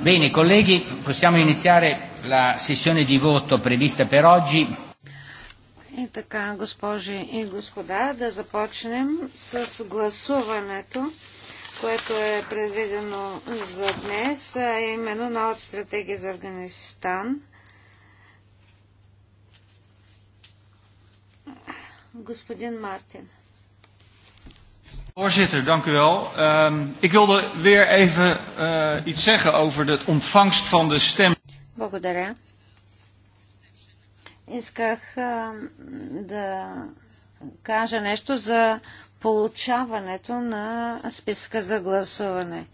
Bene, colleghi, possiamo iniziare la sessione di voto prevista per oggi. И така, госпожи и господа, да започнем с гласуването, което е предвидено за днес, а именно от стратегия за Афганистан. Господин Мартин. Voorzitter, dank u wel. Um, ik wilde weer even uh, iets zeggen over de ontvangst van de stem. Благодаря. Исках uh, да кажа нещо за получаването на списка за гласуване.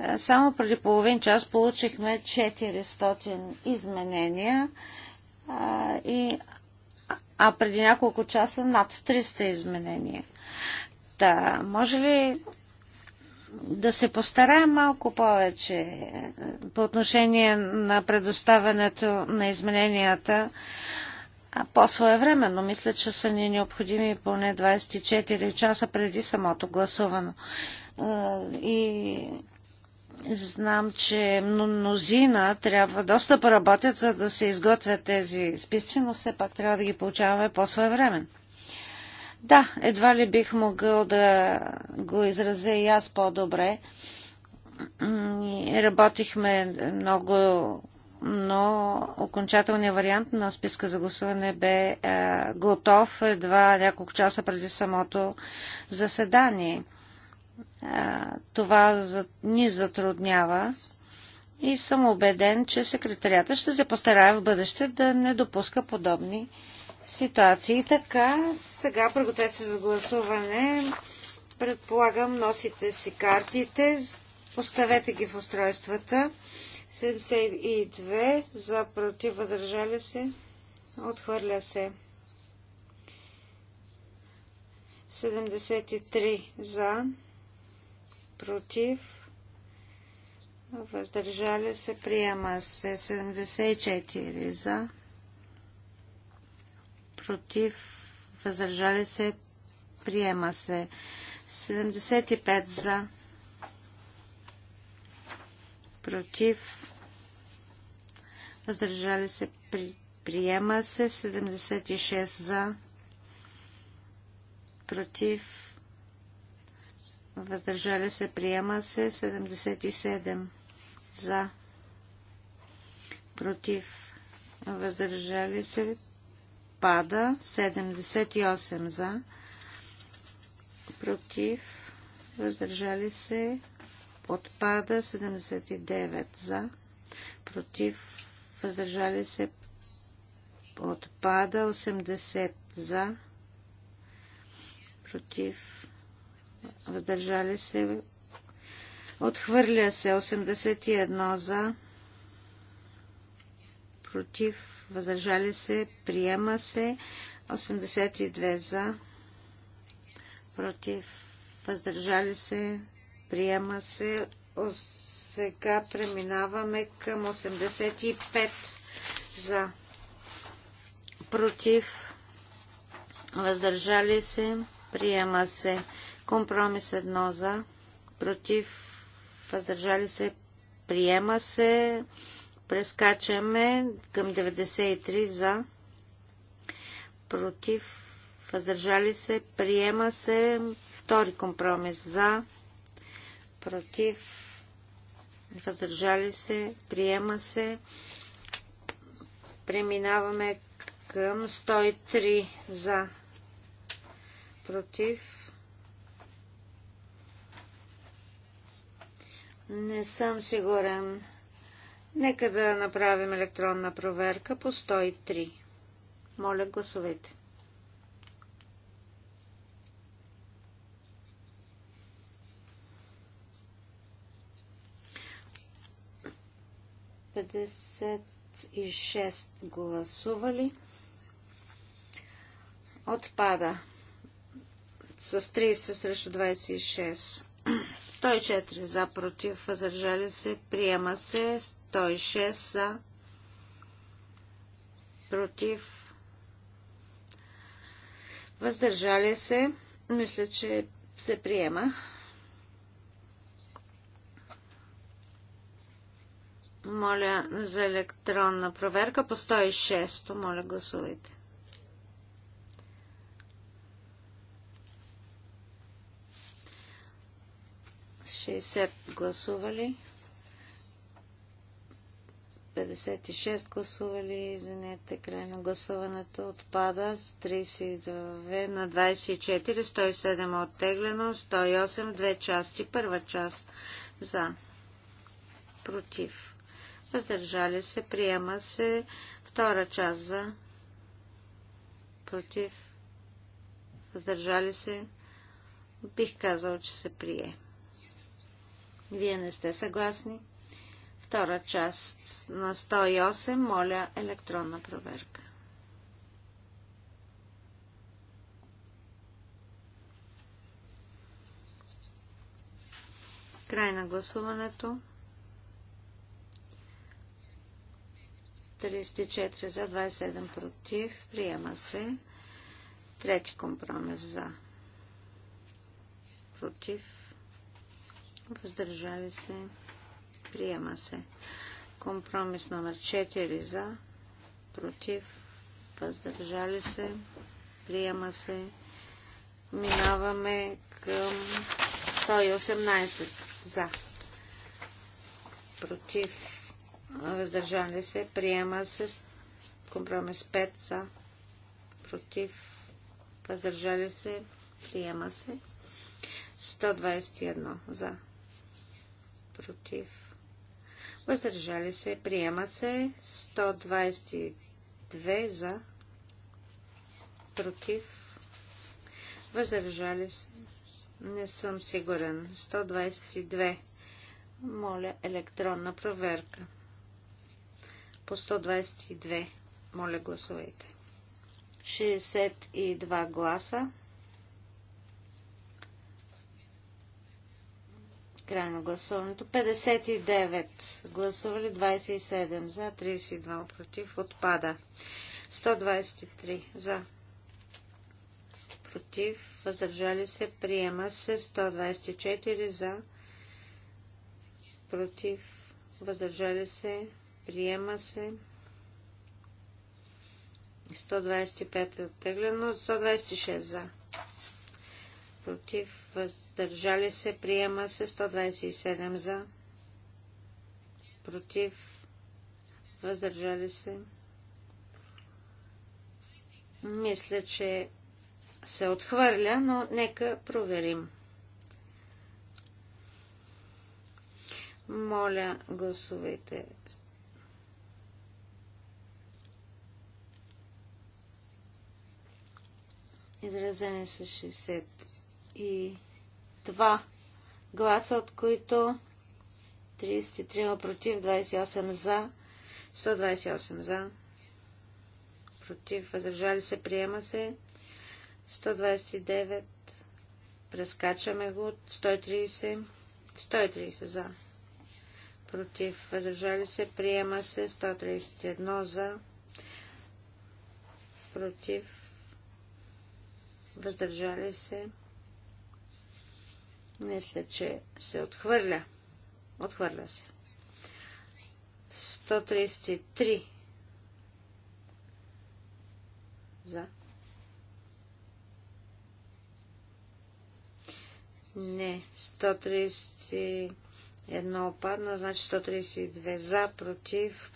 Е, само преди половин час получихме 400 изменения а, и, а преди няколко часа над 300 изменения. Та, може ли да се постараем малко повече е, по отношение на предоставянето на измененията по-своевременно? Мисля, че са ни необходими поне 24 часа преди самото гласуване. И Знам, че мнозина трябва доста поработят, за да се изготвят тези списъци, но все пак трябва да ги получаваме по-своевременно. Да, едва ли бих могъл да го изразя и аз по-добре. Работихме много, но окончателният вариант на списка за гласуване бе е, готов едва няколко часа преди самото заседание. Е, това за, ни затруднява и съм убеден, че секретарията ще се постарае в бъдеще да не допуска подобни ситуации. Така, сега пригответе се за гласуване. Предполагам, носите си картите, поставете ги в устройствата. 72 за против възражали се. Отхвърля се. 73 за против въздържали се. Приема се. 74 за против, въздържали се, приема се. 75 за, против, въздържали се, при, приема се. 76 за, против, въздържали се, приема се. 77 за, против, въздържали се, отпада. 78 за, против, въздържали се, отпада. 79 за, против, въздържали се, отпада. 80 за, против, въздържали се, отхвърля се. 81 за, против, въздържали се, приема се. 82 за, против, въздържали се, приема се. Сега преминаваме към 85 за, против, въздържали се, приема се. Компромис 1 за, против, въздържали се, приема се. Прескачаме към 93 за. Против. Въздържали се. Приема се. Втори компромис за. Против. Въздържали се. Приема се. Преминаваме към 103 за. Против. Не съм сигурен. Нека да направим електронна проверка по 103. Моля, гласовете. и 6 гласували. Отпада с 30 срещу 26. 104 за против, въздържали се, приема се. 106 за против, въздържали се. Мисля, че се приема. Моля за електронна проверка по 106. Моля, гласувайте. 60 гласували. 56 гласували, извинете, край на гласуването отпада с 32 на 24, 107 оттеглено, 108, две части, първа част за, против, въздържали се, приема се, втора част за, против, въздържали се, бих казал, че се прие. Вие не сте съгласни. Втора част на 108. Моля електронна проверка. Край на гласуването. 34 за, 27 против. Приема се. Трети компромис за. Против въздържали се, приема се. Компромис номер 4 за, против, въздържали се, приема се. Минаваме към 118 за, против, въздържали се, приема се. Компромис 5 за, против, въздържали се, приема се. 121 за, против, въздържали се, приема се 122 за, против, въздържали се, не съм сигурен, 122, моля електронна проверка. По 122, моля гласувайте. 62 гласа Край на гласуването. 59. Гласували 27. За 32. Против. Отпада. 123. За. Против. Въздържали се. Приема се. 124. За. Против. Въздържали се. Приема се. 125 е оттеглено. 126 за против, въздържали се, приема се 127 за, против, въздържали се. Мисля, че се отхвърля, но нека проверим. Моля, гласувайте. Изразени са и гласа, от които 33 против, 28 за, 128 за, против, въздържали се, приема се, 129, прескачаме го, 130, 130 за, против, въздържали се, приема се, 131 за, против, въздържали се, мисля, че се отхвърля. Отхвърля се. 133 за. Не, 131 опадна, значи 132 за, против,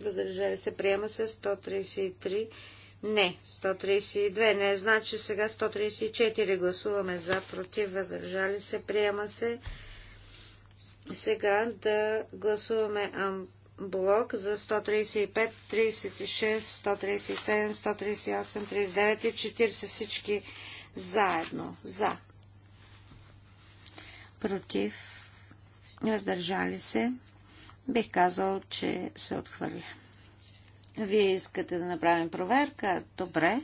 въздържали се, приема се 133 не. 132 не. Значи сега 134 гласуваме за, против, въздържали се, приема се. Сега да гласуваме блок за 135, 36, 137, 138, 39 и 40 всички заедно. За. Против. Въздържали се. Бих казал, че се отхвърля. Вие искате да направим проверка? Добре.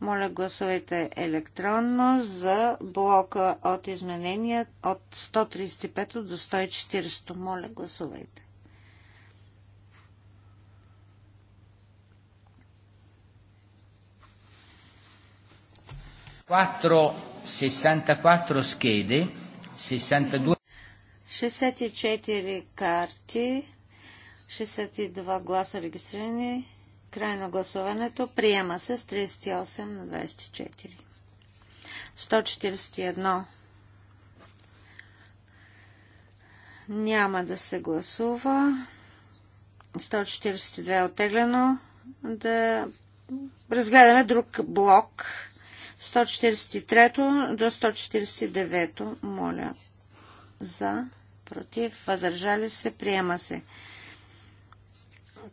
Моля, гласувайте електронно за блока от изменения от 135 до 140. Моля, гласувайте. Quattro 64 schede, 62 64 карти, 62 гласа регистрирани. Край на гласуването. Приема се с 38 на 24. 141. Няма да се гласува. 142 е отеглено. Да разгледаме друг блок. 143 до 149. Моля. За. Против. Въздържали се. Приема се.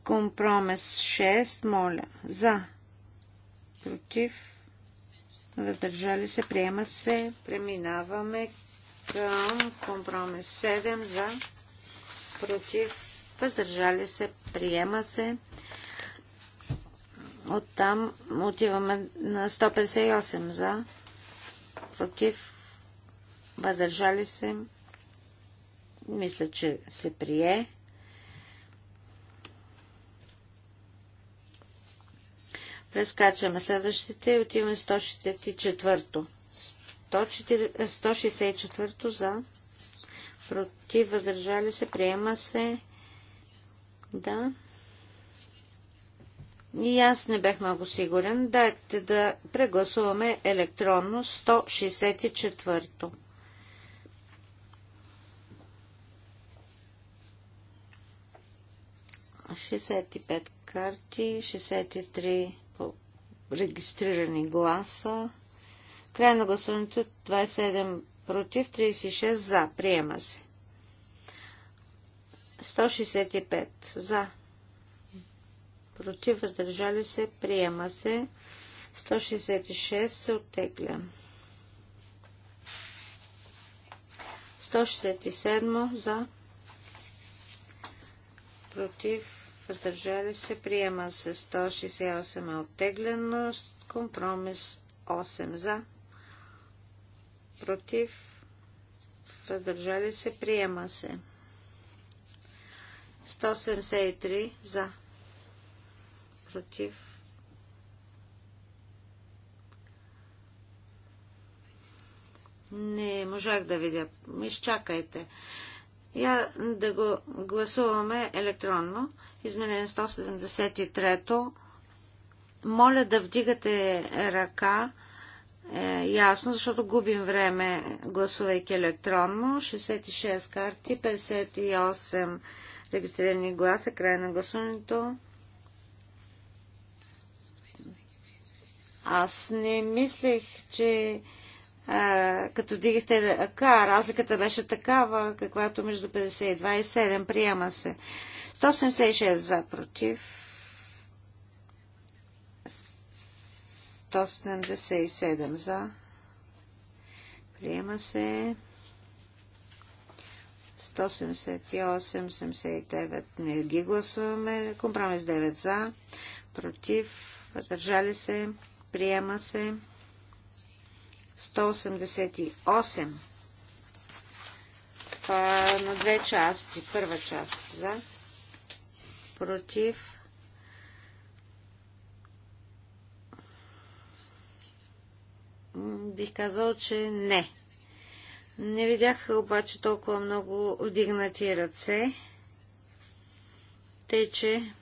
Компромис 6, моля. За. Против. Въздържали се. Приема се. Преминаваме към компромис 7 за. Против. Въздържали се. Приема се. От там отиваме на 158 за. Против. Въздържали се. Мисля, че се прие. Прескачаме следващите и отиваме 164-то. 164-то за. Против, въздържали се, приема се. Да. И аз не бех много сигурен. Дайте да прегласуваме електронно 164-то. карти, 63 регистрирани гласа. Край на гласуването 27 против, 36 за. Приема се. 165 за. Против, въздържали се. Приема се. 166 се оттегля. 167 за. Против, въздържали се, приема се 168 е оттеглено, компромис 8 за, против, въздържали се, приема се 173 за, против, не можах да видя, изчакайте. Я да го гласуваме електронно. Изменение 173. Моля да вдигате ръка е, ясно, защото губим време гласувайки електронно. 66 карти, 58 регистрирани гласа, край на гласуването. Аз не мислех, че а, като дигахте ръка, разликата беше такава, каквато между 52 и 7. Приема се. 186 за против. 177 за. Приема се. 178, 79 не ги гласуваме. Компромис 9 за. Против. Въздържали се. Приема се. 188. на две части. Първа част за против, бих казал, че не. Не видях обаче толкова много вдигнати ръце, тъй че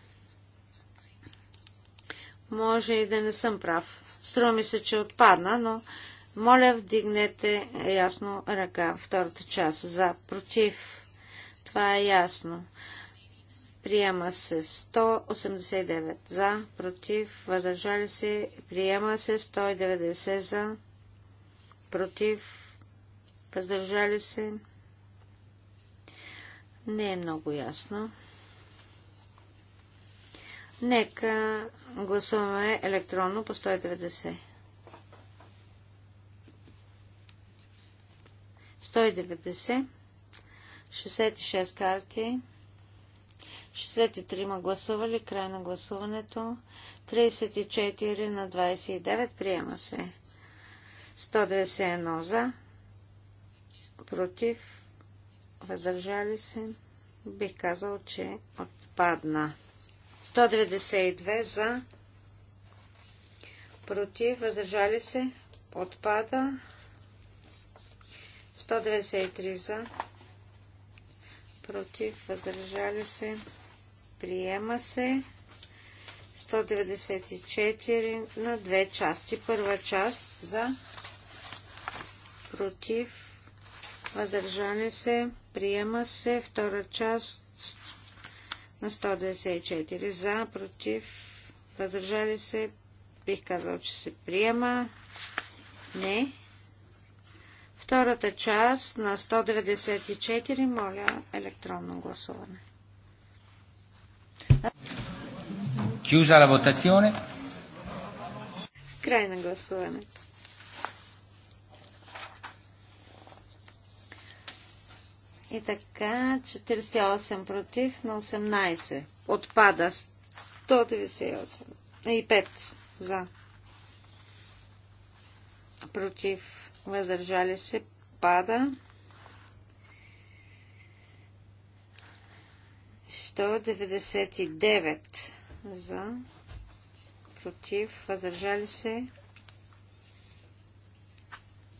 може и да не съм прав. Струва ми се, че отпадна, но моля вдигнете ясно ръка. Втората част за против. Това е ясно. Приема се 189 за, против, въздържали се. Приема се 190 за, против, въздържали се. Не е много ясно. Нека гласуваме електронно по 190. 190. 66 карти. 63 гласували. Край на гласуването. 34 на 29. Приема се. 191 за. Против. Въздържали се. Бих казал, че отпадна. 192 за. Против. Въздържали се. Отпада. 193 за. Против. Въздържали се. Приема се 194 на две части. Първа част за против въздържане се. Приема се втора част на 194 за против въздържали се. Бих казал, че се приема. Не. Втората част на 194, моля електронно гласуване. Chiusa la votazione. Край на гласуването. И така, 48 против на 18. Отпада 198. И 5 за. Против. Въздържали се. Пада. 199 за, против, въздържали се.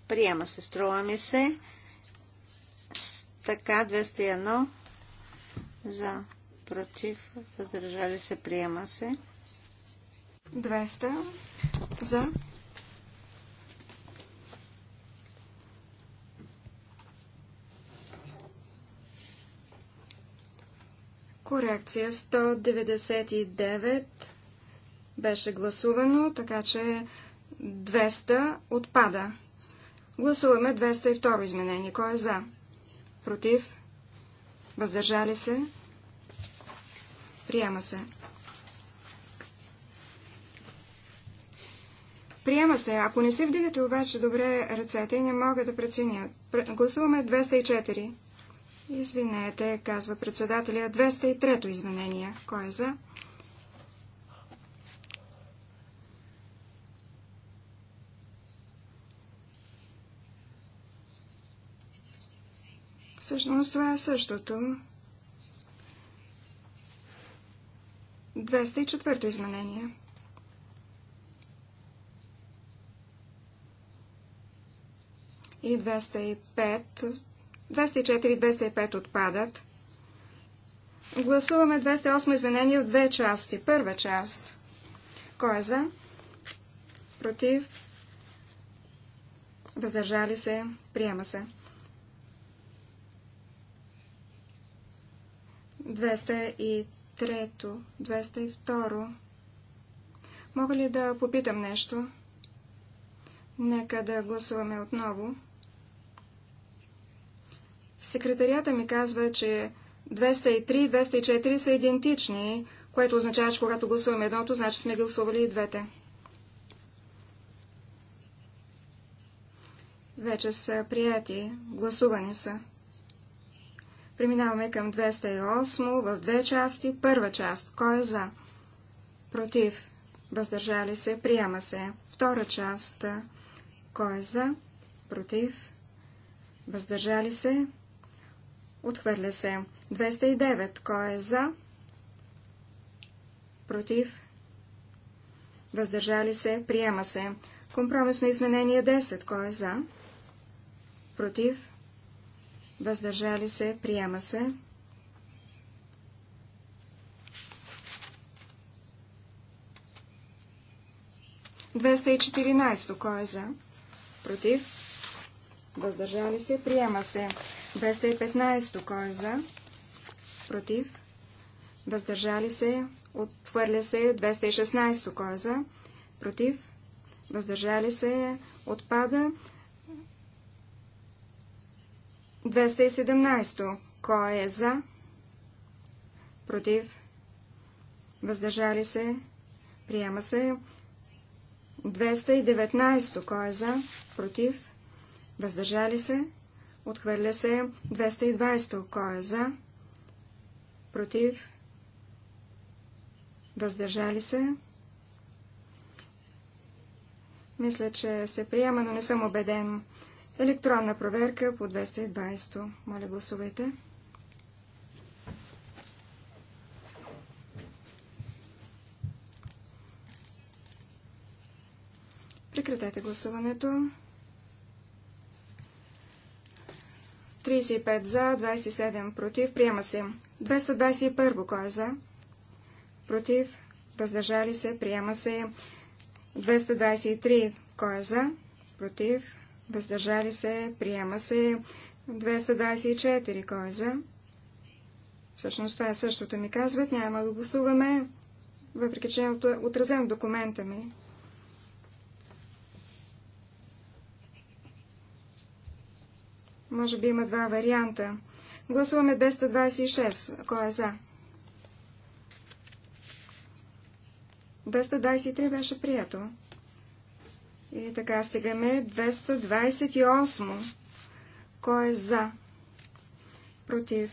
Приема се, струва ми се. Така, 201 за, против, въздържали се, приема се. 200 за, Корекция 199 беше гласувано, така че 200 отпада. Гласуваме 202 изменение. Кой е за? Против? Въздържали се? Приема се. Приема се. Ако не си вдигате обаче добре ръцете, не мога да преценя. Гласуваме 204. Извинете, казва председателя. 203-то изменение. Кой е за? Всъщност това е същото. 204-то изменение. И 205 204 и 205 отпадат. Гласуваме 208 изменение в две части. Първа част. Кой е за? Против? Въздържали се? Приема се. 203, 202. Мога ли да попитам нещо? Нека да гласуваме отново. Секретарията ми казва, че 203 и 204 са идентични, което означава, че когато гласуваме едното, значи сме гласували и двете. Вече са прияти, гласувани са. Преминаваме към 208 в две части. Първа част. Кой е за? Против. Въздържали се. Приема се. Втора част. Кой е за? Против. Въздържали се. Отхвърля се. 209. Кой е за? Против? Въздържали се? Приема се. Компромисно изменение 10. Кой е за? Против? Въздържали се? Приема се. Двеста и четиринайсто. Кой е за? Против? въздържали се, приема се. 215 кой е за, против, въздържали се, отхвърля се. 216 кой е за, против, въздържали се, отпада. 217 кой е за, против, въздържали се, приема се. 219 кой е за, против, Въздържали се. Отхвърля се 220. Кой е за? Против. Въздържали се. Мисля, че се приема, но не съм убеден. Електронна проверка по 220. Моля, гласувайте. Прекратете гласуването. 35 за, 27 против. Приема се. 221. Кой е за? Против. Въздържали се. Приема се. 223. Кой е за? Против. Въздържали се. Приема се. 224. Кой е за? Всъщност това е същото ми казват. Няма да гласуваме, въпреки че е отразен в документа ми. Може би има два варианта. Гласуваме 226. Кой е за? 223 беше прието. И така стигаме 228. Кой е за? Против.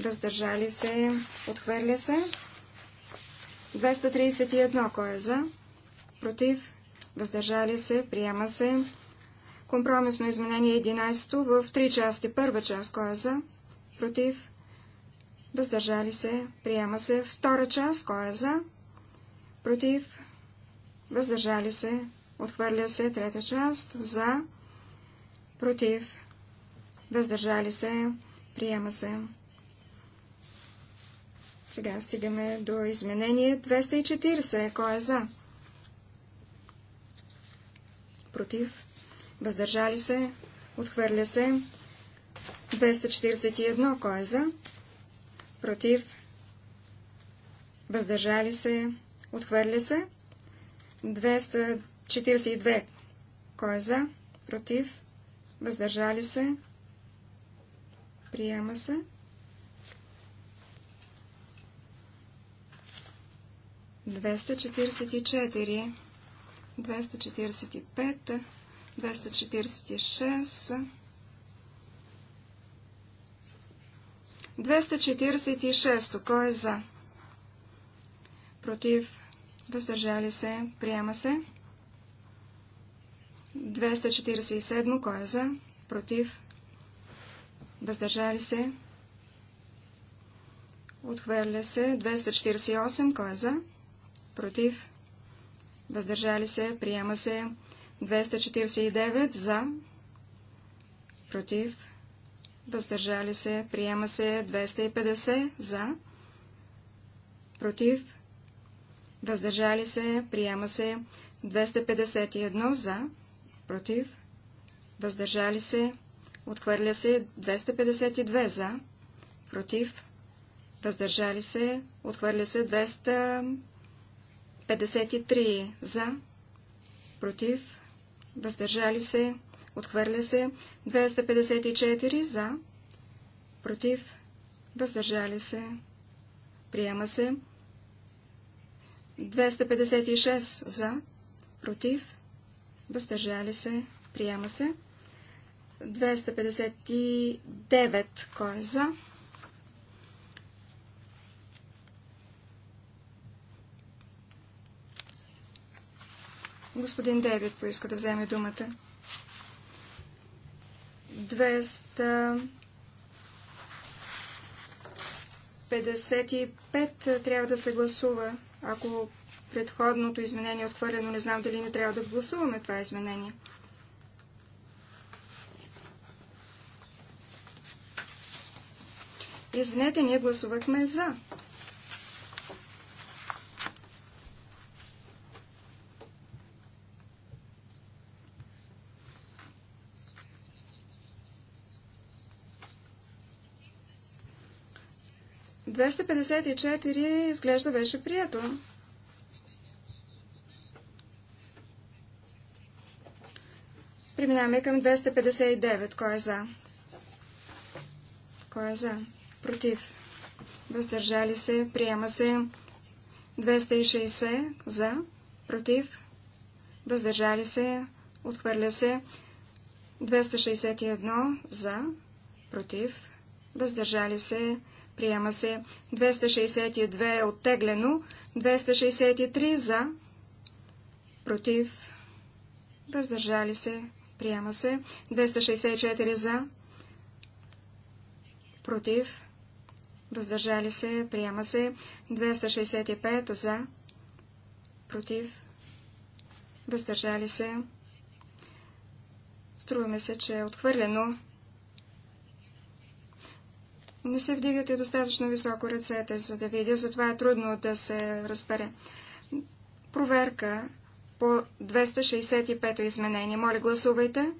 Въздържали се. Отхвърля се. 231. Кой е за? Против. Въздържали се. Приема се. Компромисно изменение 11 в три части. Първа част, кой е за? Против? Въздържали се? Приема се. Втора част, кой е за? Против? Въздържали се? Отхвърля се. Трета част, за? Против? Въздържали се? Приема се. Сега стигаме до изменение 240. Кой е за? Против? въздържали се, отхвърля се. 241, кой е за, против, въздържали се, отхвърля се. 242, кой е за, против, въздържали се, приема се. Двеста четиридесет четири, двеста четиридесет пет, 246. 246. Кой е за? Против. Въздържали се. Приема се. 247. Кой е за? Против. Въздържали се. Отхвърля се. 248. Кой е за? Против. Въздържали се. Приема се. 249 за, против, въздържали се, приема се 250 за, против, въздържали се, приема се 251 за, против, въздържали се, отхвърля се 252 за, против, въздържали се, отхвърля се 253 за, против, въздържали се, отхвърля се, 254 за, против, въздържали се, приема се, 256 за, против, въздържали се, приема се, 259 кой е за, Господин Девит, поиска да вземе думата. 255 трябва да се гласува. Ако предходното изменение е отхвърлено, не знам дали не трябва да гласуваме това изменение. Извинете, ние гласувахме за. 254 изглежда беше прието. Преминаваме към 259. Кой е за? Кой е за? Против. Въздържали се. Приема се. 260 за. Против. Въздържали се. Отхвърля се. 261 за. Против. Въздържали се. Приема се 262 е оттеглено. 263 за. Против. Въздържали се. Приема се. 264 за. Против. Въздържали се. Приема се. 265 за. Против. Въздържали се. Струваме се, че е отхвърлено. Не се вдигате достатъчно високо ръцете, за да видя, затова е трудно да се разбере. Проверка по 265 изменение. Моля, гласувайте.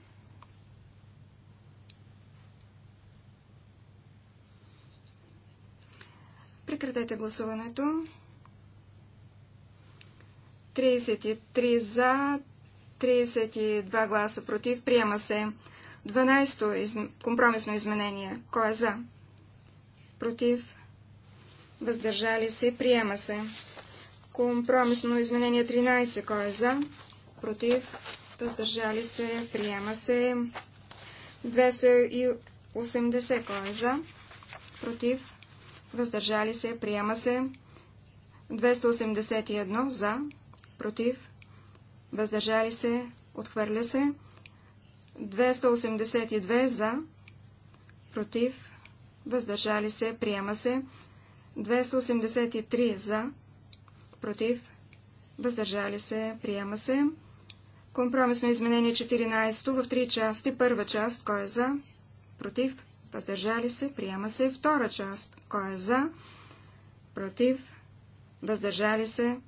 Прекратете гласуването. 33 за, 32 гласа против. Приема се 12-то компромисно изменение. Кой е за? против, въздържали се, приема се. Компромисно изменение 13, кой е за, против, въздържали се, приема се. 280, кой е за, против, въздържали се, приема се. 281 за, против, въздържали се, отхвърля се. 282 за, против, въздържали се, приема се. 283 за, против, въздържали се, приема се. Компромисно изменение 14 в три части. Първа част, кой е за, против, въздържали се, приема се. Втора част, кой е за, против, въздържали се.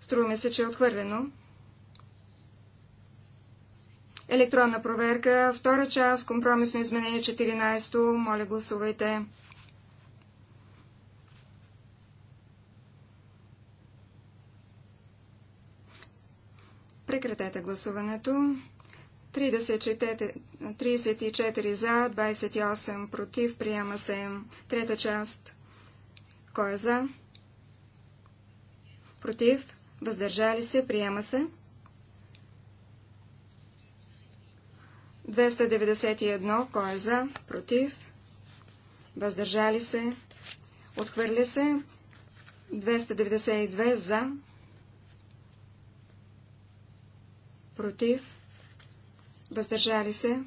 Струваме се, че е отхвърлено. Електронна проверка, втора част, компромисно изменение 14. Моля, гласувайте. Прекратете гласуването. 34 за, 28 против, приема се. Трета част. Кой е за? Против? Въздържали се? Приема се. 291. Кой е за? Против? Въздържали се? Отхвърли се? 292 за? Против? Въздържали се?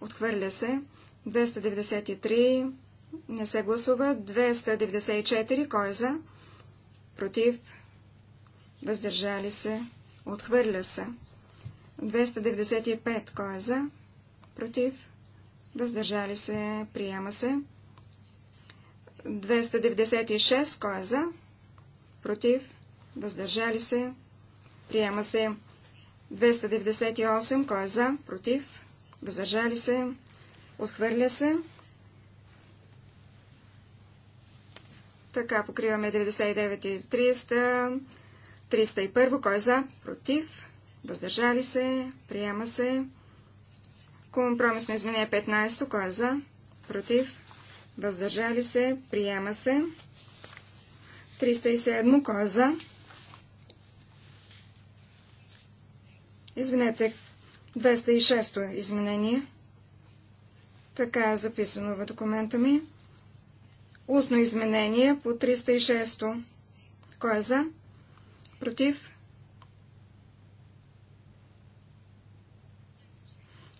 Отхвърля се? 293. Не се гласува. 294. Кой е за? Против? Въздържали се? Отхвърля се? 295. Кой е за? против, въздържали се, приема се. 296, кой е за, против, въздържали се, приема се. 298, кой е за, против, въздържали се, отхвърля се. Така покриваме 99 и 300, 301, кой е за, против, въздържали се, приема се. Компромисно изменение 15. Кой е за? Против? Въздържали се? Приема се. 307. Кой е за? Извинете, 206 то изменение. Така е записано в документа ми. Устно изменение по 306. то Кой е за? Против?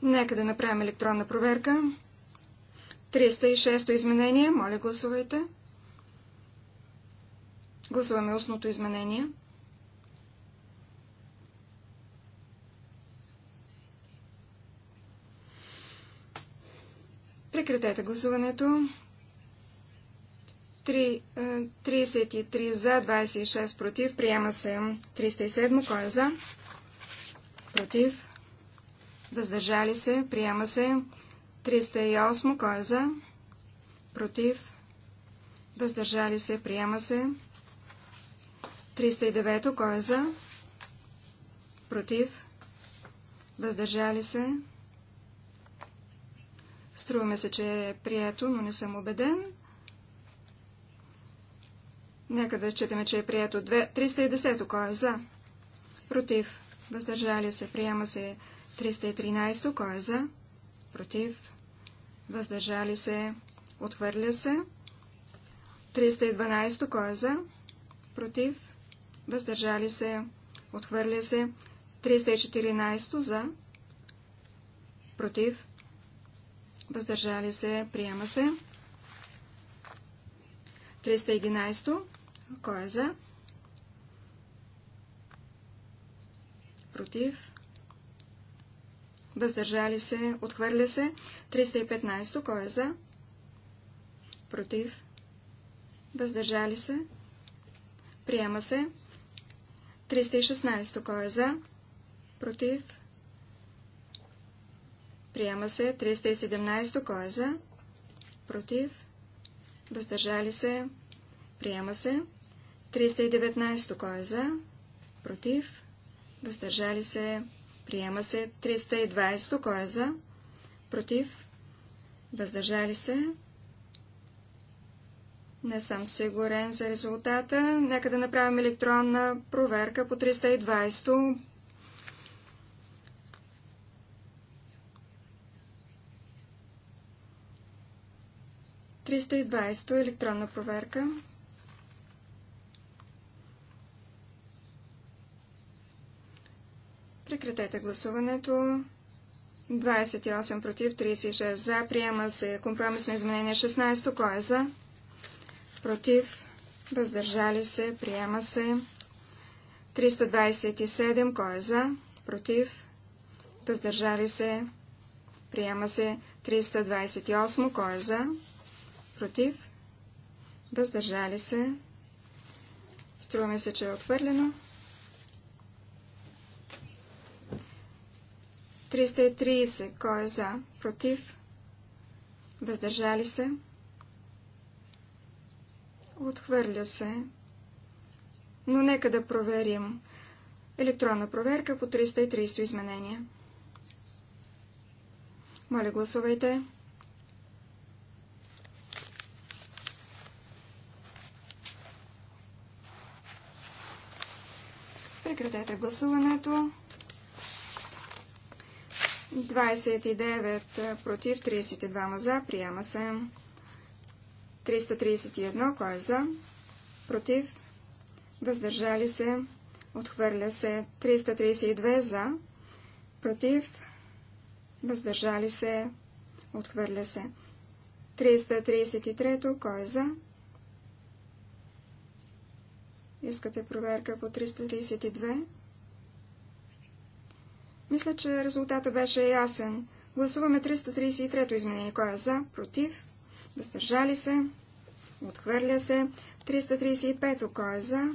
Нека да направим електронна проверка. 306 то изменение. Моля, гласувайте. Гласуваме устното изменение. Прекратете гласуването. 33 е, за, 26 против. Приема се 307. Кой е за? Против въздържали се, приема се 308, кой е за, против, въздържали се, приема се 309, кой е за, против, въздържали се. Струваме се, че е прието, но не съм убеден. Нека да считаме, че е прието 310, кой е за, против, въздържали се, приема се 313. Кой е за? Против. Въздържали се. Отхвърля се. 312. Кой е за? Против. Въздържали се. Отхвърля се. 314. За. Против. Въздържали се. Приема се. 311. Кой е за? Против въздържали се, отхвърля се. 315, кой е за? Против, въздържали се, приема се. 316, кой е за? Против, приема се. 317, кой е за? Против, въздържали се, приема се. 319, кой е за? Против, въздържали се, Приема се 320. Кой е за? Против? Въздържали се? Не съм сигурен за резултата. Нека да направим електронна проверка по 320. 320, електронна проверка. Прекратете гласуването. 28 против, 36 за. Приема се компромисно изменение 16. Кой е за? Против. Въздържали се. Приема се. 327. Кой е за? Против. Въздържали се. Приема се. 328. Кой е за? Против. Въздържали се. Струваме се, че е отвърлено. 330. Кой е за? Против? Въздържали се? Отхвърля се. Но нека да проверим. Електронна проверка по 330 изменения. Моля, гласувайте. Прекратете гласуването. 29 против, 32 за, приема се. 331, кой е за, против, въздържали се, отхвърля се. 332 за, против, въздържали се, отхвърля се. 333, кой е за? Искате проверка по 332? Мисля, че резултата беше ясен. Гласуваме 333-то изменение. Кой е за? Против? Въздържали се? Отхвърля се. 335-то. Кой е за?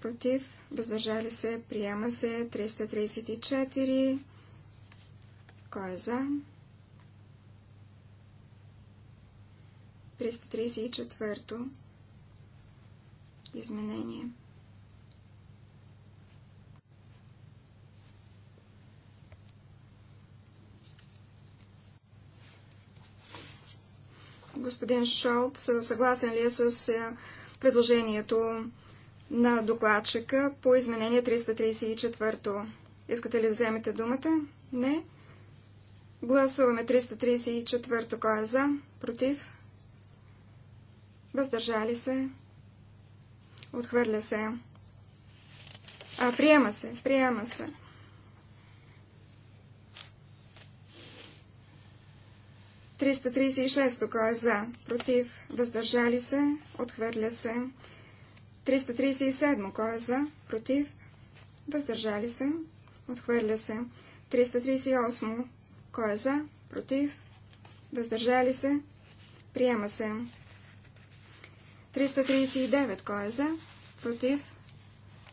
Против? Въздържали се? Приема се. 334. Кой е за? 334-то изменение. господин Шолт, съгласен ли е с е, предложението на докладчика по изменение 334? Искате ли да вземете думата? Не. Гласуваме 334. Кой е за? Против? Въздържали се? Отхвърля се. А, приема се. Приема се. 336 кой е за, против, въздържали се, отхвърля се. 337 кой е за, против, въздържали се, отхвърля се. 338 кой е за, против, въздържали се, приема се. 339 кой е за, против,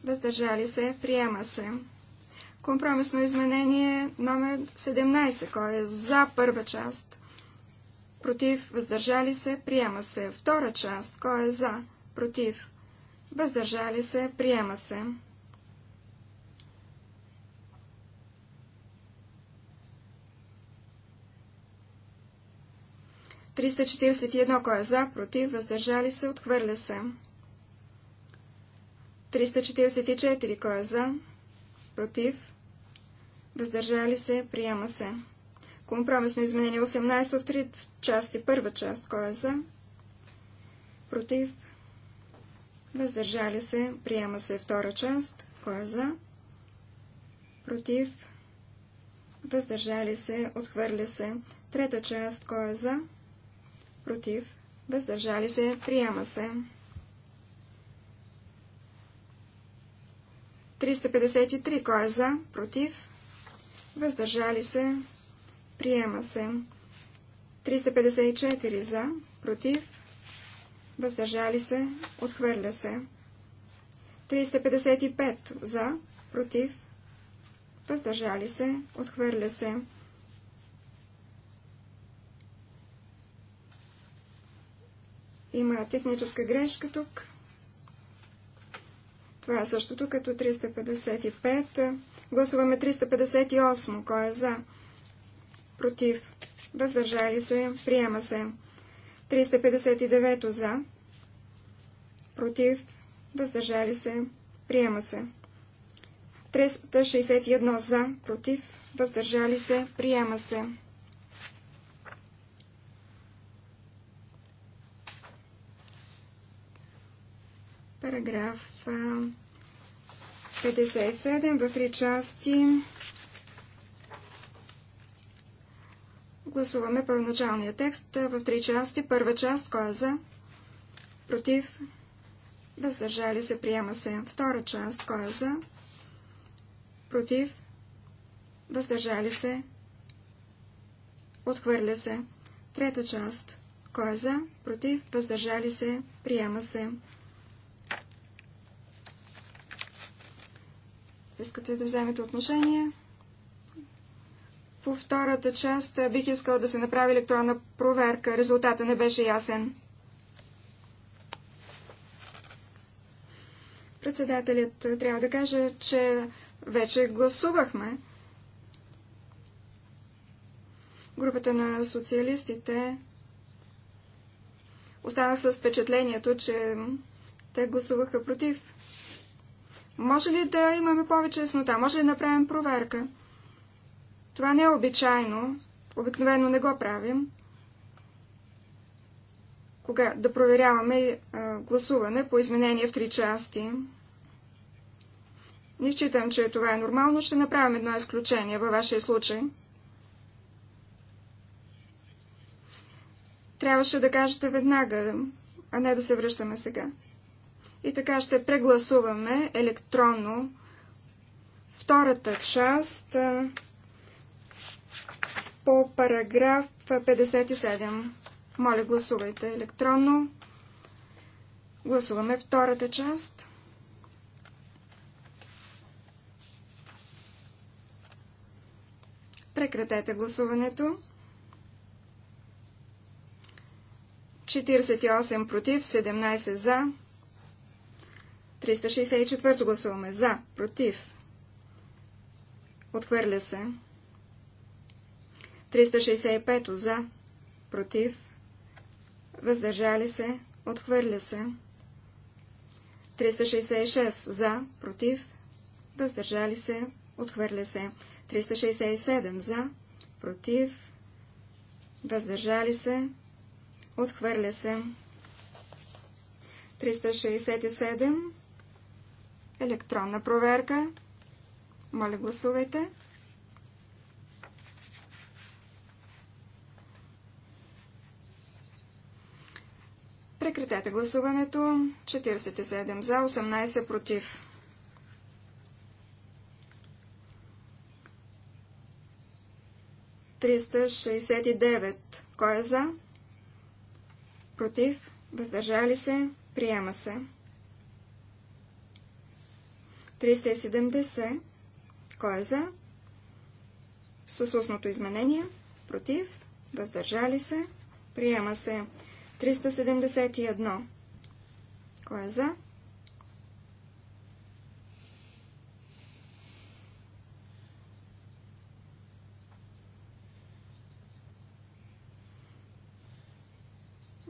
въздържали се, приема се. Компромисно изменение номер 17, кой е за първа част, против, въздържали се, приема се. Втора част, кой е за, против, въздържали се, приема се. Триста кой е за, против, въздържали се, отхвърля се. 344 кой е за, против, въздържали се, приема се. Компромисно изменение 18 в три части. Първа част, кой е за? Против? Въздържали се. Приема се втора част. Кой е за? Против? Въздържали се. Отхвърля се. Трета част. Кой е за? Против? Въздържали се. Приема се. 353. Кой е за? Против? Въздържали се. Приема се. 354 за, против, въздържали се, отхвърля се. 355 за, против, въздържали се, отхвърля се. 355. Има техническа грешка тук. Това е същото като 355. Гласуваме 358. Кой е за? против, въздържали се, приема се. 359 за, против, въздържали се, приема се. 361 за, против, въздържали се, приема се. Параграф 57 в три части. Гласуваме първоначалния текст в три части. Първа част, кой е за? Против? Въздържали се, приема се. Втора част, кой е за? Против? Въздържали се? Отхвърля се. Трета част. Кой е за? Против? Въздържали се? Приема се. Искате да вземете отношение? По втората част бих искал да се направи електронна проверка. Резултата не беше ясен. Председателят трябва да каже, че вече гласувахме. Групата на социалистите останах с впечатлението, че те гласуваха против. Може ли да имаме повече яснота? Може ли да направим проверка? Това не е обичайно. Обикновено не го правим. Кога да проверяваме гласуване по изменение в три части. Не считам, че това е нормално. Ще направим едно изключение във вашия случай. Трябваше да кажете веднага, а не да се връщаме сега. И така ще прегласуваме електронно втората част по параграф 57. Моля, гласувайте електронно. Гласуваме втората част. Прекратете гласуването. 48 против, 17 за. 364 гласуваме за, против. Отхвърля се. 365 за, против, въздържали се, отхвърля се. 366 за, против, въздържали се, отхвърля се. 367 за, против, въздържали се, отхвърля се. 367 електронна проверка. Моля, гласувайте. Прекратете гласуването. 47 за, 18 против. Триста Кой е за? Против? Въздържали се? Приема се. 370. Кой е за? С устното изменение. Против? Въздържали се? Приема се. 371. Кой е за?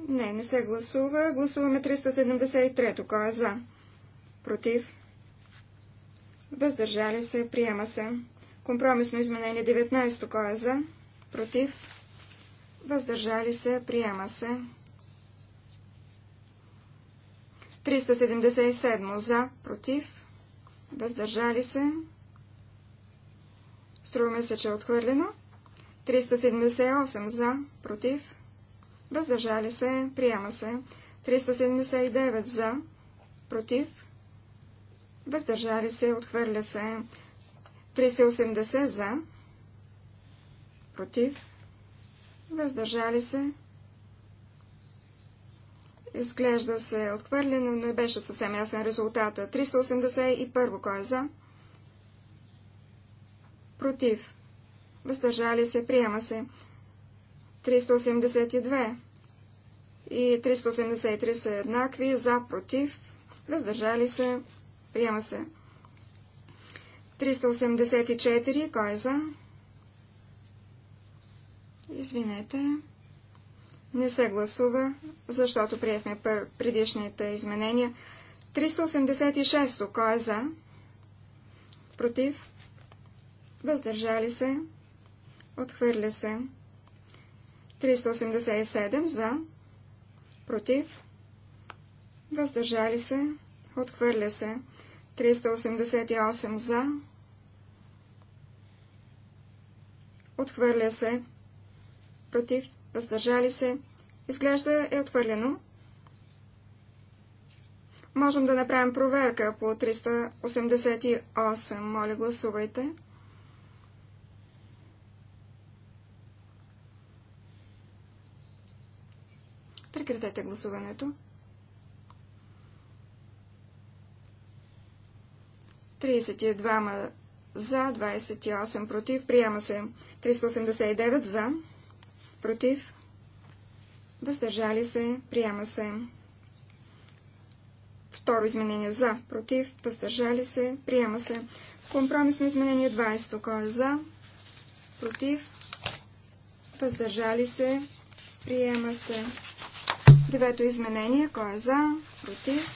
Не, не се гласува. Гласуваме 373-то. Кой е за? Против? Въздържали се. Приема се. Компромисно изменение 19-то. Кой е за? Против? Въздържали се. Приема се. 377 за, против, въздържали се. Струваме се, че е отхвърлено. 378 за, против, въздържали се, приема се. 379 за, против, въздържали се, отхвърля се. 380 за, против, въздържали се, Изглежда се отхвърлено, но и беше съвсем ясен резултата. 381 кой е за? Против. Въздържали се, приема се. 382 и 383 са еднакви, за, против, въздържали се, приема се. 384, кой е за? Извинете не се гласува, защото приехме предишните изменения. 386 кой е за? Против? Въздържали се? Отхвърля се. 387 за? Против? Въздържали се? Отхвърля се. 388 за? Отхвърля се. Против? въздържали се, изглежда е отвърлено. Можем да направим проверка по 388. Моля, гласувайте. Прекратете гласуването. 32 за, 28 против. Приема се 389 за против, въздържали се, приема се. Второ изменение за, против, въздържали се, приема се. Компромисно изменение 20, кой е за, против, въздържали се, приема се. Девето изменение, кой е за, против,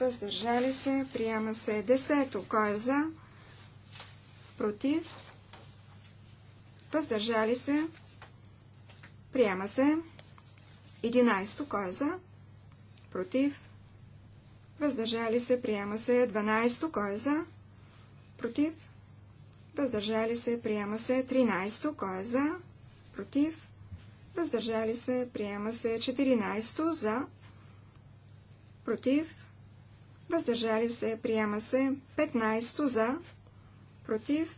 въздържали се, приема се. Десето, кой е за, против, въздържали се, Приема се. 11. Кой е за? Против. Въздържали се. Приема се. 12. Кой е за? Против. Въздържали се. Приема се. 13. Кой е за? Против. Въздържали се. Приема се. 14. За. Против. Въздържали се. Приема се. 15. За. Против.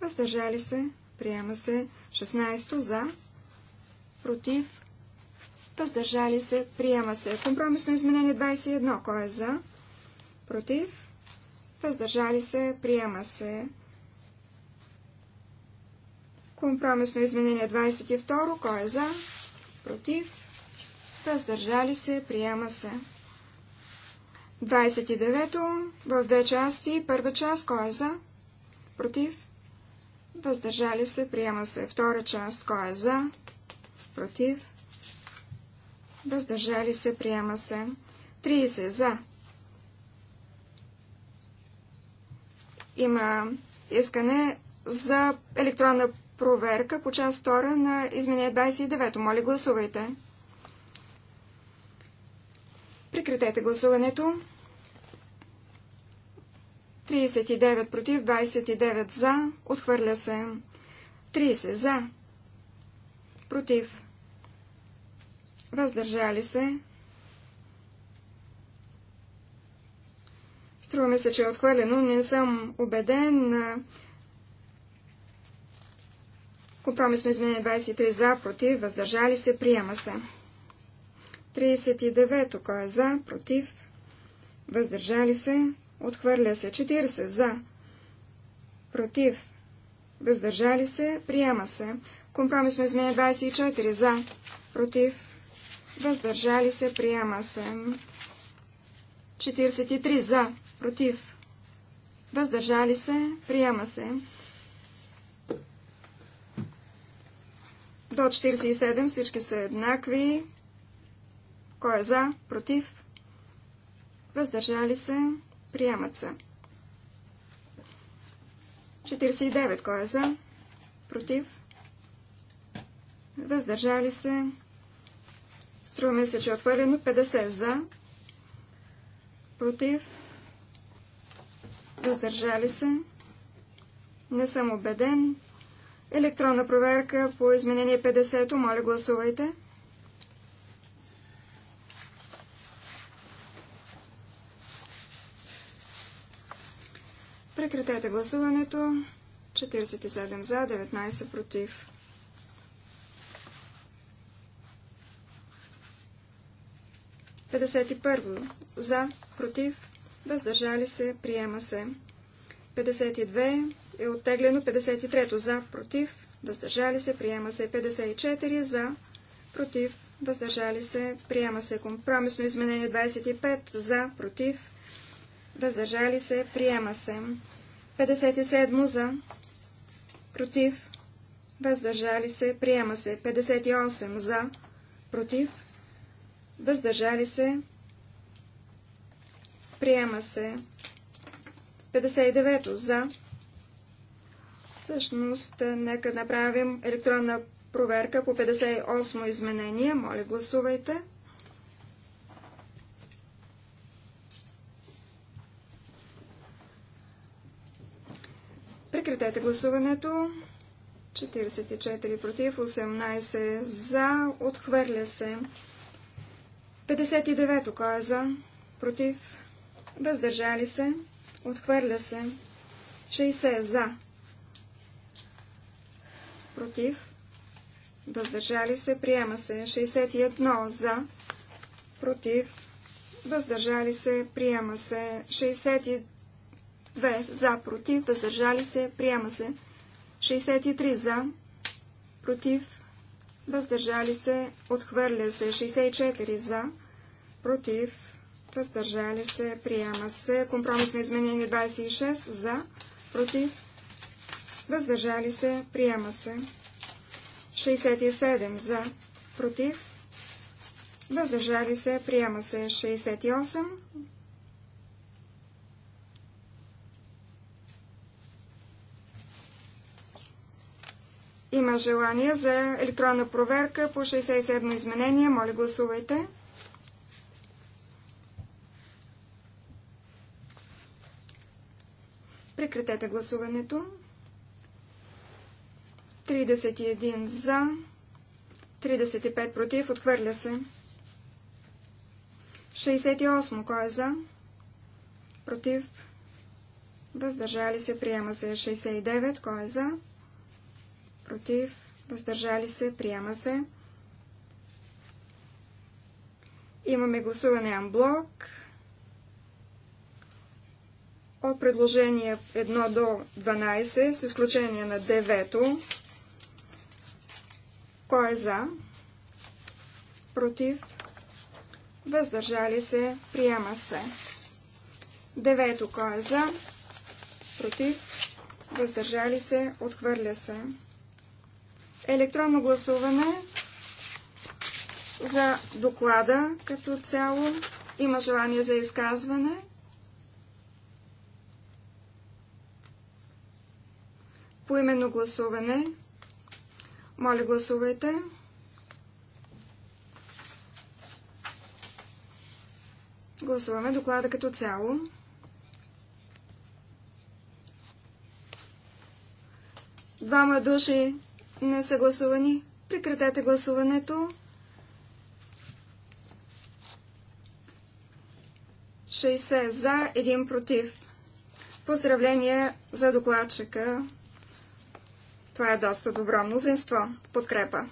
Въздържали се. Приема се. 16. За против, въздържали се, приема се. Компромисно изменение 21, кой е за, против, въздържали се, приема се. Компромисно изменение 22, кой е за, против, въздържали се, приема се. 29-то в две части, първа част, кой е за, против, въздържали се, приема се. Втора част, кой е за, против, въздържали се, приема се. 30 за. Има искане за електронна проверка по част 2 на изменение 29. Моля, гласувайте. Прекратете гласуването. 39 против, 29 за. Отхвърля се. 30 за. Против въздържали се. Струваме се, че е отхвърлено. Не съм убеден. Компромисно изменение 23 за, против, въздържали се, приема се. 39 кой е за, против, въздържали се, отхвърля се. 40 за, против, въздържали се, приема се. Компромисно изменение 24 за, против, въздържали се, приема се. 43 за, против, въздържали се, приема се. До 47 всички са еднакви. Кой е за, против, въздържали се, приемат се. 49 кой е за, против, въздържали се, Струва ми се, че е отхвърлено 50 за, против, въздържали се. Не съм убеден. Електронна проверка по изменение 50-то. Моля, гласувайте. Прекратете гласуването. 47 за, 19 против. 51. За, против, въздържали се, приема се. 52 е оттеглено. 53. За, против, въздържали се, приема се. 54. За, против, въздържали се, приема се. Компромисно изменение 25. За, против, въздържали се, приема се. 57. За, против, въздържали се, приема се. 58. За, против, въздържали се, приема се. 59 за. Всъщност, е, нека направим електронна проверка по 58 изменение. Моля, гласувайте. Прекратете гласуването. 44 против, 18 за. Отхвърля се. 59-то кой е за? Против. Въздържали се. Отхвърля се. 60 за. Против. Въздържали се. Приема се. 61 за. Против. Въздържали се. Приема се. 62 за. Против. Въздържали се. Приема се. 63 за. Против въздържали се, отхвърля се 64 за, против, въздържали се, приема се. Компромисно изменение 26 за, против, въздържали се, приема се. 67 за, против, въздържали се, приема се. 68 Има желание за електронна проверка по 67 изменение. Моля, гласувайте. Прекратете гласуването. 31 за, 35 против, отхвърля се. 68. Кой е за? Против. Въздържали се. Приема се 69. Кой е за? против, въздържали се, приема се. Имаме гласуване амблок. От предложение 1 до 12, с изключение на 9-то. Кой е за? Против? Въздържали се? Приема се. Девето. Кой е за? Против? Въздържали се? Отхвърля се електронно гласуване за доклада като цяло. Има желание за изказване. Поименно гласуване. Моля, гласувайте. Гласуваме доклада като цяло. Двама души не са гласувани. Прекратете гласуването. 60 за, 1 против. Поздравление за докладчика. Това е доста добро мнозинство. Подкрепа.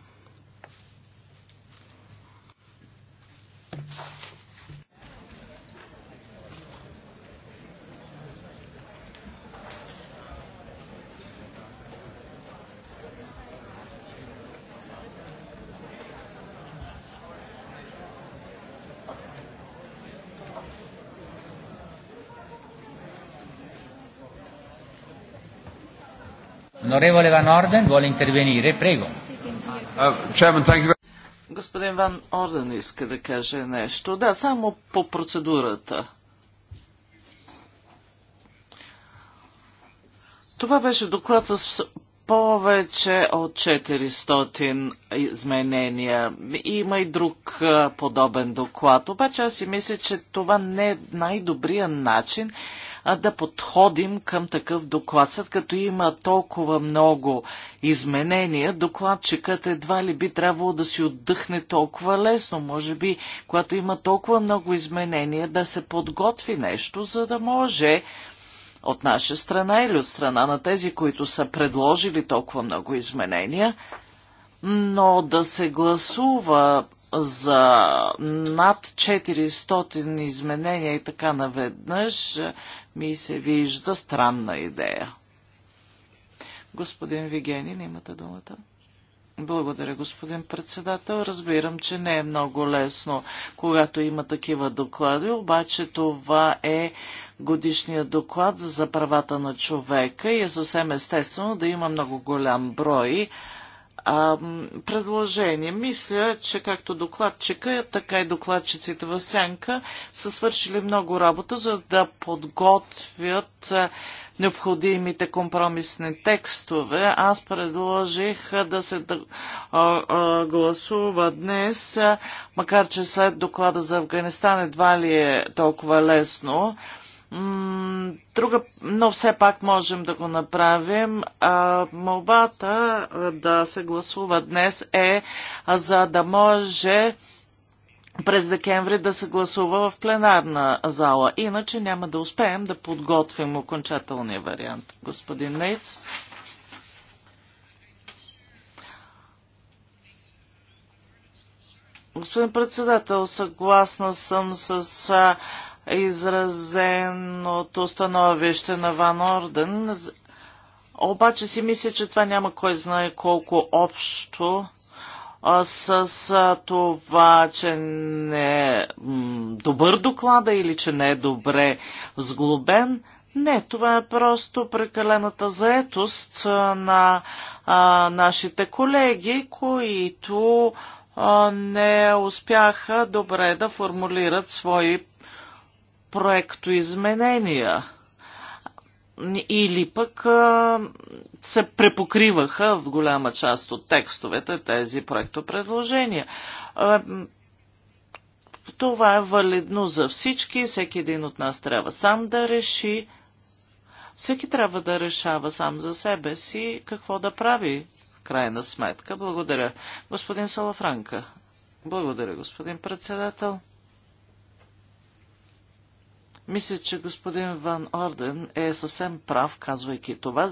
Onorevole Van Orden vuole intervenire, prego. Uh, Господин Ван Орден иска да каже нещо. Да, само по процедурата. Това беше доклад с повече от 400 изменения. Има и друг подобен доклад. Обаче аз си мисля, че това не е най-добрият начин да подходим към такъв доклад. След като има толкова много изменения, докладчикът едва ли би трябвало да си отдъхне толкова лесно. Може би, когато има толкова много изменения, да се подготви нещо, за да може от наша страна или от страна на тези, които са предложили толкова много изменения, но да се гласува за над 400 изменения и така наведнъж ми се вижда странна идея. Господин Вигенин, имате думата. Благодаря, господин председател. Разбирам, че не е много лесно, когато има такива доклади, обаче това е годишния доклад за правата на човека и е съвсем естествено да има много голям брой а, предложение. Мисля, че както докладчика, така и докладчиците в Сянка са свършили много работа, за да подготвят необходимите компромисни текстове. Аз предложих да се а, а, гласува днес, макар че след доклада за Афганистан едва ли е толкова лесно друга, но все пак можем да го направим. А, молбата да се гласува днес е за да може през декември да се гласува в пленарна зала. Иначе няма да успеем да подготвим окончателния вариант. Господин Нейц. Господин председател, съгласна съм с изразеното становище на Ван Орден, обаче си мисля, че това няма кой знае колко общо а, с а, това, че не е добър доклада или че не е добре сглобен. Не, това е просто прекалената заетост на а, нашите колеги, които а, не успяха добре да формулират свои проектоизменения или пък а, се препокриваха в голяма част от текстовете тези проектопредложения. А, това е валидно за всички, всеки един от нас трябва сам да реши, всеки трябва да решава сам за себе си какво да прави в крайна сметка. Благодаря. Господин Салафранка. Благодаря, господин председател. Мисля, че господин Ван Орден е съвсем прав, казвайки това.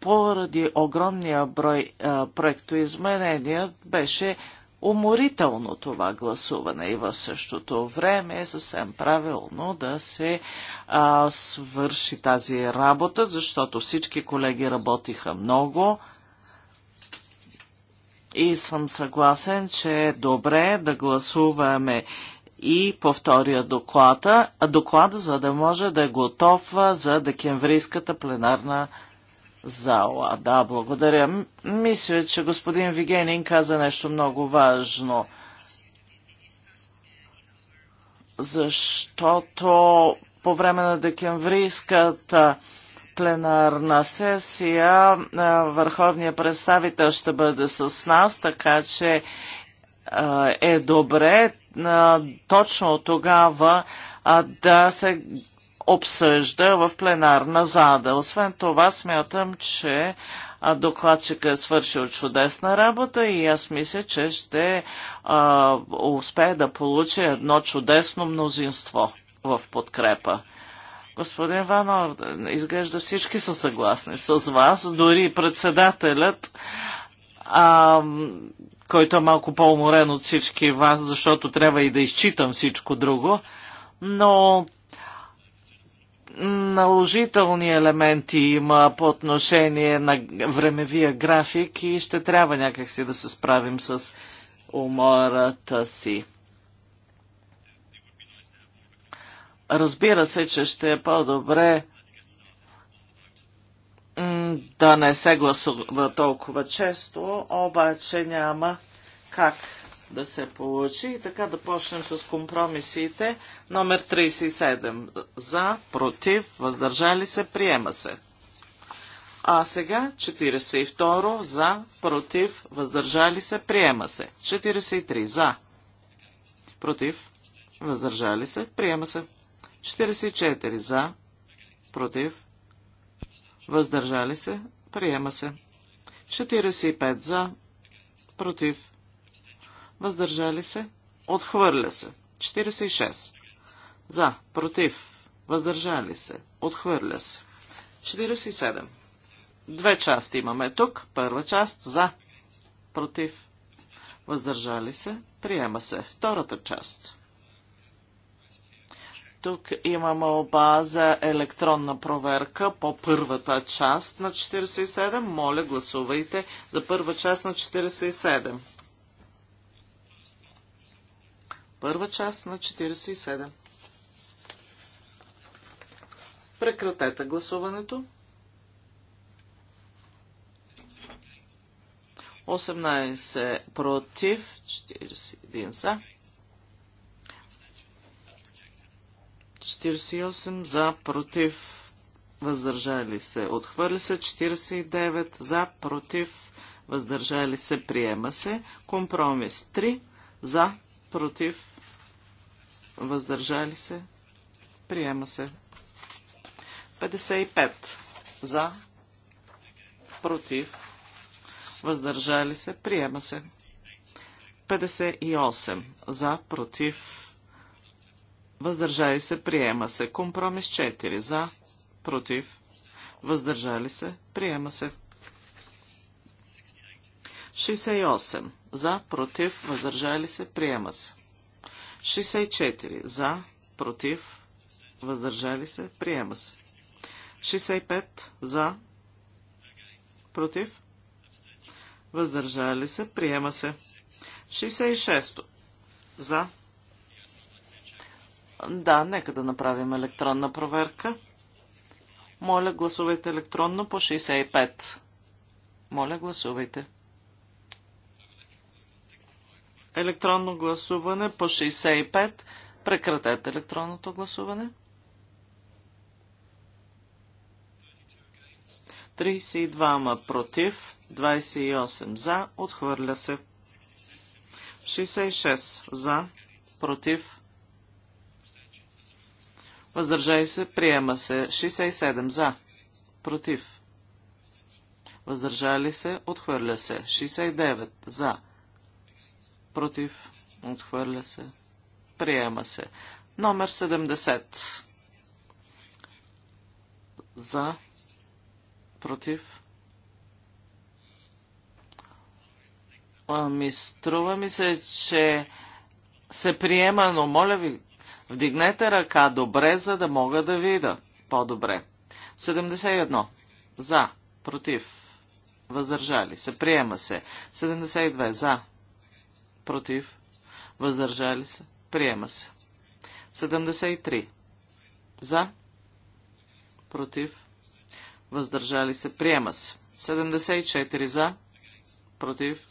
Поради огромния брой проектоизменения беше уморително това гласуване и в същото време е съвсем правилно да се а, свърши тази работа, защото всички колеги работиха много и съм съгласен, че е добре да гласуваме и по втория доклад, доклад, за да може да е готов за декемврийската пленарна зала. Да, благодаря. Мисля, че господин Вигенин каза нещо много важно, защото по време на декемврийската пленарна сесия върховният представител ще бъде с нас, така че е добре точно тогава да се обсъжда в пленарна зада. Освен това, смятам, че докладчика е свършил чудесна работа и аз мисля, че ще а, успее да получи едно чудесно мнозинство в подкрепа. Господин Ван Орден, изглежда всички са съгласни с вас, дори председателят а, който е малко по-уморен от всички вас, защото трябва и да изчитам всичко друго, но наложителни елементи има по отношение на времевия график и ще трябва някакси да се справим с умората си. Разбира се, че ще е по-добре да не се гласува толкова често, обаче няма как да се получи. И така да почнем с компромисите. Номер 37. За, против, въздържали се, приема се. А сега 42. За, против, въздържали се, приема се. 43. За, против, въздържали се, приема се. 44. За, против, въздържали се, приема се. 45 за, против, въздържали се, отхвърля се. 46 за, против, въздържали се, отхвърля се. 47 Две части имаме тук. Първа част за, против, въздържали се, приема се. Втората част тук имаме оба за електронна проверка по първата част на 47. Моля, гласувайте за първа част на 47. Първа част на 47. Прекратете гласуването. 18 против, 41 са. 48 за, против, въздържали се. Отхвърля се 49 за, против, въздържали се, приема се. Компромис 3 за, против, въздържали се, приема се. 55 за, против, въздържали се, приема се. 58 за, против, Въздържали се, приема се. Компромис 4. За, против, въздържали се, приема се. 68. За, против, въздържали се, приема се. 64. За, против, въздържали се, приема се. 65. За, против, въздържали се, приема се. 66. За, да, нека да направим електронна проверка. Моля, гласувайте електронно по 65. Моля, гласувайте. Електронно гласуване по 65. Прекратете електронното гласуване. 32 против, 28 за, отхвърля се. 66 за, против, Въздържали се. Приема се. 67 за. Против. Въздържали се. Отхвърля се. 69 за. Против. Отхвърля се. Приема се. Номер 70. За. Против. Ами, струва ми се, че се приема, но моля ви, Вдигнете ръка добре, за да мога да вида По-добре. 71. За. Против. Въздържали се. Приема се. 72. За. Против. Въздържали се. Приема се. 73. За. Против. Въздържали се. Приема се. 74. За. Против.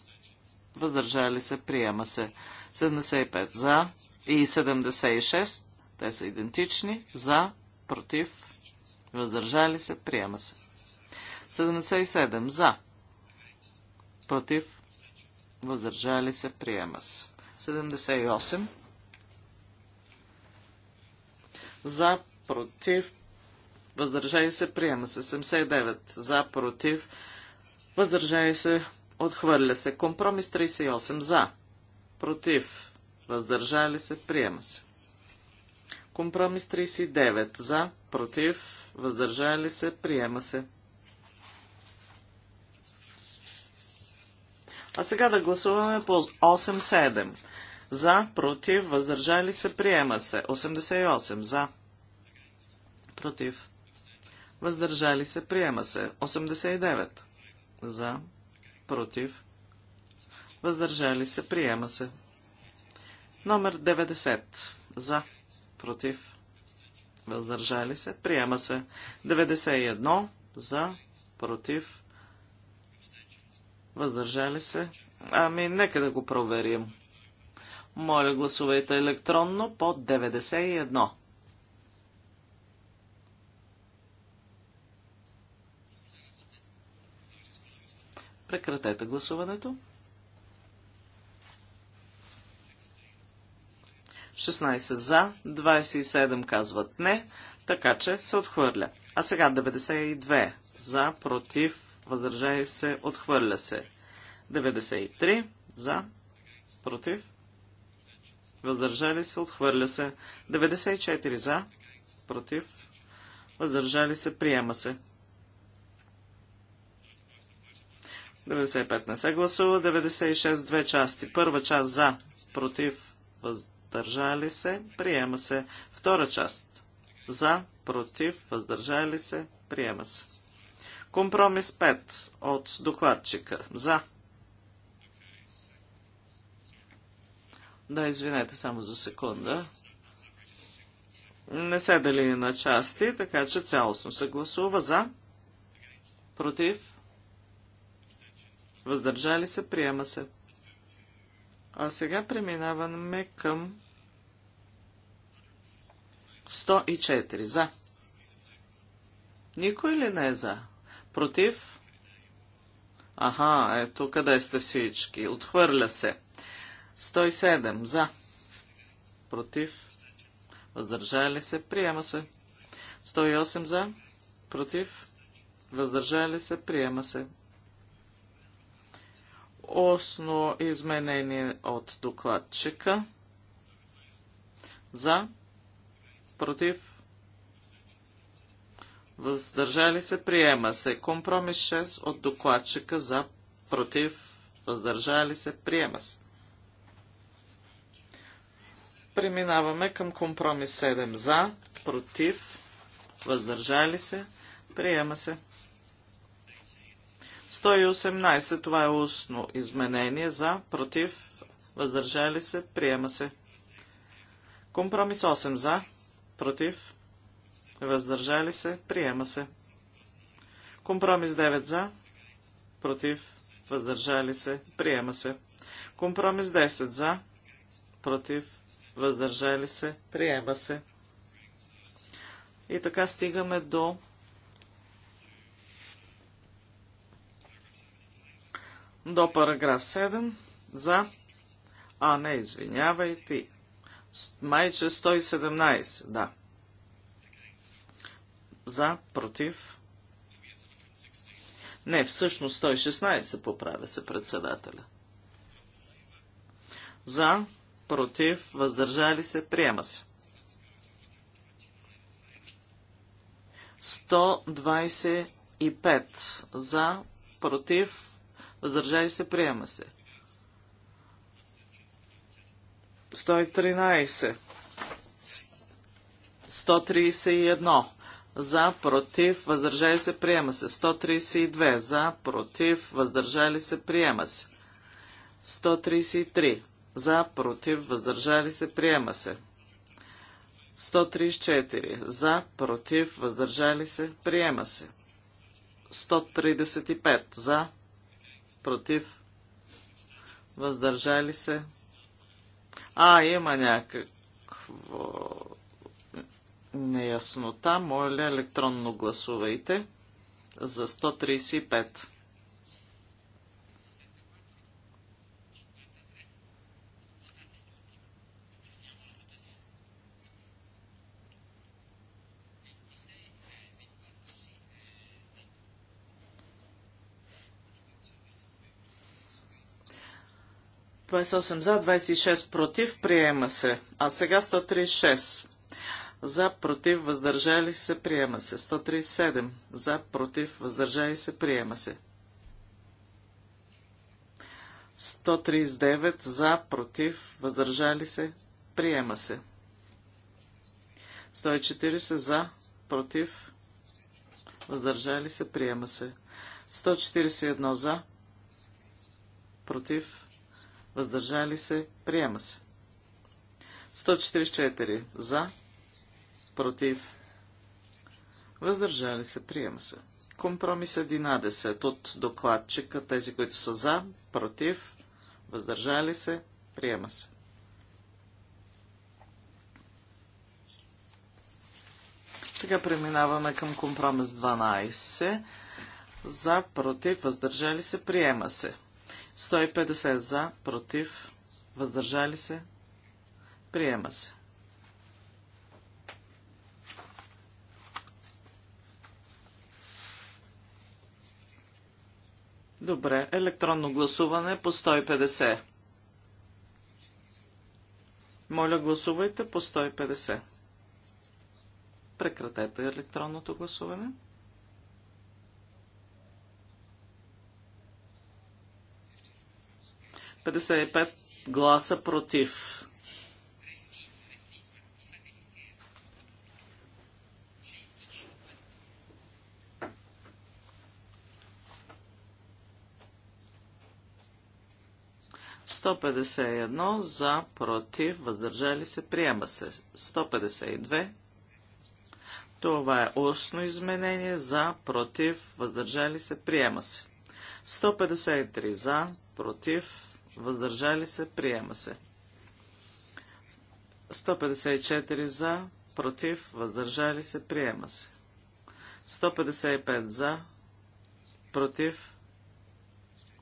Въздържали се. Приема се. 75. За и 76, те са идентични, за, против, въздържали се, приема се. 77 за, против, въздържали се, приема се. 78 за, против, въздържали се, приема се. 79 за, против, въздържали се, отхвърля се. Компромис 38 за, против, въздържали се, приема се. Компромис 39 за, против, въздържали се, приема се. А сега да гласуваме по 8-7. За, против, въздържали се, приема се. 88 за, против, въздържали се, приема се. 89 за, против, въздържали се, приема се. Номер 90. За. Против. Въздържали се. Приема се. 91. За. Против. Въздържали се. Ами, нека да го проверим. Моля, гласувайте електронно под 91. Прекратете гласуването. 16 за, 27 казват не, така че се отхвърля. А сега 92 за, против, въздържали се, отхвърля се. 93 за, против, въздържали се, отхвърля се. 94 за, против, въздържали се, приема се. 95 не се гласува, 96 две части. Първа част за, против, въз въздържали се, приема се. Втора част. За, против, въздържали се, приема се. Компромис 5 от докладчика. За. Да, извинете само за секунда. Не се дели на части, така че цялостно се гласува за, против, въздържали се, приема се. А сега преминаваме към 104 за. Никой ли не е за? Против? Аха, ето къде сте всички. Отхвърля се. 107 за. Против? Въздържали се? Приема се. 108 за. Против? Въздържали се? Приема се. Осно изменение от докладчика. За против, въздържали се, приема се. Компромис 6 от докладчика за, против, въздържали се, приема се. Преминаваме към компромис 7 за, против, въздържали се, приема се. 118, това е устно изменение за, против, въздържали се, приема се. Компромис 8 за, против, въздържали се, приема се. Компромис 9 за, против, въздържали се, приема се. Компромис 10 за, против, въздържали се, приема се. И така стигаме до до параграф 7 за а не, извинявайте, майче 117, да. За, против. Не, всъщност 116 поправя се председателя. За, против, въздържали се, приема се. 125 за, против, въздържали се, приема се. 113. 131 за, против, въздържали се, приема се. 132 за, против, въздържали се, приема се. 133 за, против, въздържали се, приема се. 134 за, против, въздържали се, приема се. 135 за, против, въздържали се, а, има някаква неяснота. Моля, електронно гласувайте за 135. 28 за, 26 против, приема се. А сега 136. За, против, въздържали се, приема се. 137. За, против, въздържали се, приема се. 139. За, против, въздържали се, приема се. 140. За, против, въздържали се, приема се. 141. За, против, въздържали се, приема се. 144 за, против, въздържали се, приема се. Компромис 11 от докладчика, тези, които са за, против, въздържали се, приема се. Сега преминаваме към компромис 12. За, против, въздържали се, приема се. 150 за, против, въздържали се, приема се. Добре, електронно гласуване по 150. Моля, гласувайте по 150. Прекратете електронното гласуване. 55 гласа против. Сто за, против, въздържали се, приема се. 152. Това е устно изменение за, против, въздържали се, приема се. 153 за, против, въздържали се, приема се. 154 за, против, въздържали се, приема се. 155 за, против,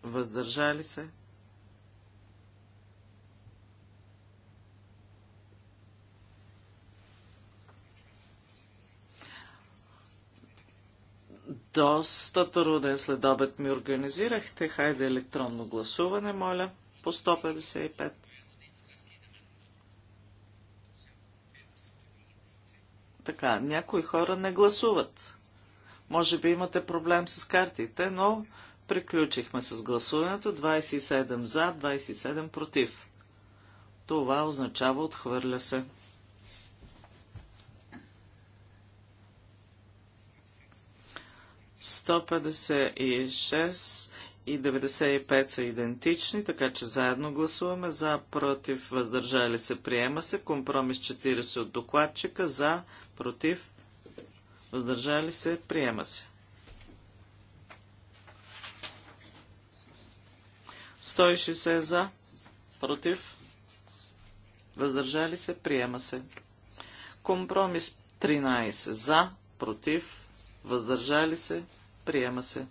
въздържали се. Доста труден следобед ми организирахте. Хайде електронно гласуване, моля по 155. Така, някои хора не гласуват. Може би имате проблем с картите, но приключихме с гласуването. 27 за, 27 против. Това означава отхвърля се. Сто и и 95 са идентични, така че заедно гласуваме за, против, въздържали се, приема се. Компромис 40 от докладчика, за, против, въздържали се, приема се. 160 за, против, въздържали се, приема се. Компромис 13 за, против, въздържали се, приема се.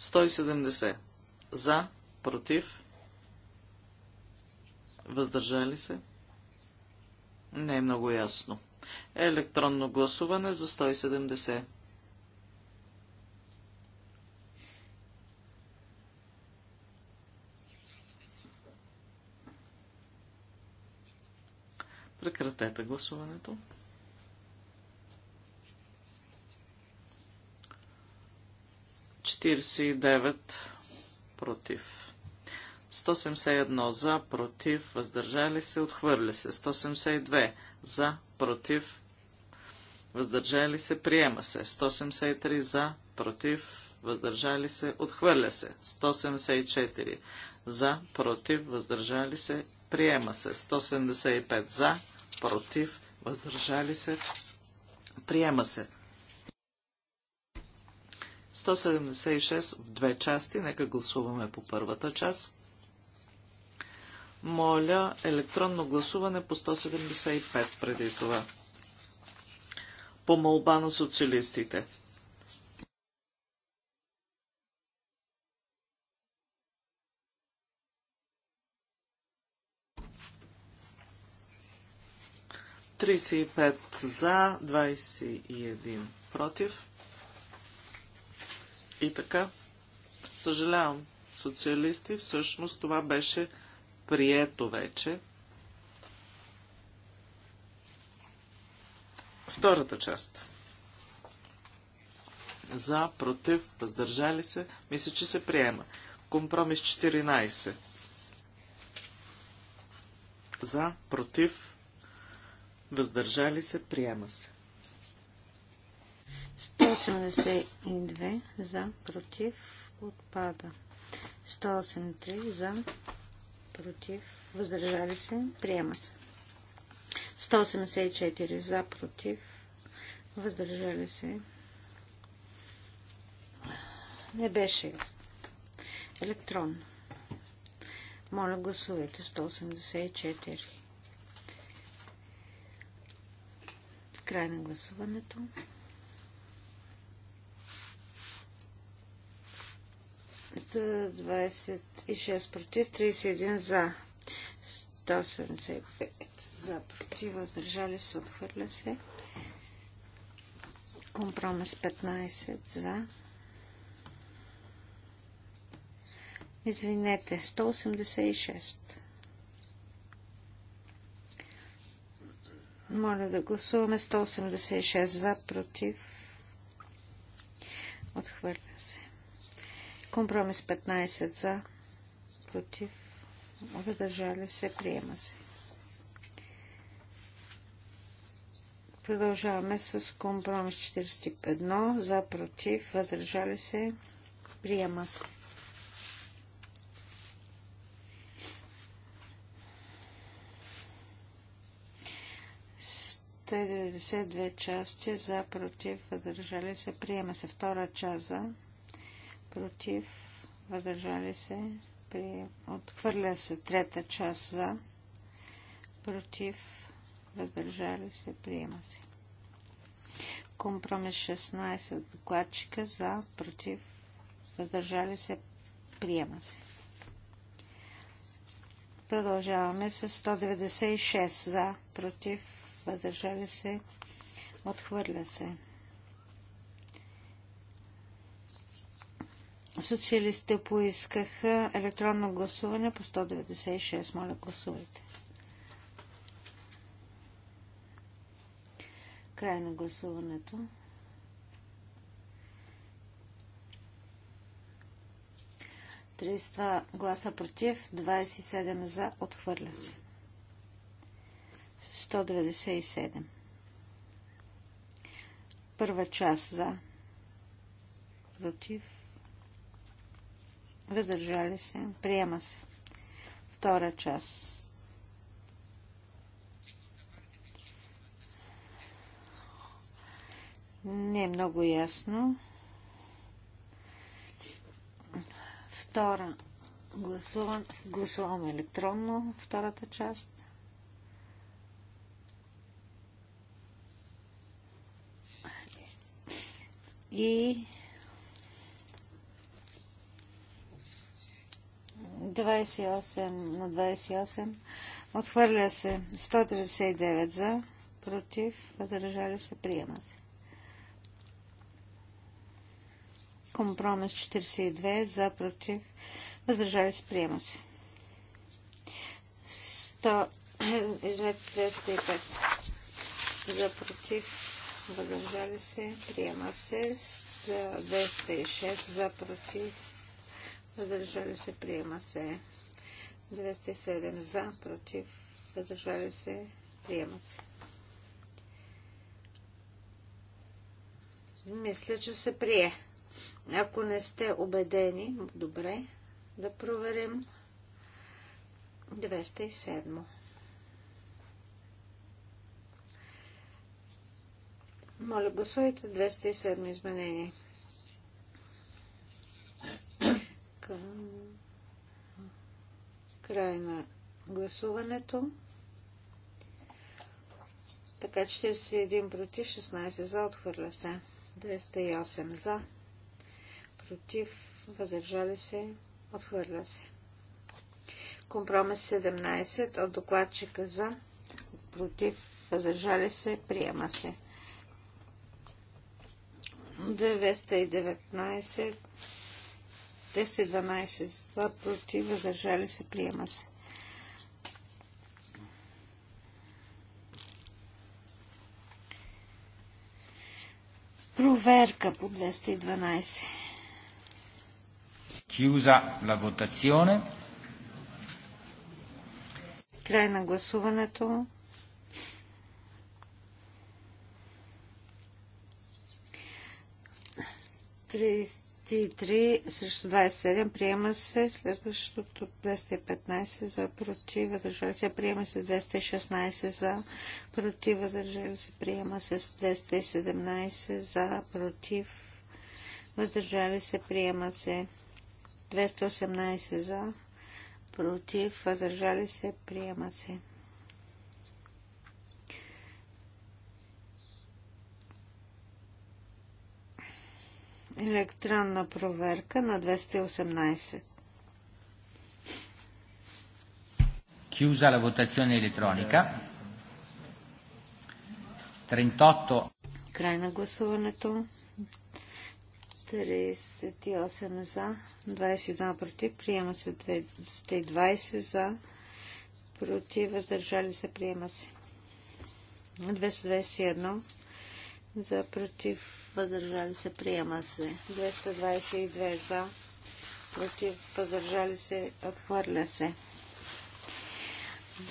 170. За, против, въздържали се. Не е много ясно. Електронно гласуване за 170. Прекратете гласуването. 49 против. 171 за, против, въздържали се, отхвърли се. 172 за, против, въздържали се, приема се. 173 за, против, въздържали се, отхвърля се. 174 за, против, въздържали се, приема се. 175 за, против, въздържали се, приема се. 176 в две части. Нека гласуваме по първата част. Моля електронно гласуване по 175 преди това. По молба на социалистите. Тридесет и пет за, двадесет и един против. И така, съжалявам, социалисти, всъщност това беше прието вече. Втората част. За, против, въздържали се, мисля, че се приема. Компромис 14. За, против, въздържали се, приема се. 182 за, против, отпада. 183 за, против, въздържали се, приема се. 184 за, против, въздържали се. Не беше електрон. Моля, гласувайте 184. Край на гласуването. 26 против, 31 за. 175 за против, въздържали се, отхвърля се. Компромис 15 за. Извинете, 186. Моля да гласуваме 186 за против. Отхвърля се. Компромис 15 за, против, въздържали се, приема се. Продължаваме с компромис 41 за, против, въздържали се, приема се. Сте92 части за, против, въздържали се, приема се. Втора част за, против, въздържали се, при... отхвърля се трета част за, против, въздържали се, приема се. Компромис 16 от докладчика за, против, въздържали се, приема се. Продължаваме с 196 за, против, въздържали се, отхвърля се. Социалистите поискаха електронно гласуване по 196. Моля, гласувайте. Край на гласуването. Триста гласа против, 27 за, отхвърля се. 197. Първа част за, против, Въздържали се. Приема се. Втора част. Не е много ясно. Втора. Гласуваме електронно втората част. И 28 на 28. Отхвърля се 139 за, против, въздържали се, приема се. Компромис 42 за, против, въздържали се, приема се. 100, извинете, 205 за, против, въздържали се, приема се. 206 за, против, въздържали се, приема се. 207 за, против, въздържали се, приема се. Мисля, че се прие. Ако не сте убедени, добре, да проверим 207. Моля, гласувайте 207 изменение. Към. Край на гласуването. Така 41 против, 16 за, отхвърля се. 208 за, против, въздържали се, отхвърля се. Компромис 17 от докладчика за, против, въздържали се, приема се. 219 212 за против, въздържали се, приема се. Проверка по 212. Chiusa la votazione. Край на гласуването. Тридесет 23 срещу 27 приема се. Следващото 215 за против, въздържали се, приема се 216 за против, въздържали се, приема се 217 за против, въздържали се, приема се 218 за против, въздържали се, приема се. Електронна проверка на 218. Chiusa la votazione elettronica. 38. Край на гласуването. 38 за, 22 против, приема се 220 за, против, въздържали се, приема се. 221 за, против, въздържали се, приема се. 222 за, против, въздържали се, отхвърля се.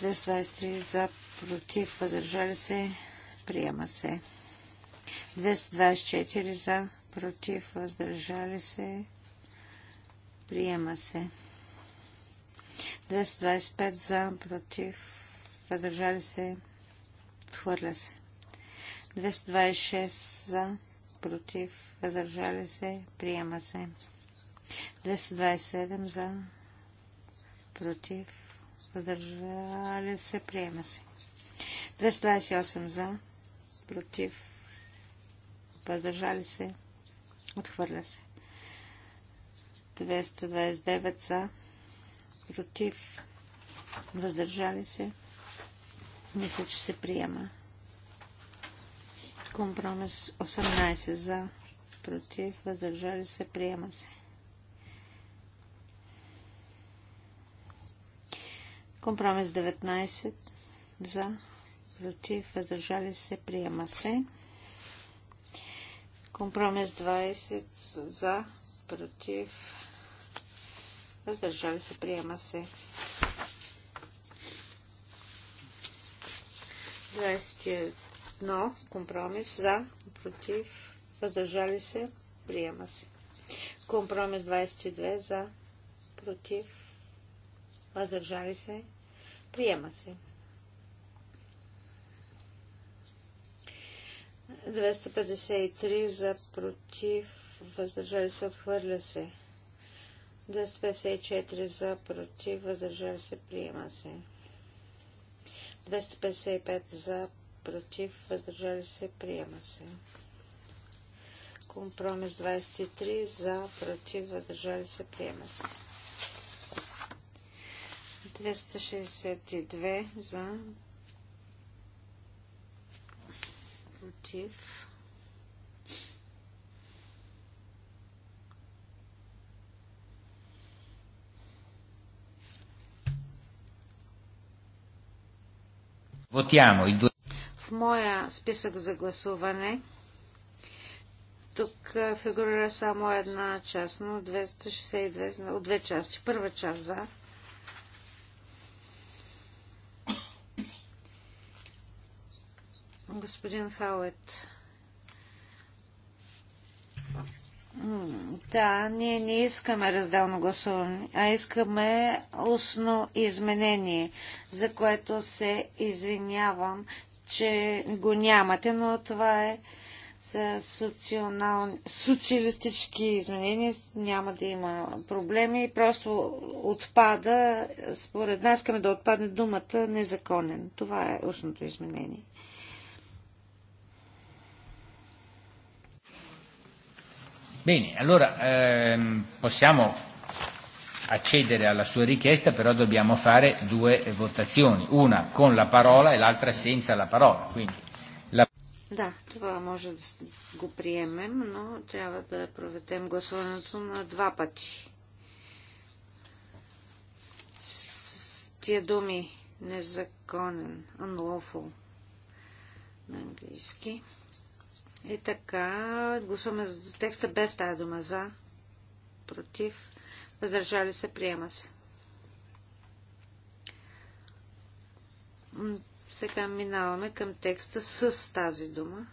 223 за, против, въздържали се, приема се. 224 за, против, въздържали се, приема се. 225 за, против, въздържали се, отхвърля се. 226 за, против, въздържали се, приема се. 227 за, против, въздържали се, приема се. 228 за, против, въздържали се, отхвърля се. 229 за, против, въздържали се. Мисля, че се приема. Компромис 18 за, против, въздържали се, приема се. Компромис 19 за, против, въздържали се, приема се. Компромис 20 за, против, въздържали се, приема се. 21 но. компромис за, против, въздържали се, приема се. Компромис 22 за, против, въздържали се, приема се. 253 за, против, въздържали се, отхвърля се. 254 за, против, въздържали се, приема се. 255 за, против, въздържали се, приема се. Компромис 23 за, против, въздържали се, приема се. 262 за, против, Votiamo il due моя списък за гласуване тук фигурира само една част, но 262 от две части. Първа част за. Господин Хаует. Да, ние не искаме разделно гласуване, а искаме устно изменение, за което се извинявам, че го нямате, но това е за социалистически изменения няма да има проблеми. Просто отпада, според нас искаме да отпадне думата незаконен. Това е устното изменение. Bene, allora ehm, possiamo accedere alla sua richiesta, però dobbiamo fare due votazioni, una con la parola e l'altra senza la parola. Quindi, la... Да, това може да го приемем, но трябва да проведем гласуването на два пъти. С, тия думи незаконен, unlawful на английски. И така, гласуваме за текста без тая дума за, против, въздържали се, приема се. Сега минаваме към текста с тази дума.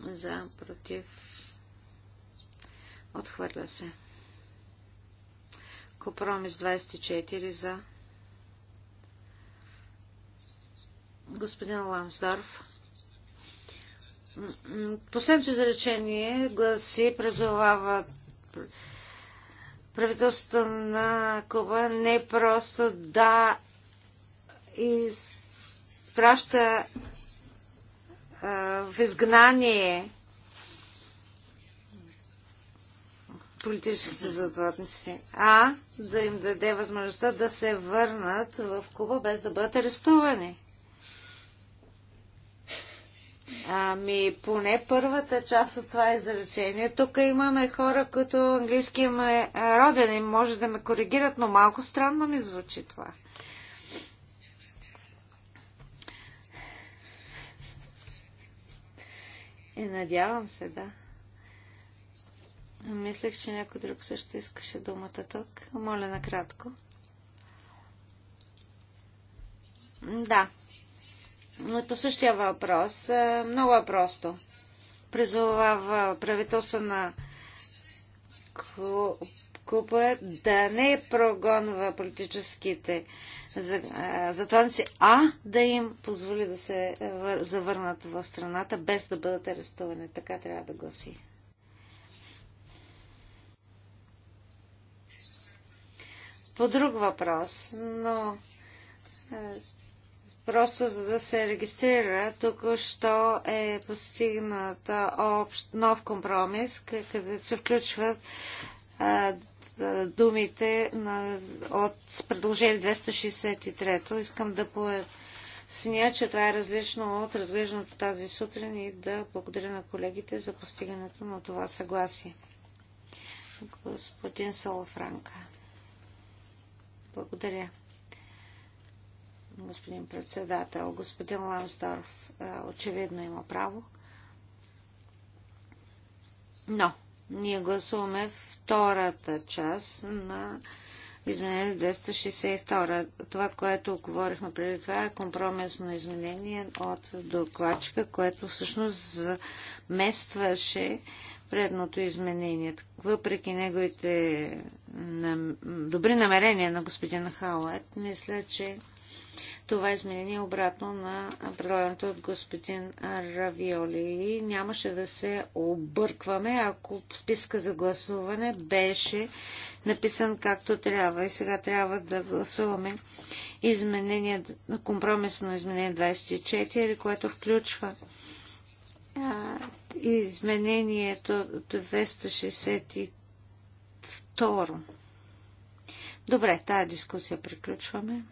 За, против, отхвърля се. Компромис 24 за господин Лансдорф. Последното изречение гласи, призовава правителството на Куба не просто да изпраща в изгнание политическите затворници, а да им даде възможността да се върнат в Куба без да бъдат арестувани. Ами, поне първата част от това изречение. Тук имаме хора, които английски им е, е роден и може да ме коригират, но малко странно ми звучи това. И надявам се, да. Мислех, че някой друг също искаше думата тук. Моля, накратко. Да, е, по същия въпрос, е, много е просто. Призовава правителство на Купа да не прогонва политическите е, затворници, а да им позволи да се завърнат в страната без да бъдат арестувани. Така трябва да гласи. По друг въпрос, но просто за да се регистрира. Току-що е постигнат общ, нов компромис, къде се включват думите на, от предложение 263. Искам да поясня, че това е различно от разглеждането тази сутрин и да благодаря на колегите за постигането на това съгласие. Господин Салафранка. Благодаря господин председател. Господин Ламсдорф е, очевидно има право. Но ние гласуваме втората част на изменение 262. Това, което говорихме преди това, е компромисно изменение от докладчика, което всъщност заместваше предното изменение. Въпреки неговите добри намерения на господин Хаует, мисля, че това изменение е обратно на предлагането от господин Равиоли. Нямаше да се объркваме, ако списка за гласуване беше написан както трябва. И сега трябва да гласуваме изменение, компромисно изменение 24, което включва а, изменението 262. Добре, тази дискусия приключваме.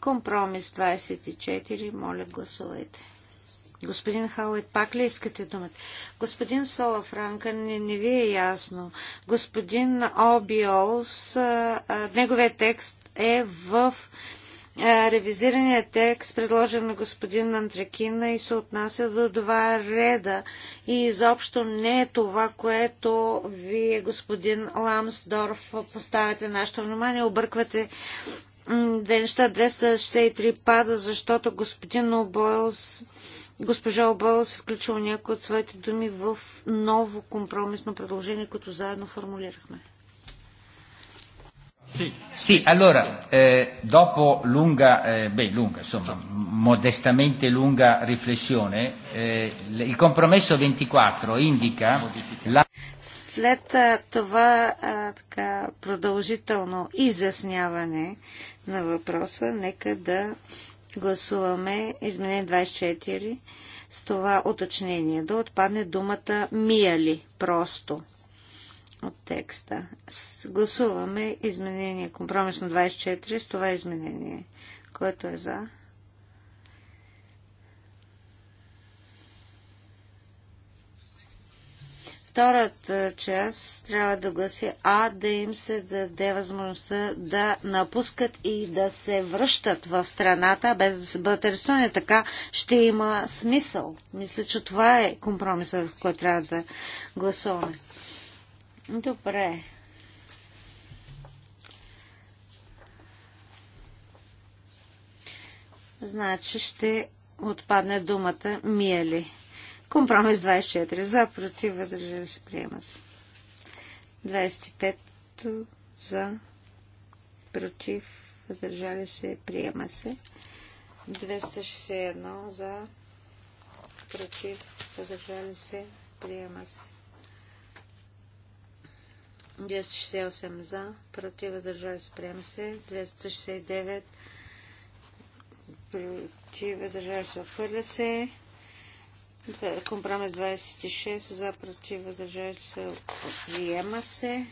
Компромис 24. Моля, гласувайте. Господин Хауит, пак ли искате думата? Господин Салафранка, не, не ви е ясно. Господин Обиолс, неговият текст е в а, ревизирания текст, предложен на господин Антракина и се отнася до два реда. И изобщо не е това, което вие, господин Ламсдорф, поставяте нашето внимание, обърквате Дейността 263 пада, защото господин Обойлс, госпожа Обойлс е включила някои от своите думи в ново компромисно предложение, което заедно формулирахме. Sì, allora eh, dopo lunga, eh, beh, lunga, insomma, modestamente lunga riflessione, eh, il compromesso 24 indica la. След това така, продължително изясняване на въпроса, нека да гласуваме изменение 24 с това уточнение. Да отпадне думата мияли просто от текста. Гласуваме изменение компромисно 24 с това изменение. Което е за? втората част трябва да гласи А, да им се даде възможността да напускат и да се връщат в страната, без да се бъдат арестувани. Така ще има смисъл. Мисля, че това е компромисът, в който трябва да гласуваме. Добре. Значи ще отпадне думата Миели. Компромис 24. За, против, възражали се, приема се. 25 за, против, въздържали се, приема се. 261 за, против, въздържали се, приема се. 268 за, против, въздържали се, приема се. 269 против, въздържали се, отхвърля се. Е, компромис 26 за против въздържали се приема се.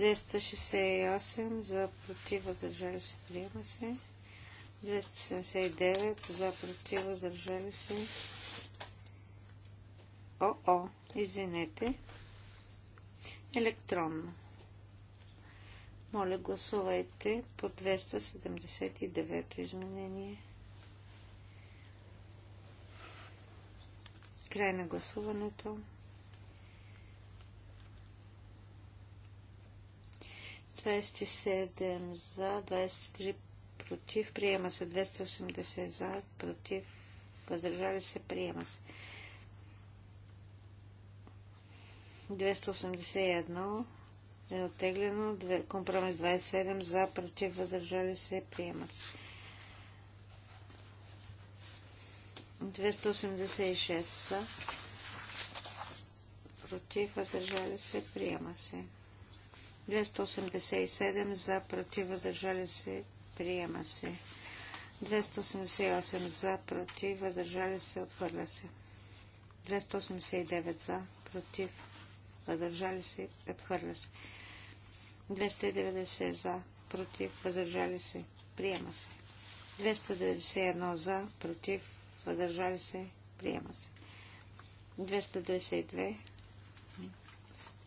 268 за против въздържали се приема се. 279 за против въздържали се. О, о, извинете. Електронно. Моля, гласувайте по 279 то изменение. Край на гласуването. 27 за, 23 против, приема се 280 за, против, въздържали се, приема се. 281 е оттеглено. Компромис 27 за, против, въздържали се, приема се. 286 са против, въздържали се, приема се. 287 за, против, въздържали се, приема се. 288 за, против, въздържали се, отхвърля се. 289 за, против, въздържали се, отхвърля се. 290 за, против, въздържали се, приема се. 291 за, против, въздържали се, приема се. 292,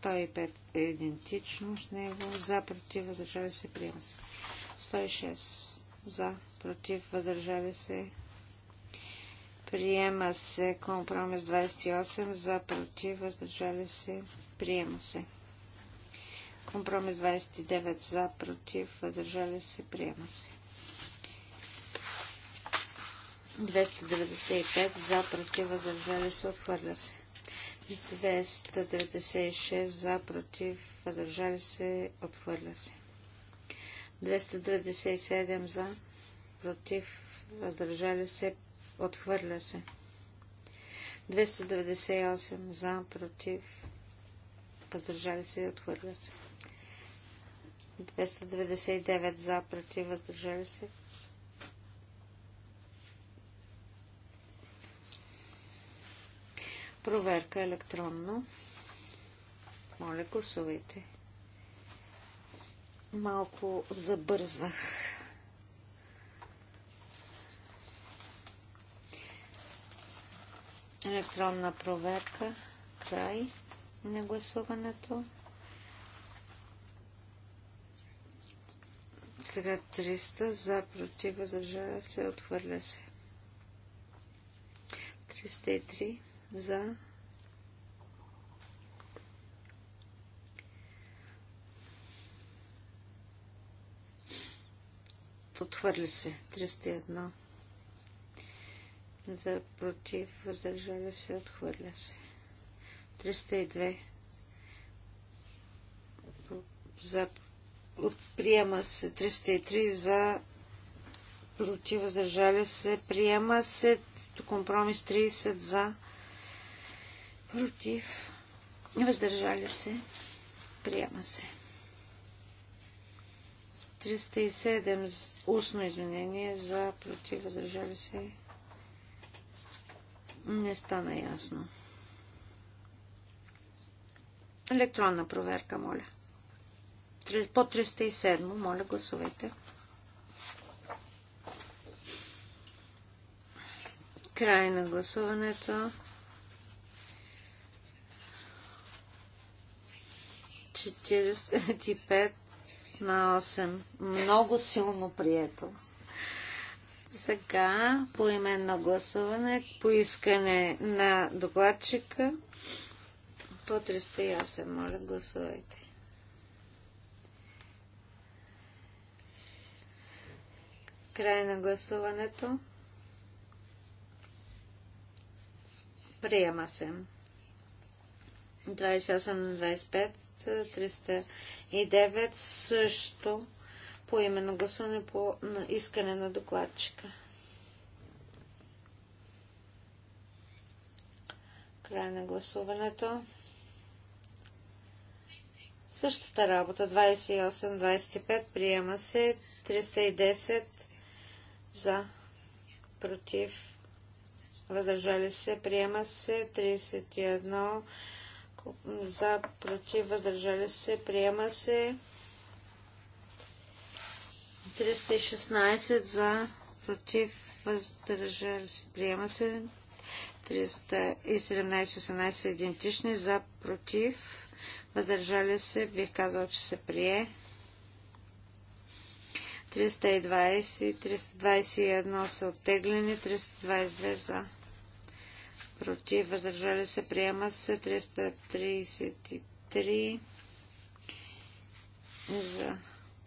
105 е идентично с него, за, против, въздържали се, приема се. 106 за, против, въздържали се, Приема се компромис 28 за против, въздържали се. Приема се. Компромис 29 за, против, въздържали се, приема се. 295 за, против, въздържали се, отхвърля се. 296 за, против, въздържали се, отхвърля се. 297 за, против, въздържали се, отхвърля се. 298 за, против, въздържали се, отхвърля се. 299 за, против, въздържали се. Проверка електронно. Моля, гласувайте. Малко забързах. Електронна проверка. Край на гласуването. Сега 300 за, против, въздържали се, отхвърля се. 303 за. Отхвърля се. 301 за, против, въздържали се, отхвърля се. 302 за, против, Приема се 303 за против въздържали се. Приема се компромис 30 за против въздържали се. Приема се. 307 устно извинение за против въздържали се. Не стана ясно. Електронна проверка, моля. По 307, моля гласувайте. Край на гласуването. 45 на 8. Много силно прието. Сега по именно гласуване, по искане на докладчика по 308. Моля, гласувайте. Край на гласуването. Приема се. 28 25, 309 също по име на гласуване по на искане на докладчика. Край на гласуването. Същата работа, 28-25, приема се, 310 за, против, въздържали се, приема се 31 за, против, въздържали се, приема се 316 за, против, въздържали се, приема се 317-18 идентични, за, против, въздържали се, бих казал, че се прие 320, 321 са оттеглени, 322 за. Против, въздържали се, приема се 333 за.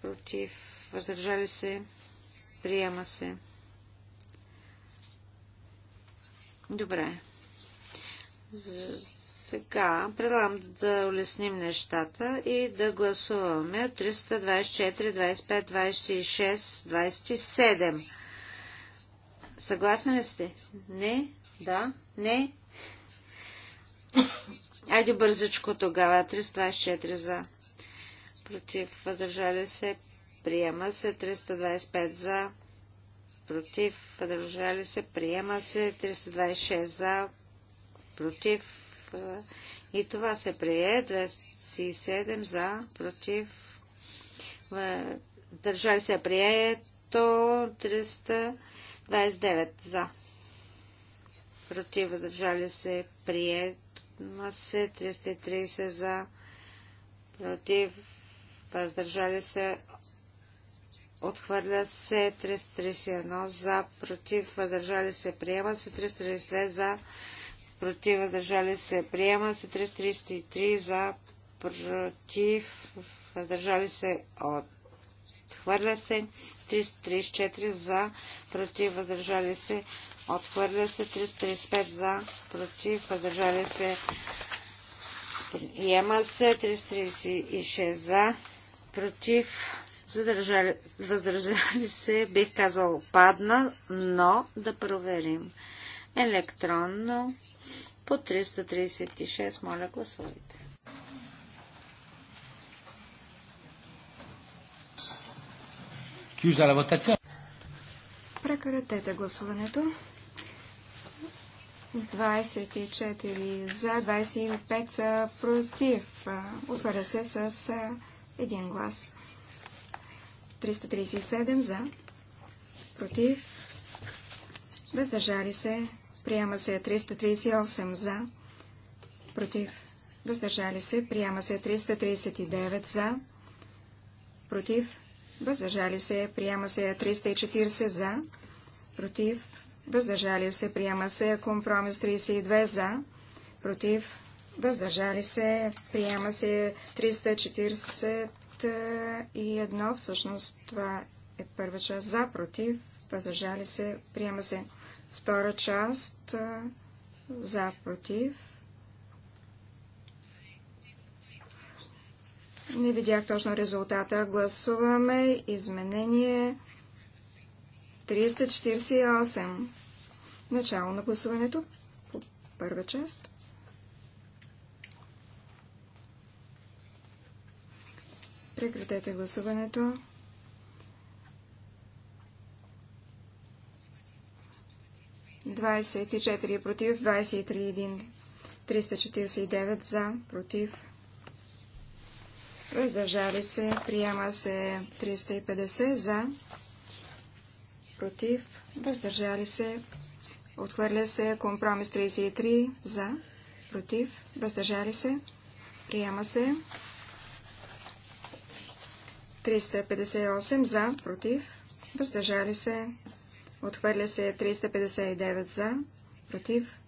Против, въздържали се, приема се. Добре. За сега предлагам да улесним нещата и да гласуваме 324, 25, 26, 27. Съгласни ли сте? Не? Да? Не? Айде бързичко тогава. 324 за. Против. Въздържали се. Приема се. 325 за. Против. Въздържали се. Приема се. 326 за. Против и това се прие. 27 за, против, е, държали се прието, 329 за, против, въздържали се прието се, 330 за, против, въздържали се Отхвърля се 331 за, против, въздържали се, приема се 332 за, против, въздържали се, приема се 333 за, против, въздържали се, отхвърля се 334 за, против, въздържали се, отхвърля се 335 за, против, въздържали се, приема се 336 за, против, задържали, въздържали се, бих казал, падна, но да проверим електронно по 336. Моля, гласувайте. Прекратете гласуването. 24 за, 25 против. Отваря се с един глас. 337 за, против, въздържали се Приема се 338 за. Против. Въздържали се. Приема се 339 за. Против. Въздържали се. Приема се 340 за. Против. Въздържали се. Приема се компромис 32 за. Против. Въздържали се. Приема се 341. Всъщност това е първа част за. Против. Въздържали се. Приема се Втора част за, против. Не видях точно резултата. Гласуваме изменение 348. Начало на гласуването по първа част. Прекратете гласуването. 24 е против, 23 349 е за, против. Въздържали се. Приема се 350 за, против. Въздържали се. Отхвърля се компромис 33 за, против. Въздържали се. Приема се. 358 за, против. Въздържали се. Отхвърля се 359 за. Против.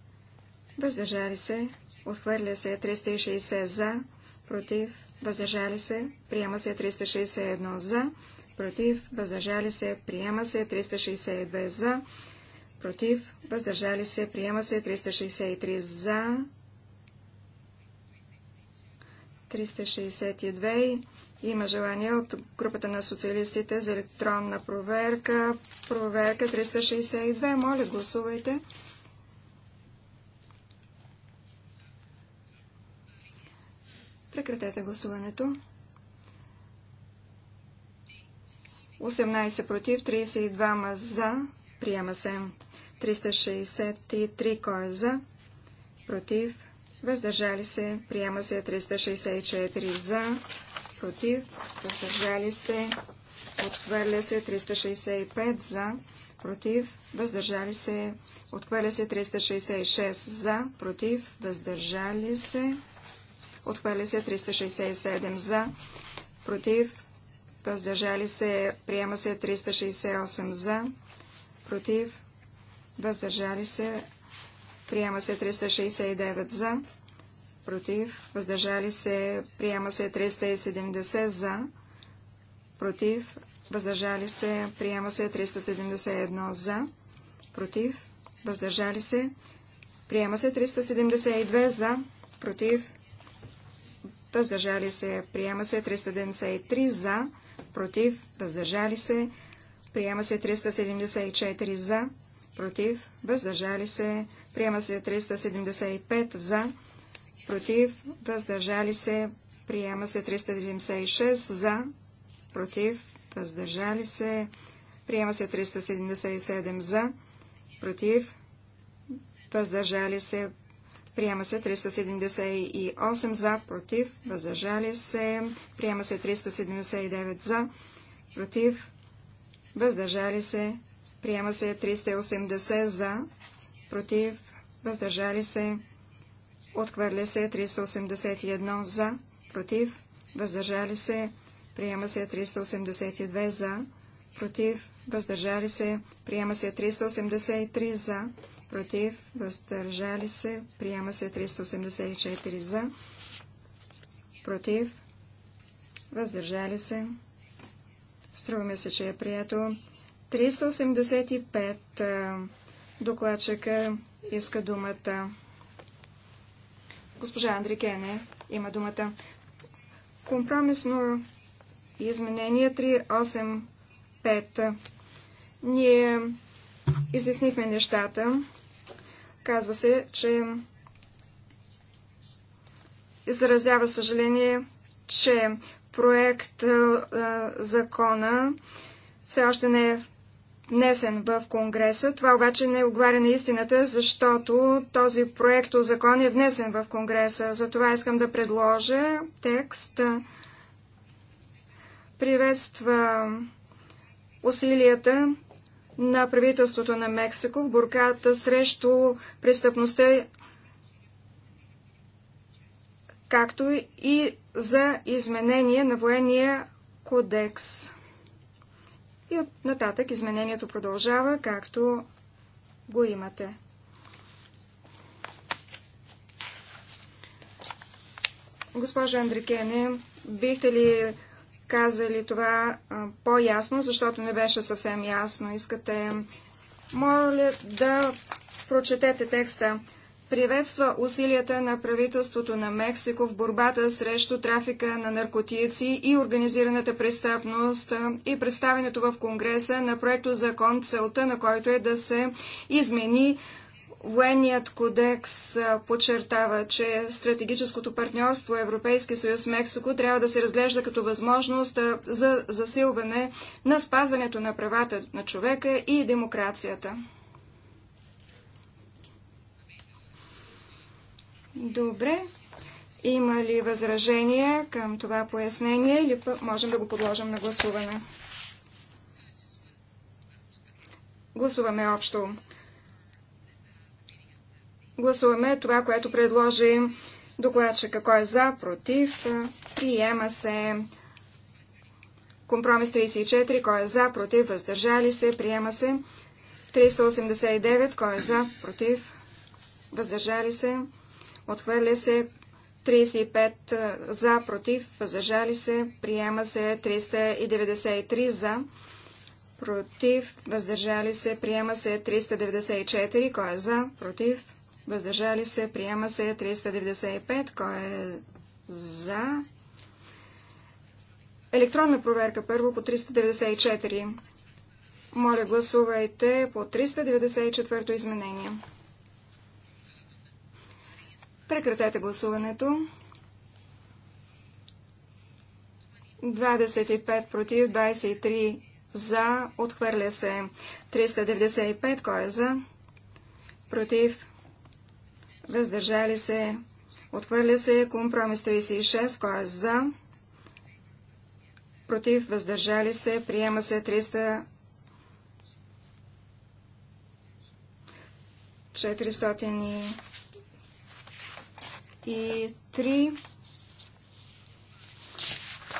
Въздържали се. Отхвърля се 360 за. Против. Въздържали се. Приема се 361 за. Против. Въздържали се. Приема се 362 за. Против. Въздържали се. Приема се 363 за. 362 има желание от групата на социалистите за електронна проверка. Проверка 362. Моля, гласувайте. Прекратете гласуването. 18 против, 32 ма за. Приема се. 363 кой е за. Против. Въздържали се. Приема се 364 за против, въздържали се, отхвърля се 365 за, против, въздържали се, отхвърля се 366 за, против, въздържали се, отхвърля се 367 за, против, въздържали се, приема се 368 за, против, въздържали се, приема се 369 за, против, въздържали се, приема се 370 за, против, въздържали се, приема се 371 за, против, въздържали се, приема се 372 за, против, въздържали се, приема се 373 за, против, въздържали се, приема се 374 за, против, въздържали се, приема се 375 за, против, въздържали се, приема се 376, за, против, въздържали се, приема се 377, за, против, въздържали се, приема се 378, за, против, въздържали се, приема се 379, за, против, въздържали се, приема се 380, за, против, въздържали се, Отхвърля се 381 за, против, въздържали се, приема се 382 за, против, въздържали се, приема се 383 за, против, въздържали се, приема се 384 за, против, въздържали се. Струваме се, че е прието. 385 докладчика иска думата. Госпожа Андрикене има думата. Компромисно изменение 385. Ние изяснихме нещата. Казва се, че изразява съжаление, че проект а, закона все още не е внесен в Конгреса. Това обаче не отговаря на истината, защото този проект закон е внесен в Конгреса. Затова искам да предложа текст. Приветства усилията на правителството на Мексико в бурката срещу престъпността, както и за изменение на военния кодекс. И от нататък изменението продължава, както го имате. Госпожа Андрикене, бихте ли казали това по-ясно, защото не беше съвсем ясно. Искате, моля да прочетете текста приветства усилията на правителството на Мексико в борбата срещу трафика на наркотици и организираната престъпност и представенето в Конгреса на проекто закон, целта на който е да се измени Военният кодекс подчертава, че стратегическото партньорство Европейски съюз Мексико трябва да се разглежда като възможност за засилване на спазването на правата на човека и демокрацията. Добре. Има ли възражение към това пояснение или можем да го подложим на гласуване? Гласуваме общо. Гласуваме това, което предложи докладчика. Кой е за, против, приема се. Компромис 34. Кой е за, против, въздържали се, приема се. 389. Кой е за, против, въздържали се. Отхвърля се 35 за, против, въздържали се. Приема се 393 за, против, въздържали се. Приема се 394, кой е за, против, въздържали се. Приема се 395, кой е за. Електронна проверка първо по 394. Моля, гласувайте по 394 изменение. Прекратете гласуването. 25 против, 23 за, отхвърля се. 395, кой е за? Против, въздържали се. Отхвърля се компромис 36, кой е за? Против, въздържали се. Приема се 300... 400 3.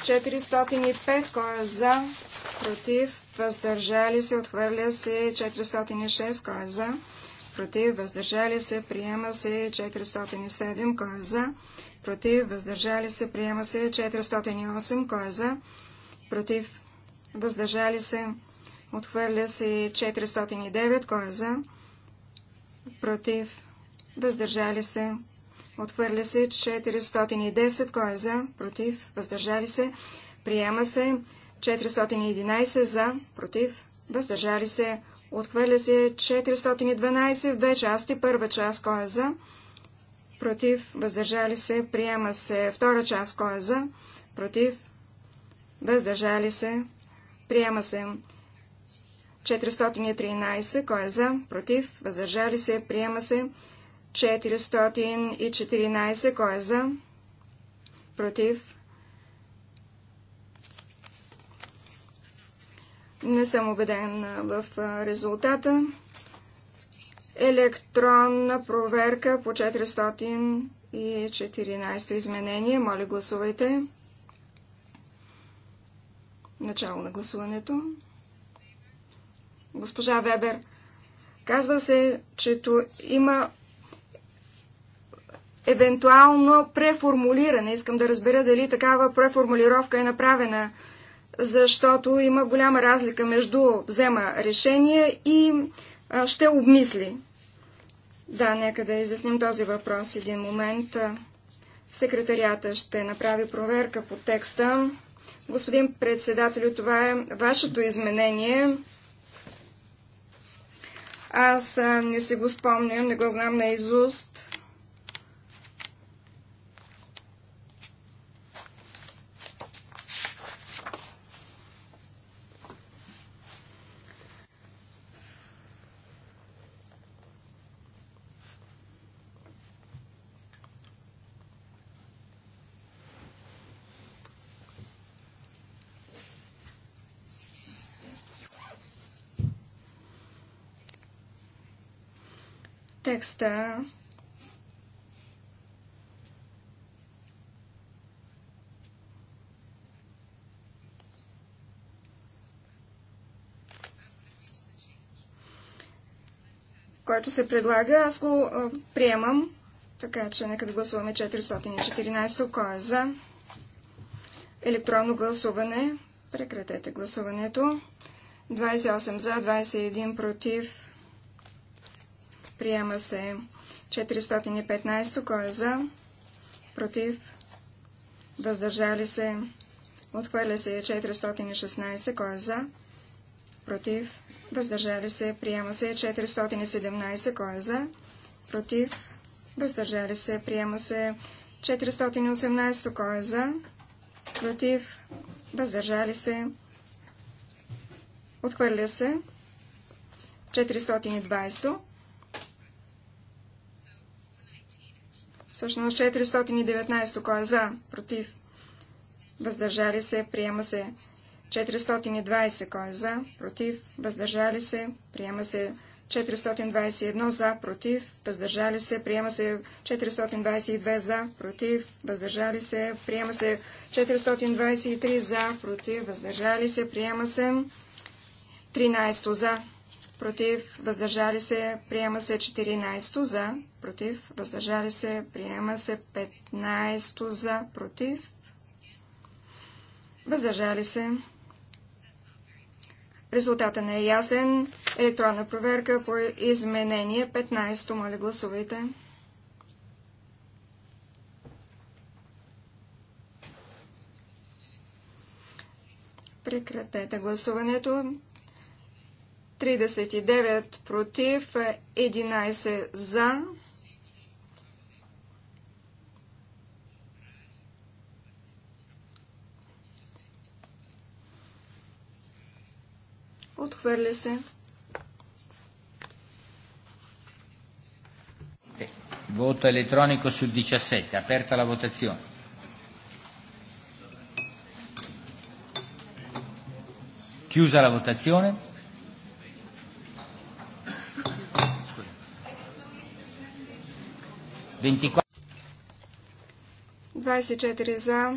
405, кой е за, против, въздържали се, отхвърля се 406, кой е за, против, въздържали се, приема се 407, кой е за, против, въздържали се, приема се 408, кой е за, против, въздържали се, отхвърля се 409, кой е за, против, въздържали се, Отхвърля се 410. Кой е за? Против. Въздържали се. Приема се 411 за. Против. Въздържали се. Отхвърля се 412 в две части. Първа част. Кой е за? Против. Въздържали се. Приема се. Втора част. Кой е за? Против. Въздържали се. Приема се. 413. Кой е за? Против. Въздържали се. Приема се. 414. Кой е за? Против? Не съм убеден в резултата. Електронна проверка по 414 изменение. Моля, гласувайте. Начало на гласуването. Госпожа Вебер, казва се, че има евентуално преформулиране. Искам да разбера дали такава преформулировка е направена, защото има голяма разлика между взема решение и а, ще обмисли. Да, нека да изясним този въпрос един момент. Секретарията ще направи проверка по текста. Господин председател, това е вашето изменение. Аз не си го спомням, не го знам на изуст. текста който се предлага, аз го а, приемам. Така че нека да гласуваме 414. Кой е за? Електронно гласуване. Прекратете гласуването. 28 за, 21 против. Приема се 415. Кой е за? Против? Въздържали се? Отхвърля се 416. Кой е за? Против? Въздържали се? Приема се 417. Кой е за? Против? Въздържали се? Приема се 418. Кой е за? Против? Въздържали се? Отхвърля се 420. Всъщност 419. Кой е за? Против. Въздържали се. Приема се. 420. Кой е за? Против. Въздържали се. Приема се. 421 за, против, въздържали се, приема се 422 за, против, въздържали се, приема се 423 за, против, въздържали се, приема се 13 за, против, въздържали се, приема се 14 за, против, въздържали се, приема се 15 за, против, въздържали се. Резултата не е ясен. Електронна проверка по изменение 15. Моля, гласувайте. Прекратете гласуването. 39 против, 11 за. Отхвърля се. Voto elettronico su 17. Aperta la votazione. Chiusa la votazione. 24 за,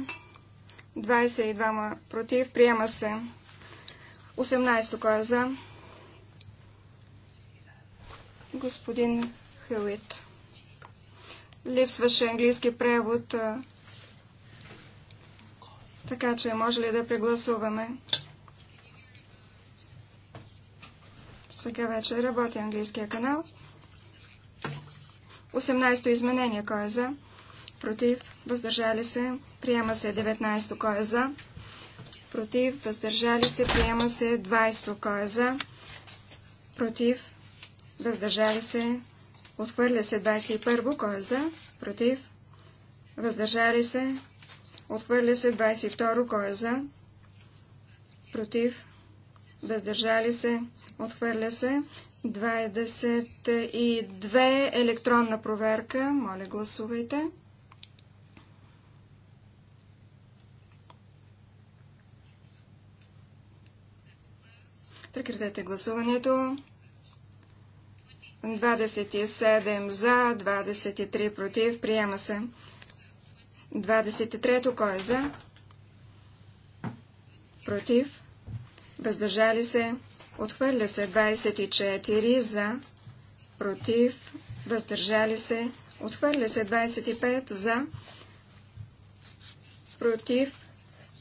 22 против, приема се. 18 кой е за? Господин Хелит. Липсваше английски превод, така че може ли да прегласуваме? Сега вече работи английския канал. 18-то изменение. Кой е за? Против. Въздържали се. Приема се 19-то. Кой е за? Против. Въздържали се. Приема се 20-то. Кой е за? Против. Въздържали се. Отхвърля се 21 то Кой е за? Против. Въздържали се. Отхвърля се 22 то Кой е за? Против въздържали се, отхвърля се. 22 електронна проверка. Моля, гласувайте. Прекратете гласуването. 27 за, 23 против. Приема се. 23-то кой е за? Против въздържали се, отхвърля се 24 за, против, въздържали се, отхвърля се 25 за, против,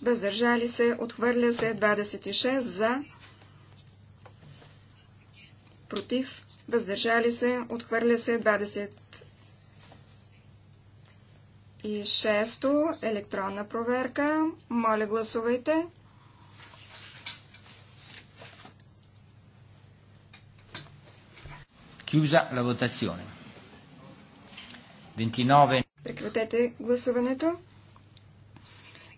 въздържали се, отхвърля се 26 за, против, въздържали се, отхвърля се 20 и шесто електронна проверка. Моля, гласувайте. Chiusa la votazione. 29. Прекратете гласуването.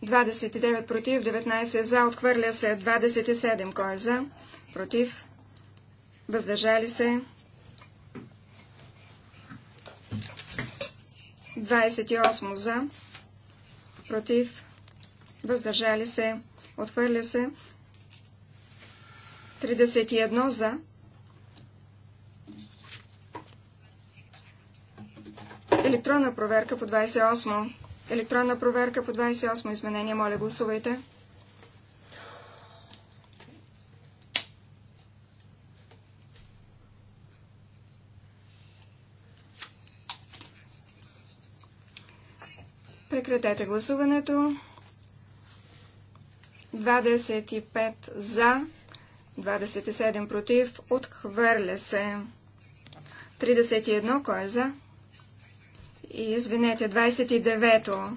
29 против, 19 е за, отхвърля се 27. Кой е за? Против. Въздържали се. 28 за. Против. Въздържали се. Отхвърля се. 31 за Електронна проверка по 28. Електронна проверка по 28 изменение. Моля, гласувайте. Прекратете гласуването. 25 за, 27 против, отхвърля се. 31, кой е за? Извинете, 29-то.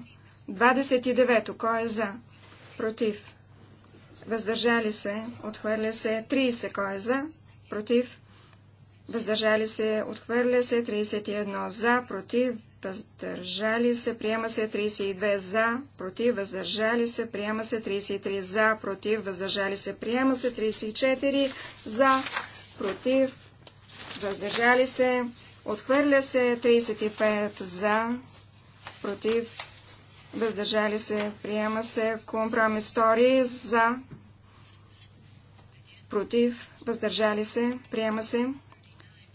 29-то. Кой е за? Против. Въздържали се. Отхвърля се. 30. Кой е за? Против. Въздържали се. Отхвърля се. 31. За. Против. Въздържали се. Приема се. 32. За. Против. Въздържали се. Приема се. 33. За. Против. Въздържали се. Приема се. 34. За. Против. Въздържали се. Отхвърля се 35 за, против, въздържали се, приема се компромис втори за, против, въздържали се, приема се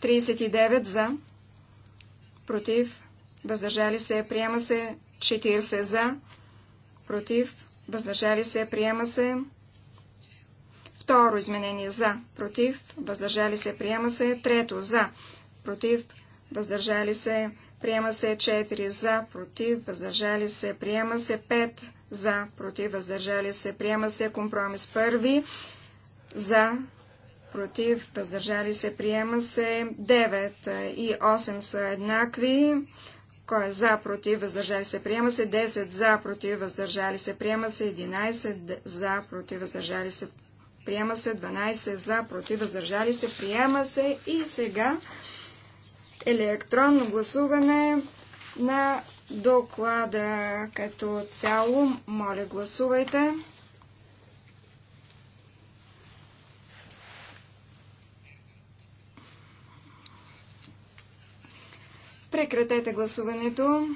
39 за, против, въздържали се, приема се 40 за, против, въздържали се, приема се Второ изменение за, против, въздържали се, приема се. Трето за, против, въздържали се, приема се 4 за, против, въздържали се, приема се 5 за, против, въздържали се, приема се компромис първи, за, против, въздържали се, приема се 9 и 8 са еднакви. Кой е за, против, въздържали се, приема се 10 за, против, въздържали се, приема се 11 за, против, въздържали се, приема се 12 за, против, въздържали се, приема се и сега електронно гласуване на доклада като цяло. Моля, гласувайте. Прекратете гласуването.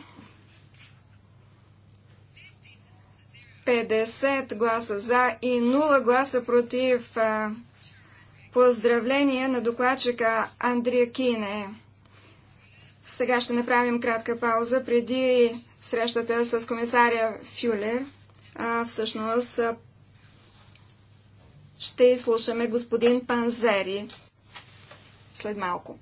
50 гласа за и 0 гласа против. Поздравления на докладчика Андрия Кине. Сега ще направим кратка пауза преди срещата с комисаря Фюле. А, всъщност ще изслушаме господин Панзери след малко.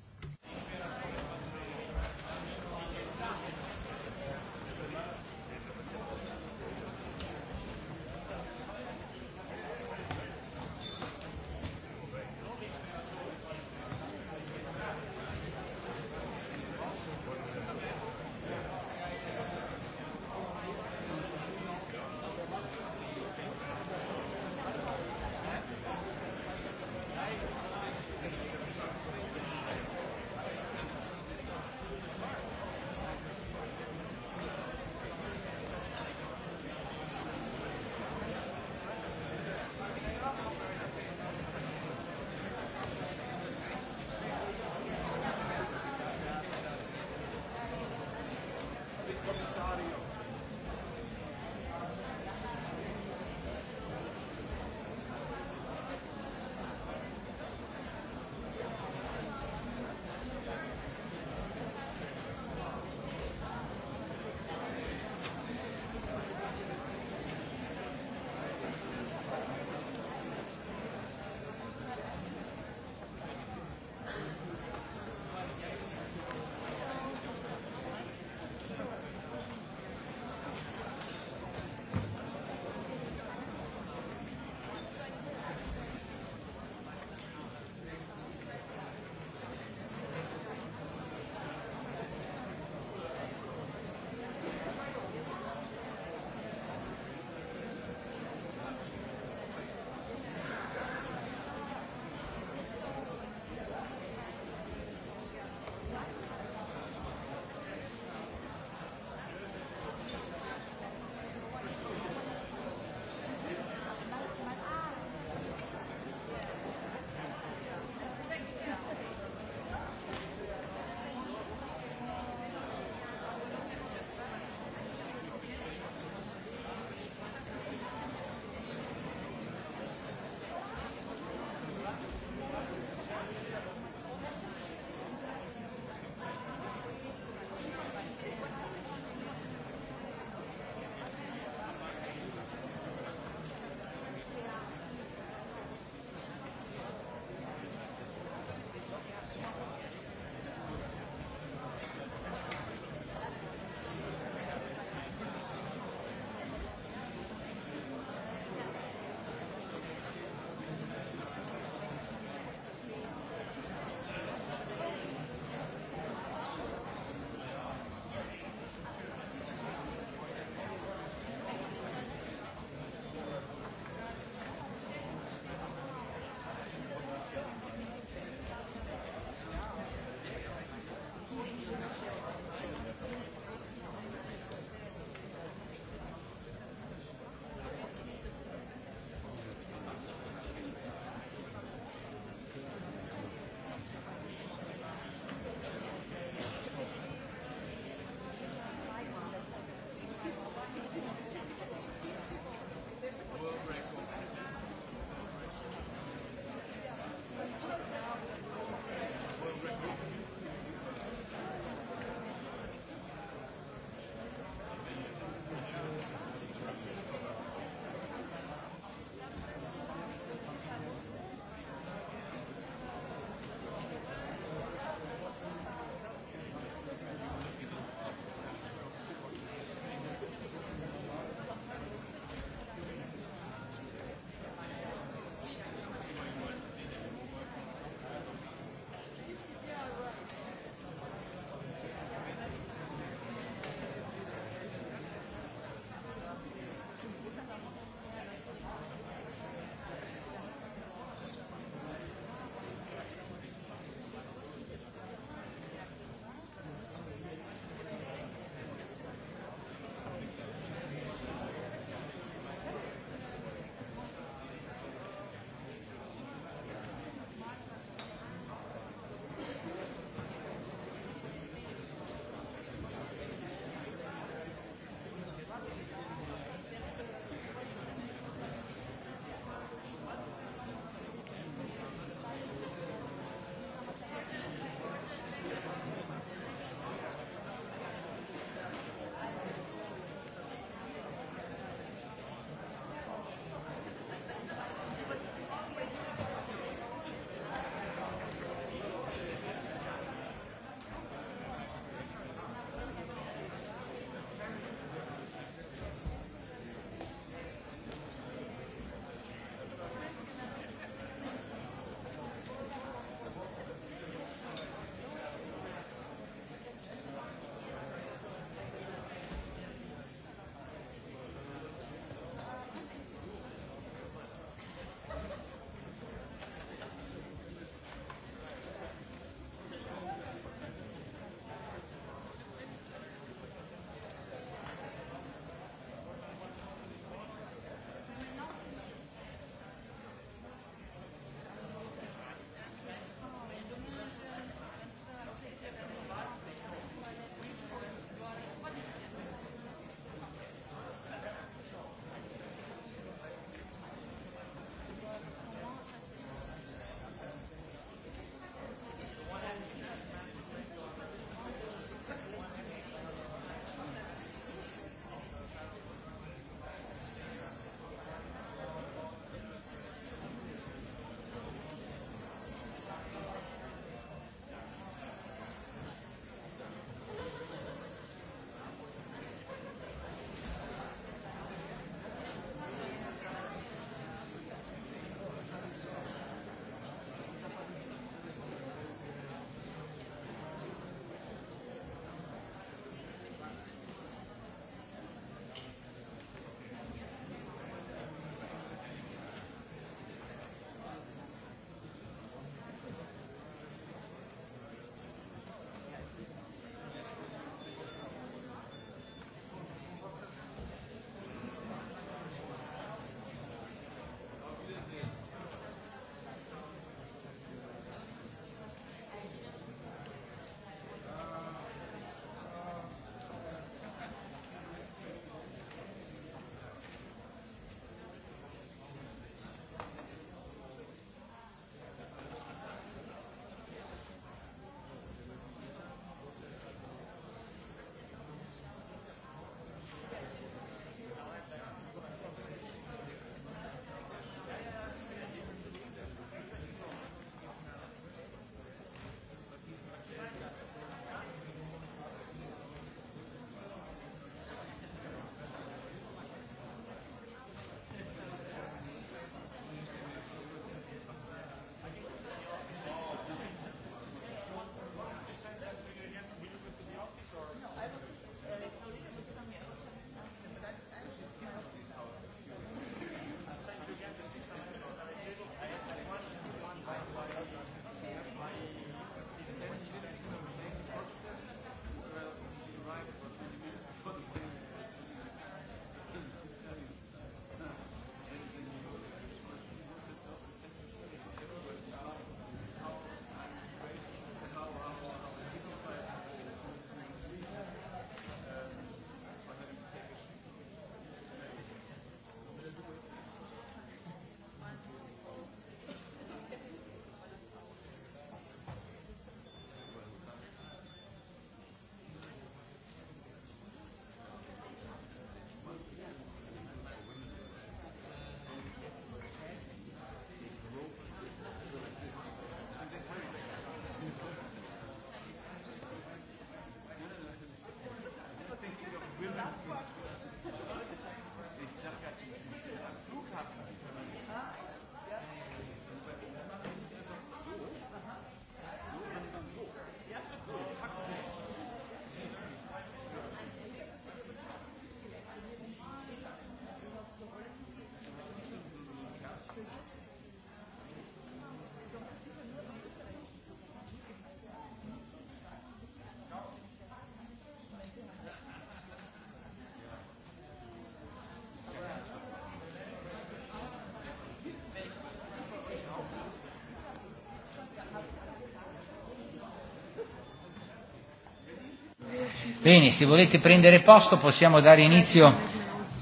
Bene, se volete prendere posto possiamo dare inizio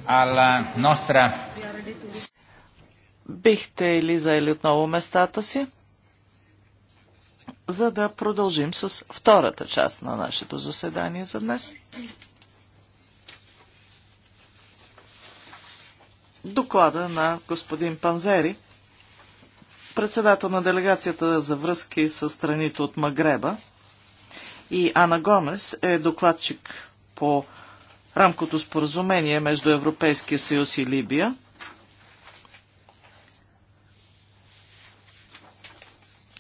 alla nostra... Бихте ли заели отново местата си, за да продължим с втората част на нашето заседание за днес? Доклада на господин Панзери, председател на делегацията за връзки с страните от Магреба – и Ана Гомес е докладчик по рамкото споразумение между Европейския съюз и Либия.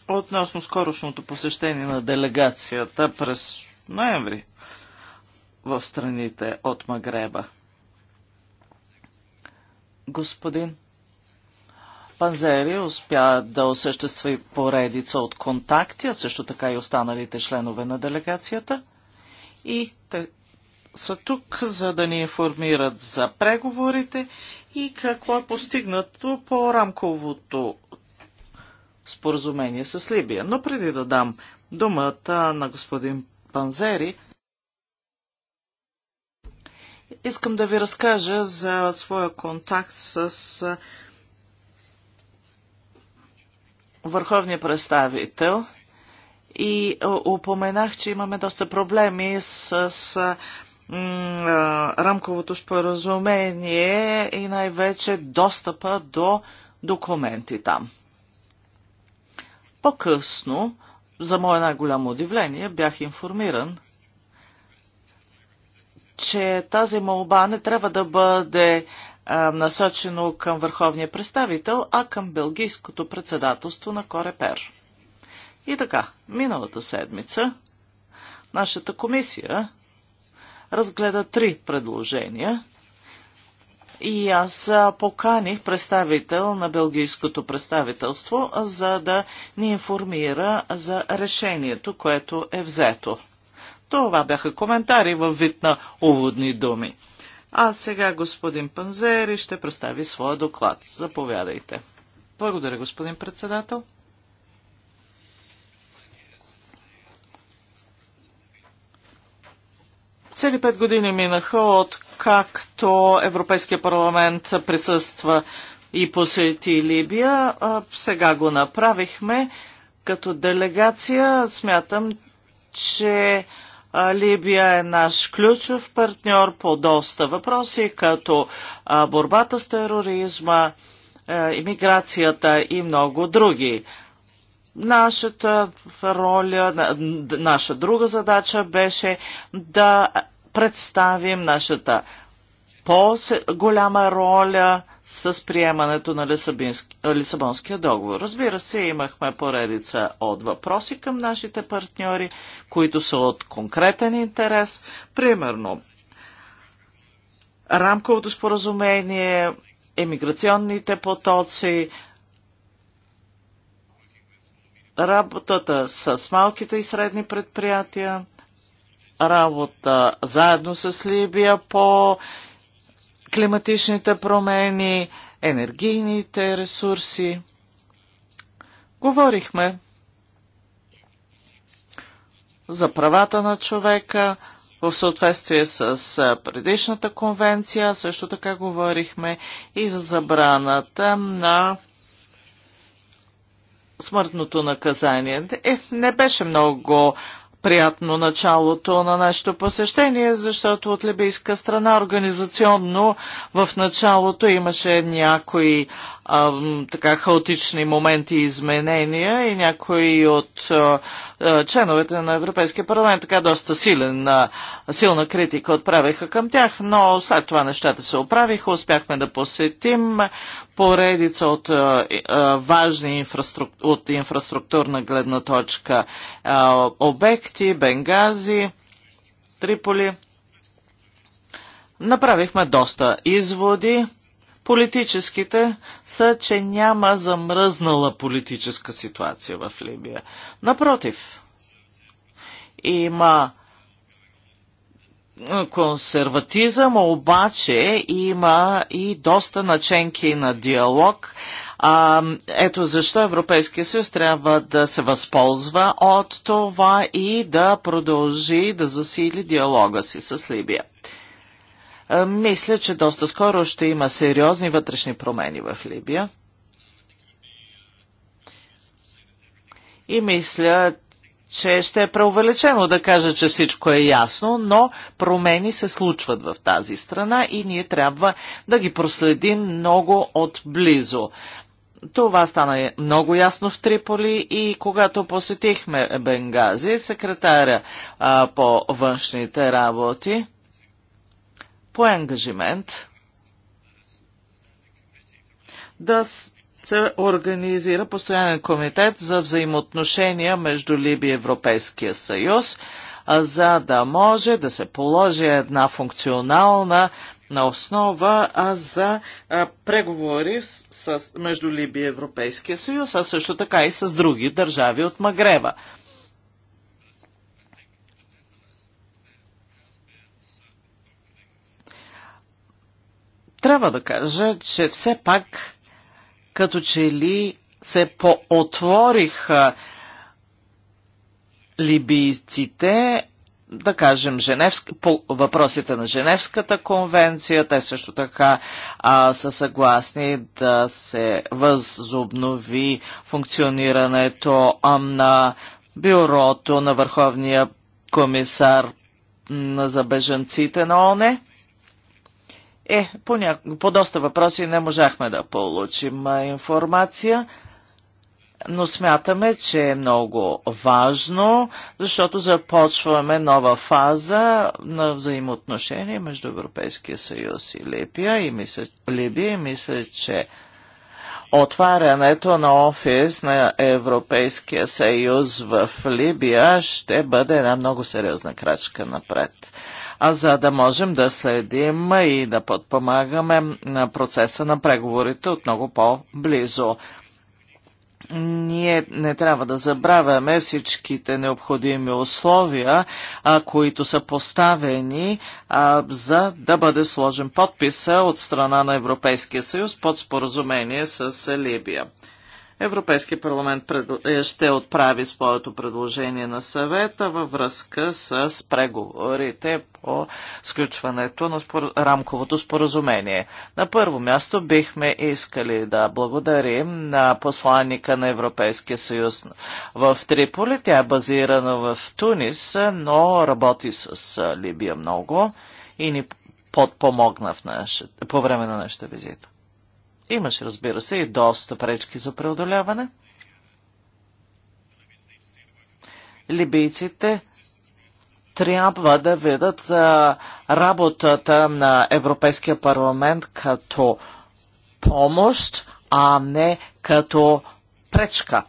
Относно скорошното посещение на делегацията през ноември в страните от Магреба. Господин Панзери успя да осъществи поредица от контакти, а също така и останалите членове на делегацията. И те са тук, за да ни информират за преговорите и какво е постигнато по рамковото споразумение с Либия. Но преди да дам думата на господин Панзери, искам да ви разкажа за своя контакт с върховния представител и упоменах, че имаме доста проблеми с, с рамковото споразумение и най-вече достъпа до документи там. По-късно, за мое най-голямо удивление, бях информиран, че тази молба не трябва да бъде насочено към върховния представител, а към белгийското председателство на Корепер. И така, миналата седмица нашата комисия разгледа три предложения и аз поканих представител на Белгийското представителство, за да ни информира за решението, което е взето. Това бяха коментари във вид на уводни думи. А сега господин Панзери ще представи своя доклад. Заповядайте. Благодаря, господин председател. Цели пет години минаха от както Европейския парламент присъства и посети Либия. Сега го направихме като делегация. Смятам, че Либия е наш ключов партньор по доста въпроси, като борбата с тероризма, иммиграцията и много други. Нашата роля, наша друга задача беше да представим нашата по-голяма роля – с приемането на Лисабонския договор. Разбира се, имахме поредица от въпроси към нашите партньори, които са от конкретен интерес. Примерно, рамковото споразумение, емиграционните потоци, работата с малките и средни предприятия, работа заедно с Либия по климатичните промени, енергийните ресурси. Говорихме за правата на човека в съответствие с предишната конвенция. Също така говорихме и за забраната на смъртното наказание. Е, не беше много приятно началото на нашето посещение, защото от либийска страна организационно в началото имаше някои а, така хаотични моменти и изменения и някои от а, е, членовете на Европейския парламент така доста силен, е, силна критика отправиха към тях, но след това нещата се оправиха, успяхме да посетим поредица от е, важни инфраструк... от инфраструктурна гледна точка обекти, Бенгази, Триполи. Направихме доста изводи Политическите са, че няма замръзнала политическа ситуация в Либия. Напротив, има консерватизъм, обаче има и доста наченки на диалог. А, ето защо Европейския съюз трябва да се възползва от това и да продължи да засили диалога си с Либия. Мисля, че доста скоро ще има сериозни вътрешни промени в Либия. И мисля, че ще е преувеличено да кажа, че всичко е ясно, но промени се случват в тази страна и ние трябва да ги проследим много отблизо. Това стана много ясно в Триполи и когато посетихме Бенгази, секретаря а, по външните работи, по ангажимент да се организира постоянен комитет за взаимоотношения между Либия и Европейския съюз, за да може да се положи една функционална на основа а за а, преговори с, с, между Либия и Европейския съюз, а също така и с други държави от Магреба. Трябва да кажа, че все пак като че ли се поотвориха либийците, да кажем, Женевск, по въпросите на Женевската конвенция, те също така а, са съгласни да се възобнови функционирането а, на бюрото на Върховния комисар за бежанците на ОНЕ. Е, по, ня... по доста въпроси не можахме да получим информация, но смятаме, че е много важно, защото започваме нова фаза на взаимоотношения между Европейския съюз и Либия и мисля, Либия и мисля че Отварянето на офис на Европейския съюз в Либия ще бъде една много сериозна крачка напред а за да можем да следим и да подпомагаме процеса на преговорите от много по-близо. Ние не трябва да забравяме всичките необходими условия, а, които са поставени а, за да бъде сложен подписа от страна на Европейския съюз под споразумение с Либия. Европейския парламент е, ще отправи своето предложение на съвета във връзка с преговорите по сключването на рамковото споразумение. На първо място бихме искали да благодарим на посланника на Европейския съюз в Триполи. Тя е базирана в Тунис, но работи с Либия много и ни подпомогна в наше, по време на нашата визита. Имаше, разбира се, и доста пречки за преодоляване. Либийците трябва да видят а, работата на Европейския парламент като помощ, а не като пречка.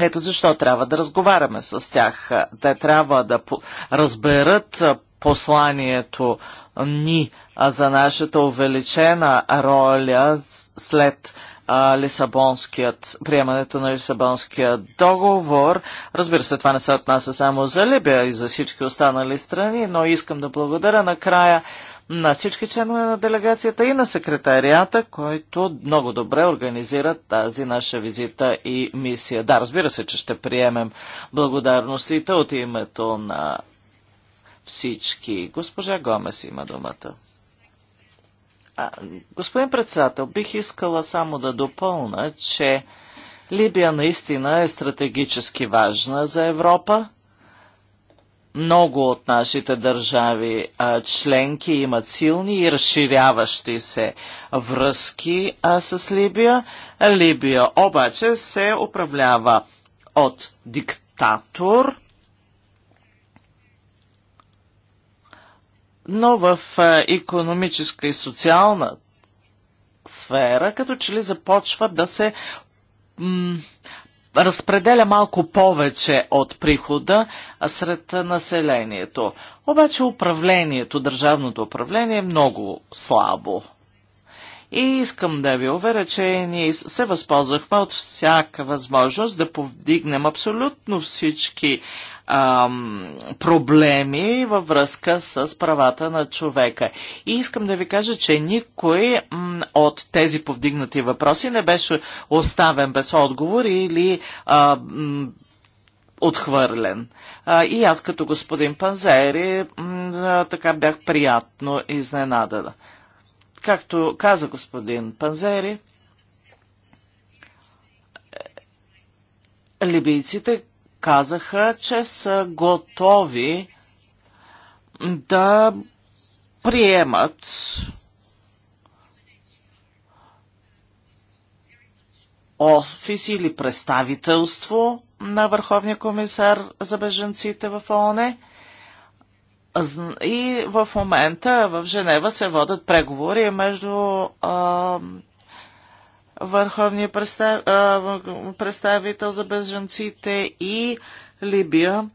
Ето защо трябва да разговаряме с тях. Те трябва да разберат посланието ни за нашата увеличена роля след Лисабонският, приемането на Лисабонския договор. Разбира се, това не се отнася само за Либия и за всички останали страни, но искам да благодаря накрая на всички членове на делегацията и на секретарията, който много добре организира тази наша визита и мисия. Да, разбира се, че ще приемем благодарностите от името на всички. Госпожа Гомес има думата. А, господин председател, бих искала само да допълна, че Либия наистина е стратегически важна за Европа. Много от нашите държави а, членки имат силни и разширяващи се връзки а, с Либия. Либия обаче се управлява от диктатор – но в економическа и социална сфера, като че ли започва да се разпределя малко повече от прихода сред е, населението. Обаче управлението, държавното управление е много слабо. И искам да ви уверя, че ние се възползвахме от всяка възможност да повдигнем абсолютно всички ам, проблеми във връзка с правата на човека. И искам да ви кажа, че никой м, от тези повдигнати въпроси не беше оставен без отговор или а, отхвърлен. А, и аз като господин Панзери така бях приятно изненадана. Както каза господин Панзери, е, е, либийците казаха, че са готови да приемат офис или представителство на Върховния комисар за беженците в ООН. И в момента в Женева се водят преговори между а, върховния представител за бежанците и Либия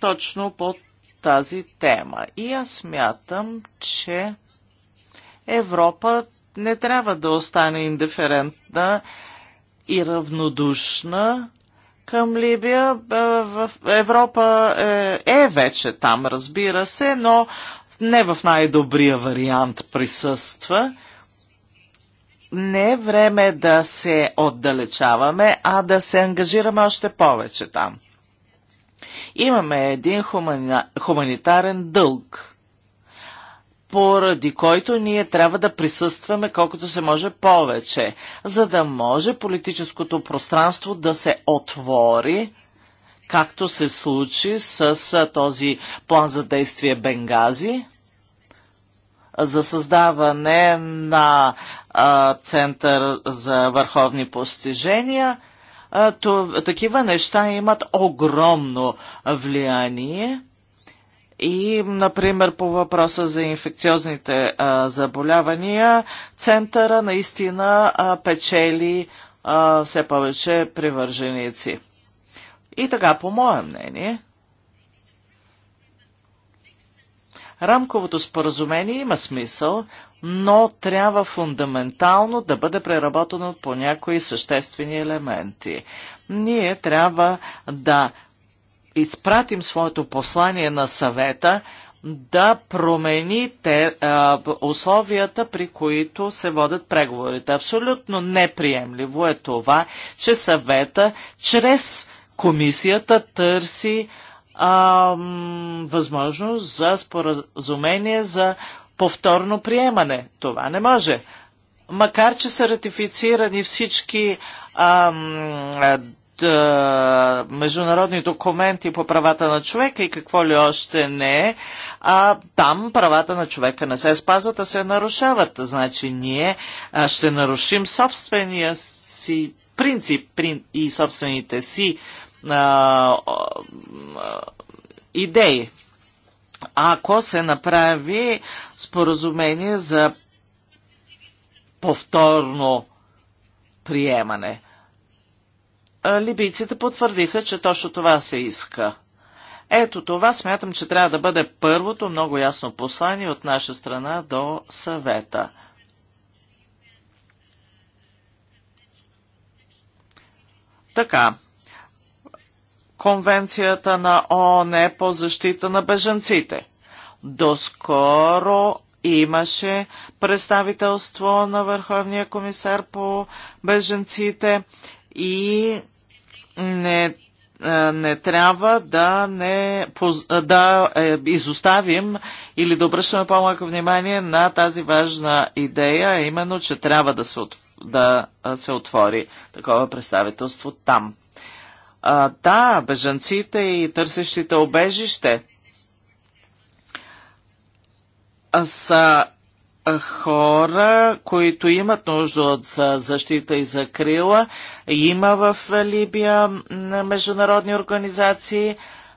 точно по тази тема. И аз смятам, че Европа не трябва да остане индиферентна и равнодушна към Либия. В Европа е, е вече там, разбира се, но не в най-добрия вариант присъства не е време да се отдалечаваме, а да се ангажираме още повече там. Имаме един хумани... хуманитарен дълг, поради който ние трябва да присъстваме колкото се може повече, за да може политическото пространство да се отвори, както се случи с този план за действие Бенгази, за създаване на център за върховни постижения. А, то, такива неща имат огромно влияние. И, например, по въпроса за инфекциозните а, заболявания, центъра наистина а, печели а, все повече привърженици. И така, по мое мнение, рамковото споразумение има смисъл, но трябва фундаментално да бъде преработено по някои съществени елементи. Ние трябва да изпратим своето послание на съвета да промени те, а, условията, при които се водят преговорите. Абсолютно неприемливо е това, че съвета чрез комисията търси а, възможност за споразумение за повторно приемане. Това не може. Макар, че са ратифицирани всички ам, а, международни документи по правата на човека и какво ли още не, а там правата на човека не се спазват, а се нарушават. Значи ние а, ще нарушим собствения си принцип прин, и собствените си а, а, а идеи ако се направи споразумение за повторно приемане. Либийците потвърдиха, че точно това се иска. Ето това смятам, че трябва да бъде първото много ясно послание от наша страна до съвета. Така, Конвенцията на ООН по защита на бежанците. Доскоро имаше представителство на Върховния комисар по бежанците и не, не трябва да, не, да е, изоставим или да обръщаме по-малко внимание на тази важна идея, именно, че трябва да се, да се отвори такова представителство там. А, да, бежанците и търсещите обежище са хора, които имат нужда от защита и закрила. Има в Либия международни организации,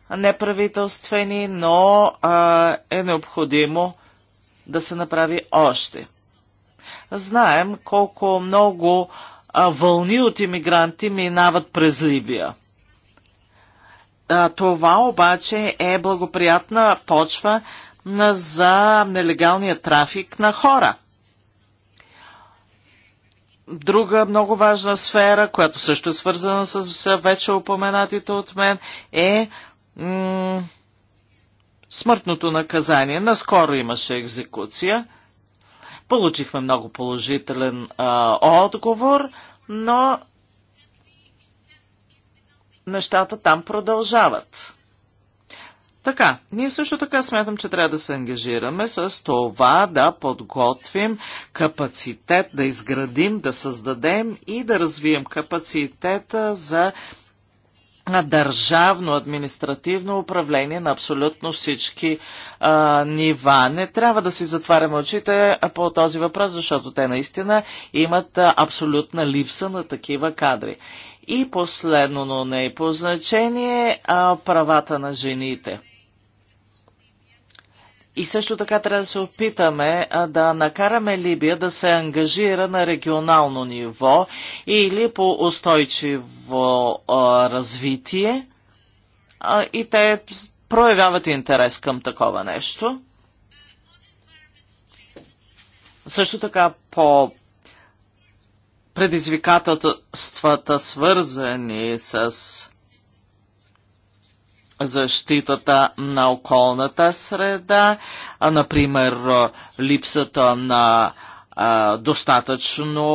неправителствени, но а, е необходимо да се направи още. Знаем колко много а, вълни от иммигранти минават през Либия – това обаче е благоприятна почва за нелегалния трафик на хора. Друга много важна сфера, която също е свързана с вече упоменатите от мен, е смъртното наказание. Наскоро имаше екзекуция. Получихме много положителен а, отговор, но нещата там продължават. Така, ние също така смятам, че трябва да се ангажираме с това да подготвим капацитет, да изградим, да създадем и да развием капацитета за държавно административно управление на абсолютно всички а, нива. Не трябва да си затваряме очите по този въпрос, защото те наистина имат абсолютна липса на такива кадри. И последно, но не и по значение, а правата на жените. И също така трябва да се опитаме да накараме Либия да се ангажира на регионално ниво или по устойчиво развитие. и те проявяват интерес към такова нещо. Също така по предизвикателствата, свързани с защитата на околната среда, а, например липсата на а, достатъчно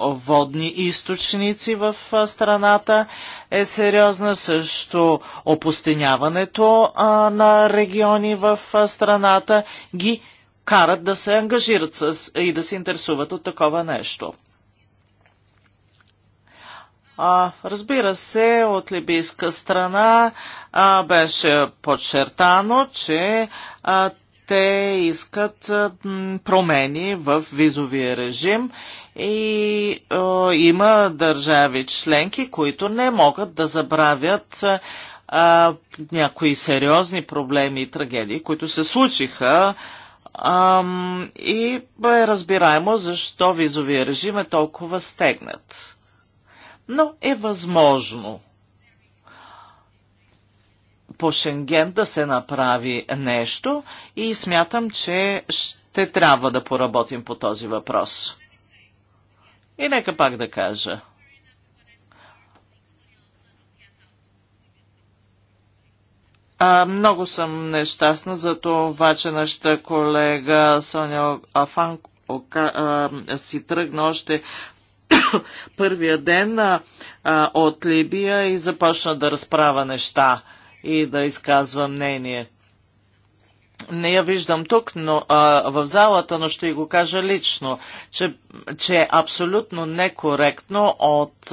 водни източници в страната е сериозна, също опустеняването на региони в страната ги карат да се ангажират с и да се интересуват от такова нещо. А, разбира се, от либийска страна а, беше подчертано, че а, те искат а, промени в визовия режим и а, има държави членки, които не могат да забравят а, някои сериозни проблеми и трагедии, които се случиха и е разбираемо защо визовия режим е толкова стегнат но е възможно по Шенген да се направи нещо и смятам, че ще трябва да поработим по този въпрос. И нека пак да кажа. А, много съм нещастна за това, че нашата колега Соня Афан си тръгна още първия ден а, от Либия и започна да разправя неща и да изказва мнение. Не я виждам тук, но а, в залата, но ще го кажа лично, че, че е абсолютно некоректно от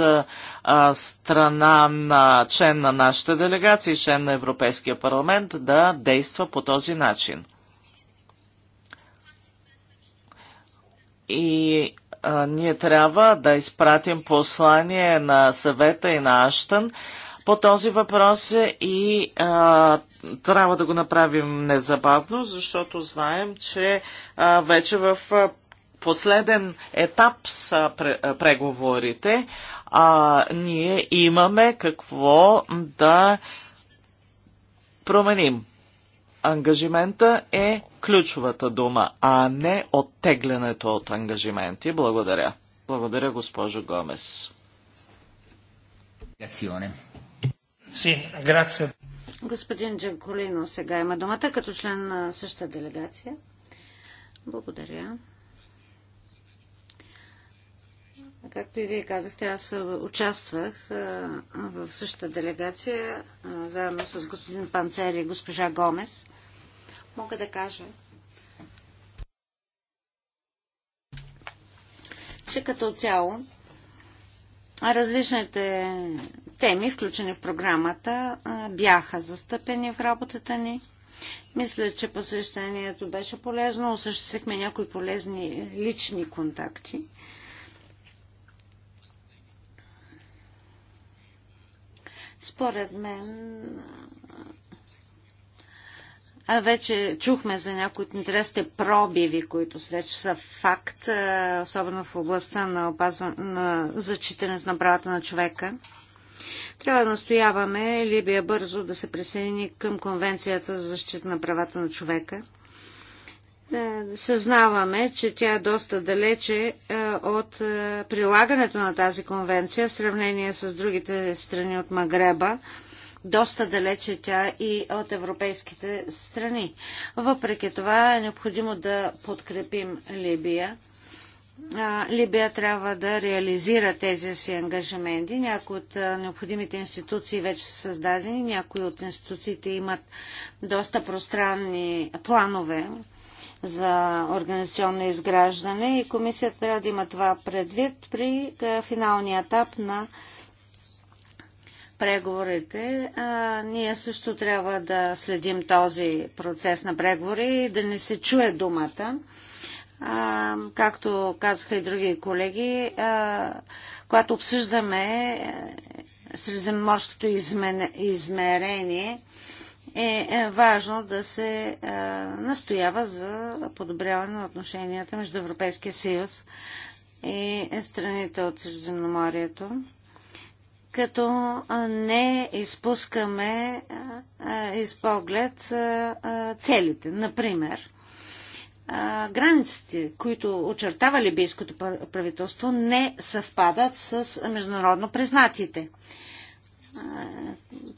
а, страна на член на нашата делегация и член на Европейския парламент да действа по този начин. И ние трябва да изпратим послание на съвета и на Аштън по този въпрос и а, трябва да го направим незабавно, защото знаем, че а, вече в последен етап са преговорите. А, ние имаме какво да променим ангажимента е ключовата дума, а не оттеглянето от ангажименти. Благодаря. Благодаря, госпожо Гомес. Господин Джанколино сега има думата като член на същата делегация. Благодаря. Както и вие казахте, аз участвах в същата делегация, заедно с господин Панцер и госпожа Гомес мога да кажа, че като цяло различните теми, включени в програмата, бяха застъпени в работата ни. Мисля, че посещението беше полезно. Осъществихме някои полезни лични контакти. Според мен а вече чухме за някои от интересните пробиви, които вече са факт, особено в областта на, опазване, на зачитането на правата на човека. Трябва да настояваме Либия бързо да се присъедини към Конвенцията за защита на правата на човека. Е, съзнаваме, че тя е доста далече е, от е, прилагането на тази конвенция в сравнение с другите страни от Магреба доста далече тя и от европейските страни. Въпреки това е необходимо да подкрепим Либия. Либия трябва да реализира тези си ангажименти. Някои от необходимите институции вече са създадени, някои от институциите имат доста пространни планове за организационно изграждане и комисията трябва да има това предвид при финалния етап на преговорите. А, ние също трябва да следим този процес на преговори и да не се чуе думата. А, както казаха и други колеги, а, когато обсъждаме е, средиземноморското измерение, е, е важно да се а, настоява за подобряване на отношенията между Европейския съюз и страните от Средиземноморието като не изпускаме поглед целите. Например, границите, които очертава либийското правителство, не съвпадат с международно признатите.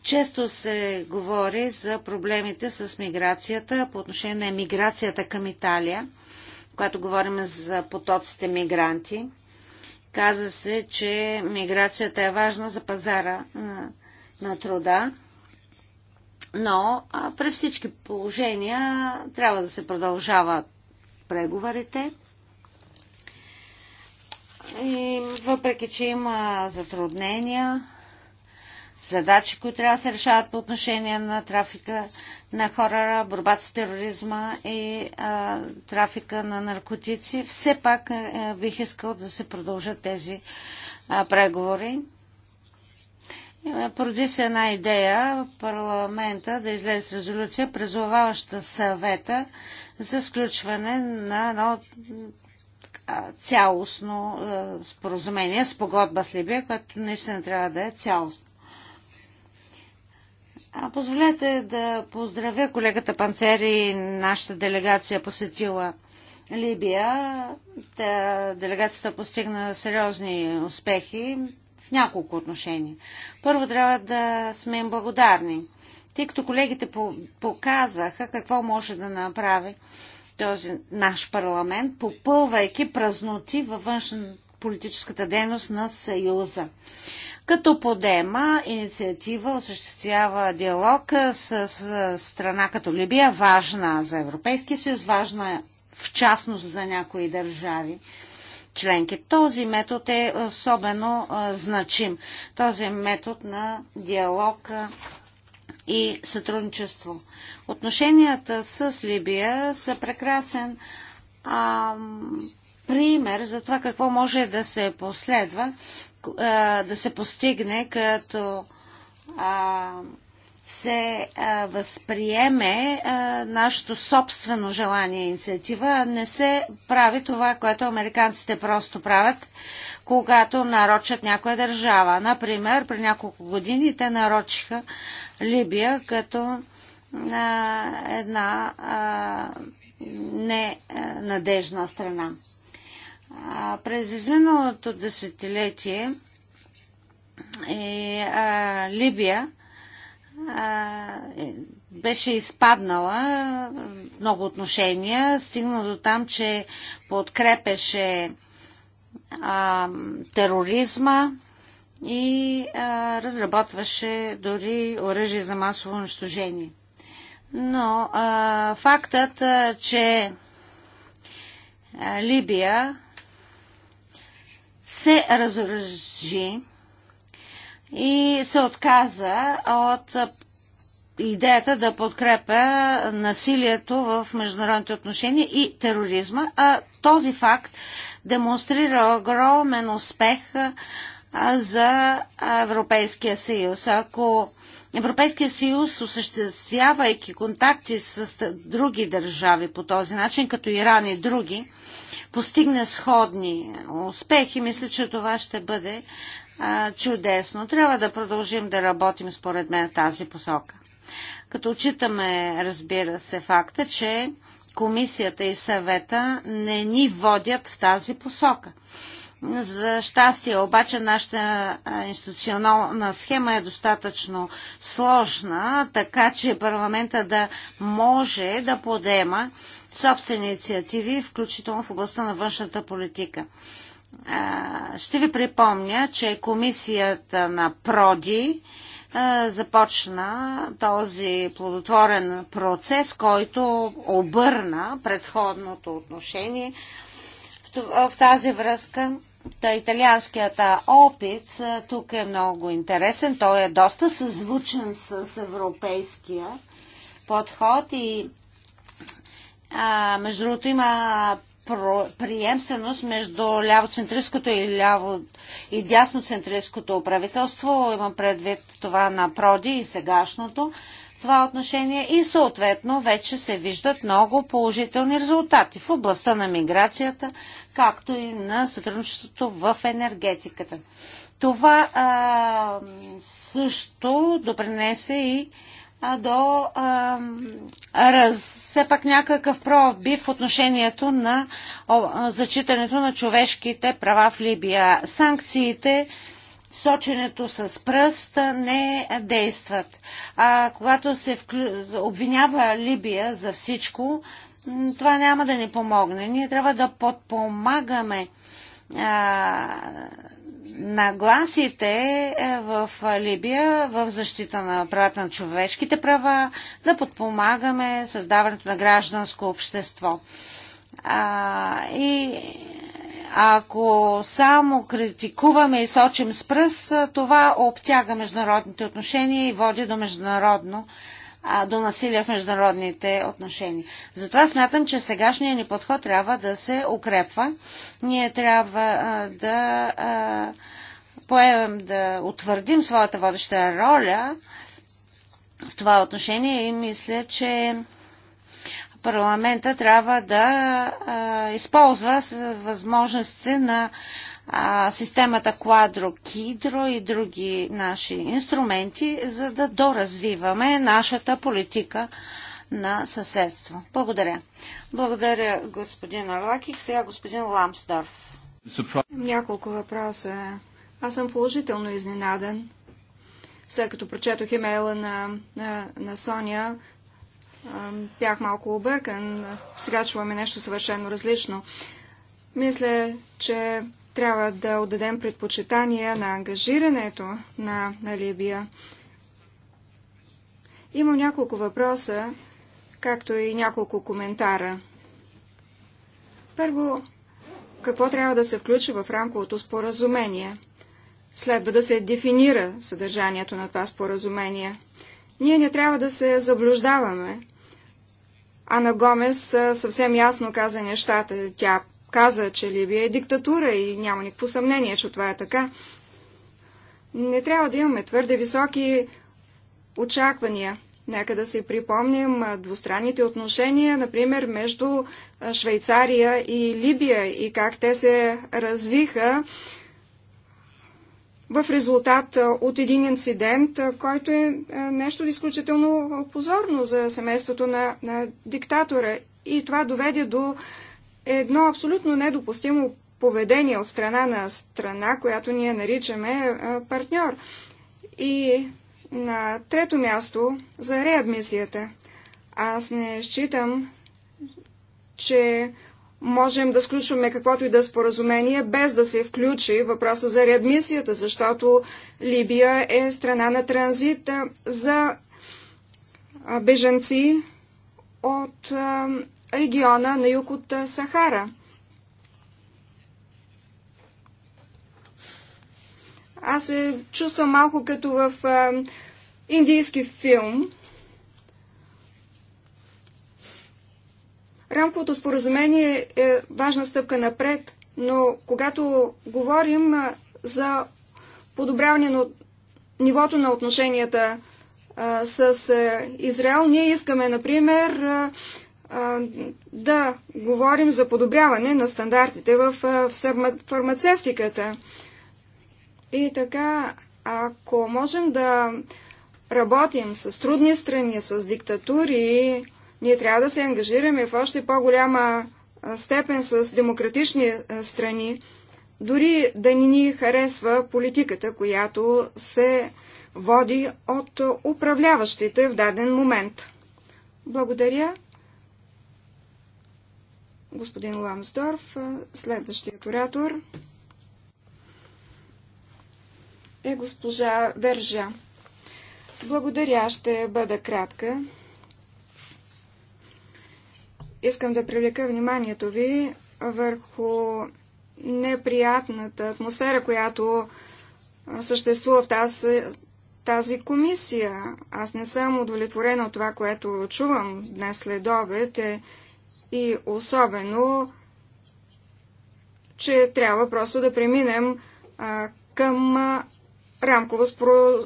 Често се говори за проблемите с миграцията по отношение на емиграцията към Италия, когато говорим за потоците мигранти – каза се, че миграцията е важна за пазара на, на труда, но а, при всички положения трябва да се продължават преговорите. И въпреки, че има затруднения, задачи, които трябва да се решават по отношение на трафика на хора, борбата с тероризма и а, трафика на наркотици. Все пак а, е, е, бих искал да се продължат тези а, преговори. Е, породи се една идея парламента да излезе с резолюция, призоваваща съвета за сключване на едно цялостно споразумение с погодба с Либия, което наистина трябва да е цялостно. Позволете да поздравя колегата Панцери, нашата делегация посетила Либия. Та делегацията постигна сериозни успехи в няколко отношения. Първо трябва да сме им благодарни, тъй като колегите показаха какво може да направи този наш парламент, попълвайки празноти във външната политическата дейност на Съюза като подема инициатива, осъществява диалог с, с страна като Либия, важна за Европейския съюз, важна в частност за някои държави членки. Този метод е особено а, значим. Този е метод на диалог а, и сътрудничество. Отношенията с Либия са прекрасен а, пример за това какво може да се последва да се постигне, като се възприеме нашето собствено желание и инициатива, не се прави това, което американците просто правят, когато нарочат някоя държава. Например, при няколко години те нарочиха Либия като една ненадежна страна през изминалото десетилетие и, а, Либия а, е, беше изпаднала много отношения, стигна до там, че подкрепеше а, тероризма и а, разработваше дори оръжие за масово унищожение. Но а, фактът, а, че Либия се разоръжи и се отказа от идеята да подкрепя насилието в международните отношения и тероризма. А този факт демонстрира огромен успех за Европейския съюз. Ако Европейския съюз, осъществявайки контакти с други държави по този начин, като Иран и други, постигне сходни успехи, мисля, че това ще бъде а, чудесно. Трябва да продължим да работим според мен в тази посока. Като отчитаме, разбира се, факта, че комисията и съвета не ни водят в тази посока. За щастие обаче нашата институционална схема е достатъчно сложна, така че парламента да може да подема собствени инициативи, включително в областта на външната политика. Ще ви припомня, че комисията на Проди започна този плодотворен процес, който обърна предходното отношение. В тази връзка Та италианският опит тук е много интересен. Той е доста съзвучен с европейския подход и а, между другото има приемственост между лявоцентристското и ляво и дясноцентристското правителство, имам предвид това на Проди и сегашното това отношение и съответно вече се виждат много положителни резултати в областта на миграцията, както и на сътрудничеството в енергетиката. Това а, също допринесе и до а, раз, все пак някакъв пробив в отношението на о, зачитането на човешките права в Либия. Санкциите соченето с пръст не действат. А когато се вклю... обвинява Либия за всичко, това няма да ни помогне. Ние трябва да подпомагаме а, нагласите е, в Либия в защита на правата на човешките права, да подпомагаме създаването на гражданско общество. А, и ако само критикуваме и сочим с пръст, това обтяга международните отношения и води до международно а, до насилие в международните отношения. Затова смятам, че сегашният ни подход трябва да се укрепва. Ние трябва а, да а, поемем, да утвърдим своята водеща роля в това отношение и мисля, че парламента трябва да а, използва възможностите на а, системата Quadro Kidro и други наши инструменти, за да доразвиваме нашата политика на съседство. Благодаря. Благодаря, господин Арлакик. Сега господин Ламсдорф. Няколко въпроса. Аз съм положително изненадан. След като прочетох имейла на, на, на Соня, бях малко объркан. Сега чуваме нещо съвършено различно. Мисля, че трябва да отдадем предпочитание на ангажирането на, на Либия. Имам няколко въпроса, както и няколко коментара. Първо, какво трябва да се включи в рамковото споразумение? Следва да се дефинира съдържанието на това споразумение. Ние не трябва да се заблуждаваме. Ана Гомес съвсем ясно каза нещата. Тя каза, че Либия е диктатура и няма никакво съмнение, че това е така. Не трябва да имаме твърде високи очаквания. Нека да си припомним двустранните отношения, например, между Швейцария и Либия и как те се развиха в резултат от един инцидент, който е нещо изключително позорно за семейството на, на диктатора. И това доведе до е едно абсолютно недопустимо поведение от страна на страна, която ние наричаме партньор. И на трето място за реадмисията. Аз не считам, че можем да сключваме каквото и да е споразумение, без да се включи въпроса за реадмисията, защото Либия е страна на транзит за беженци от региона на юг от Сахара. Аз се чувствам малко като в индийски филм. Рамковото споразумение е важна стъпка напред, но когато говорим за подобряване на нивото на отношенията с Израел, ние искаме, например, да говорим за подобряване на стандартите в фармацевтиката. И така, ако можем да работим с трудни страни, с диктатури, ние трябва да се ангажираме в още по-голяма степен с демократични страни, дори да ни ни харесва политиката, която се води от управляващите в даден момент. Благодаря господин Ламсдорф. Следващият оратор е госпожа Вержа. Благодаря, ще бъда кратка. Искам да привлека вниманието ви върху неприятната атмосфера, която съществува в тази, тази комисия. Аз не съм удовлетворена от това, което чувам днес след обед. Е и особено, че трябва просто да преминем а, към а, рамково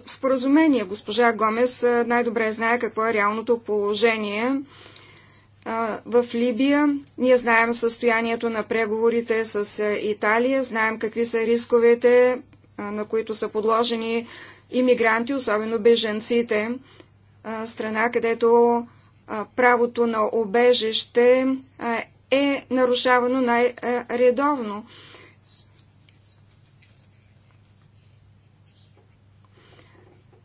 споразумение. Госпожа Гомес най-добре знае какво е реалното положение а, в Либия. Ние знаем състоянието на преговорите с Италия, знаем какви са рисковете, а, на които са подложени иммигранти, особено беженците, а, страна, където правото на обежище е нарушавано най-редовно.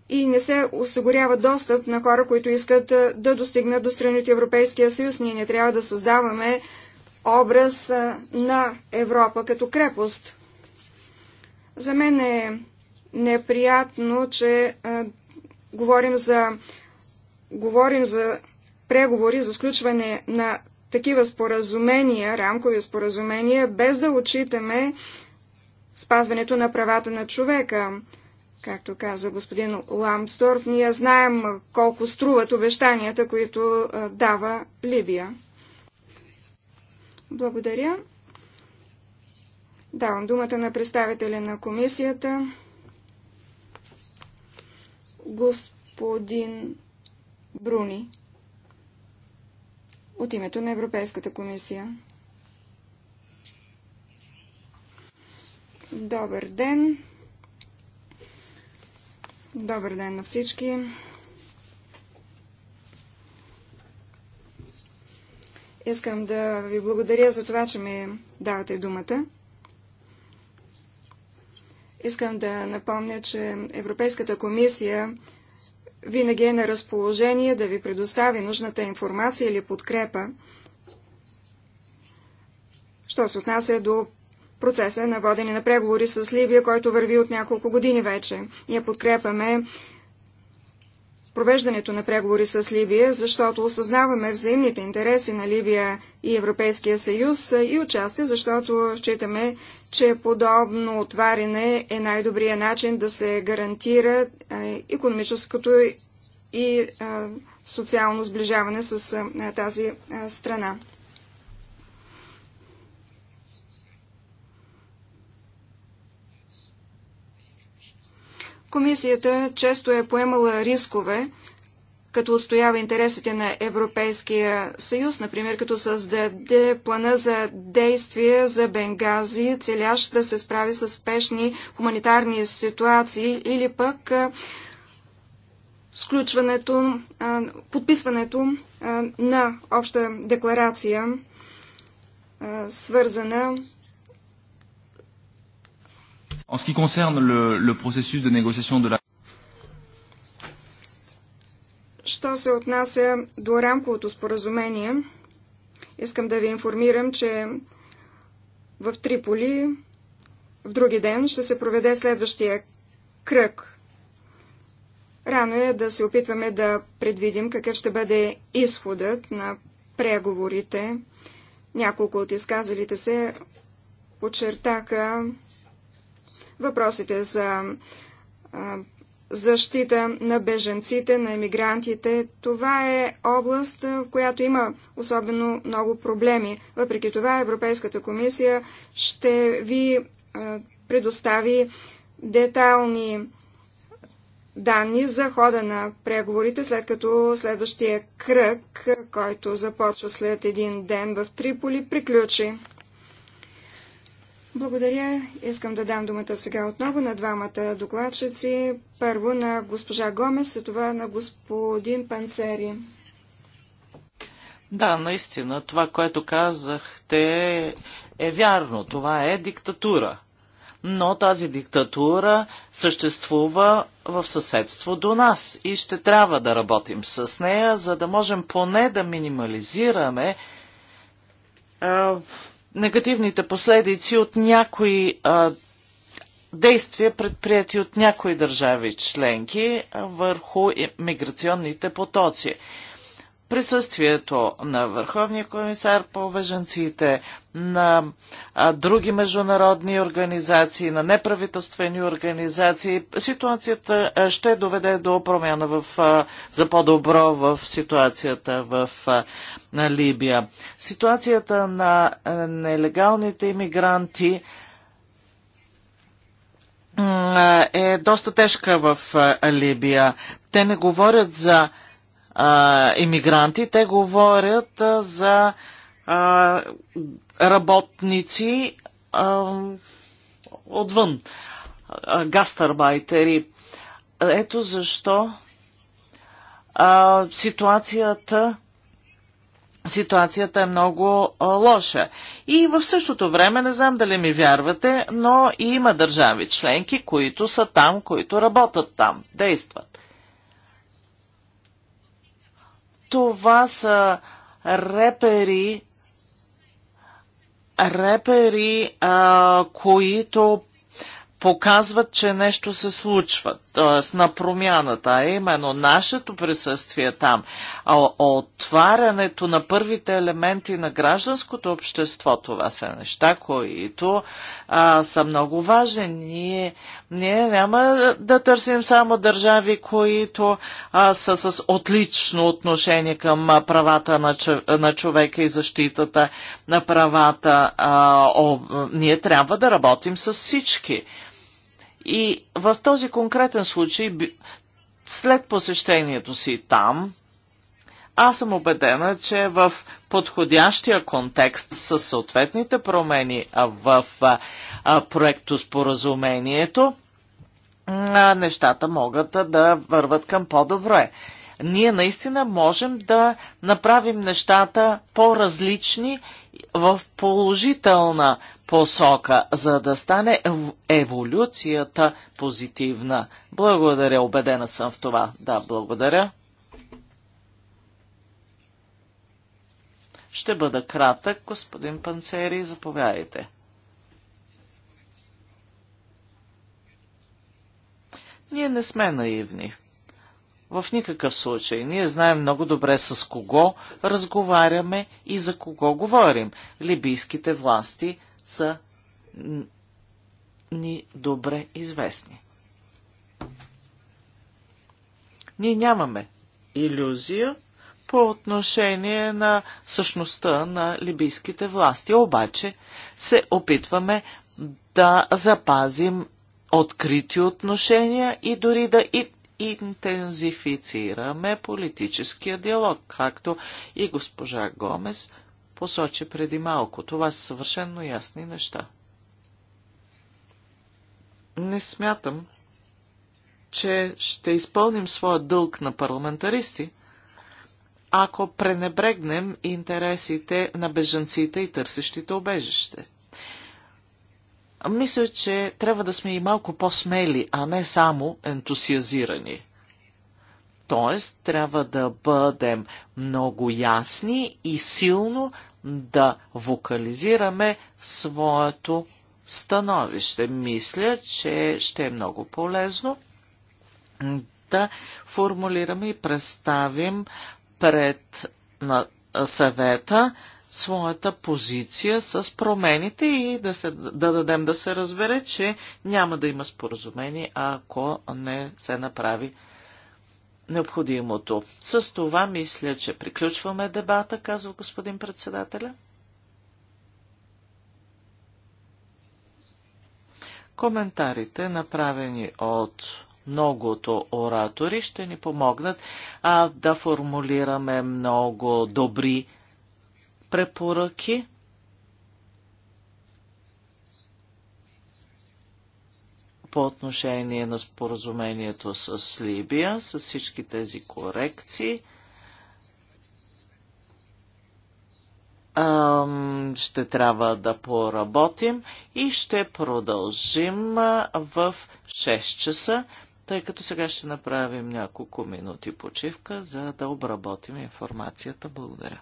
И не се осигурява достъп на хора, които искат да достигнат до страни от Европейския съюз. Ние не трябва да създаваме образ на Европа като крепост. За мен е неприятно, че а, говорим за говорим за преговори за сключване на такива споразумения, рамкови споразумения, без да отчитаме спазването на правата на човека. Както каза господин Ламсторф, ние знаем колко струват обещанията, които дава Либия. Благодаря. Давам думата на представителя на комисията. Господин Бруни от името на Европейската комисия. Добър ден! Добър ден на всички! Искам да ви благодаря за това, че ми давате думата. Искам да напомня, че Европейската комисия винаги е на разположение да ви предостави нужната информация или подкрепа, що се отнася до процеса на водене на преговори с Либия, който върви от няколко години вече. Ние подкрепаме провеждането на преговори с Либия, защото осъзнаваме взаимните интереси на Либия и Европейския съюз и участие, защото считаме, че подобно отваряне е най-добрият начин да се гарантира економическото и социално сближаване с тази страна. Комисията често е поемала рискове, като устоява интересите на Европейския съюз, например като създаде плана за действие за Бенгази, целящ да се справи с спешни хуманитарни ситуации или пък сключването, подписването на обща декларация, свързана En ce qui concerne le, le processus de négociation de la Що се отнася до рамковото споразумение, искам да ви информирам, че в Триполи в други ден ще се проведе следващия кръг. Рано е да се опитваме да предвидим какъв ще бъде изходът на преговорите. Няколко от изказалите се подчертаха Въпросите за защита на беженците, на емигрантите. Това е област, в която има особено много проблеми. Въпреки това Европейската комисия ще ви предостави детайлни данни за хода на преговорите, след като следващия кръг, който започва след един ден в Триполи, приключи. Благодаря. Искам да дам думата сега отново на двамата докладчици. Първо на госпожа Гомес, след това на господин Панцери. Да, наистина, това, което казахте е вярно. Това е диктатура. Но тази диктатура съществува в съседство до нас и ще трябва да работим с нея, за да можем поне да минимализираме негативните последици от някои а, действия, предприяти от някои държави членки върху миграционните потоци присъствието на Върховния комисар по беженците, на а, други международни организации, на неправителствени организации, ситуацията ще доведе до промяна в, а, за по-добро в ситуацията в а, на Либия. Ситуацията на а, нелегалните иммигранти е доста тежка в Либия. Те не говорят за иммигранти, те говорят а, за а, работници а, отвън, а, гастарбайтери. Ето защо а, ситуацията ситуацията е много лоша. И в същото време, не знам дали ми вярвате, но и има държави членки, които са там, които работят там, действат. Това са репери, репери, а, които показват, че нещо се случва, т.е. на промяната, а именно нашето присъствие там, а отварянето на първите елементи на гражданското общество, това са неща, които а, са много важни. Ние ние няма да търсим само държави, които а, са с отлично отношение към а, правата на, чов... на човека и защитата на правата. А, о, ние трябва да работим с всички. И в този конкретен случай, след посещението си там, аз съм убедена, че в подходящия контекст с съответните промени в проектоспоразумението, нещата могат да върват към по-добре. Ние наистина можем да направим нещата по-различни в положителна посока, за да стане еволюцията позитивна. Благодаря, убедена съм в това. Да, благодаря. Ще бъда кратък, господин Панцери, заповядайте. Ние не сме наивни. В никакъв случай. Ние знаем много добре с кого разговаряме и за кого говорим. Либийските власти са ни добре известни. Ние нямаме иллюзия, по отношение на същността на либийските власти. Обаче се опитваме да запазим открити отношения и дори да и интензифицираме политическия диалог, както и госпожа Гомес посочи преди малко. Това са съвършенно ясни неща. Не смятам, че ще изпълним своя дълг на парламентаристи, ако пренебрегнем интересите на бежанците и търсещите обежище. Мисля, че трябва да сме и малко по-смели, а не само ентусиазирани. Тоест, трябва да бъдем много ясни и силно да вокализираме своето становище. Мисля, че ще е много полезно да формулираме и представим пред на съвета своята позиция с промените и да, се, да дадем да се разбере, че няма да има споразумение, ако не се направи необходимото. С това мисля, че приключваме дебата, казва господин председателя. Коментарите, направени от многото оратори ще ни помогнат а, да формулираме много добри препоръки. по отношение на споразумението с Либия, с всички тези корекции. ще трябва да поработим и ще продължим в 6 часа тъй като сега ще направим няколко минути почивка, за да обработим информацията. Благодаря.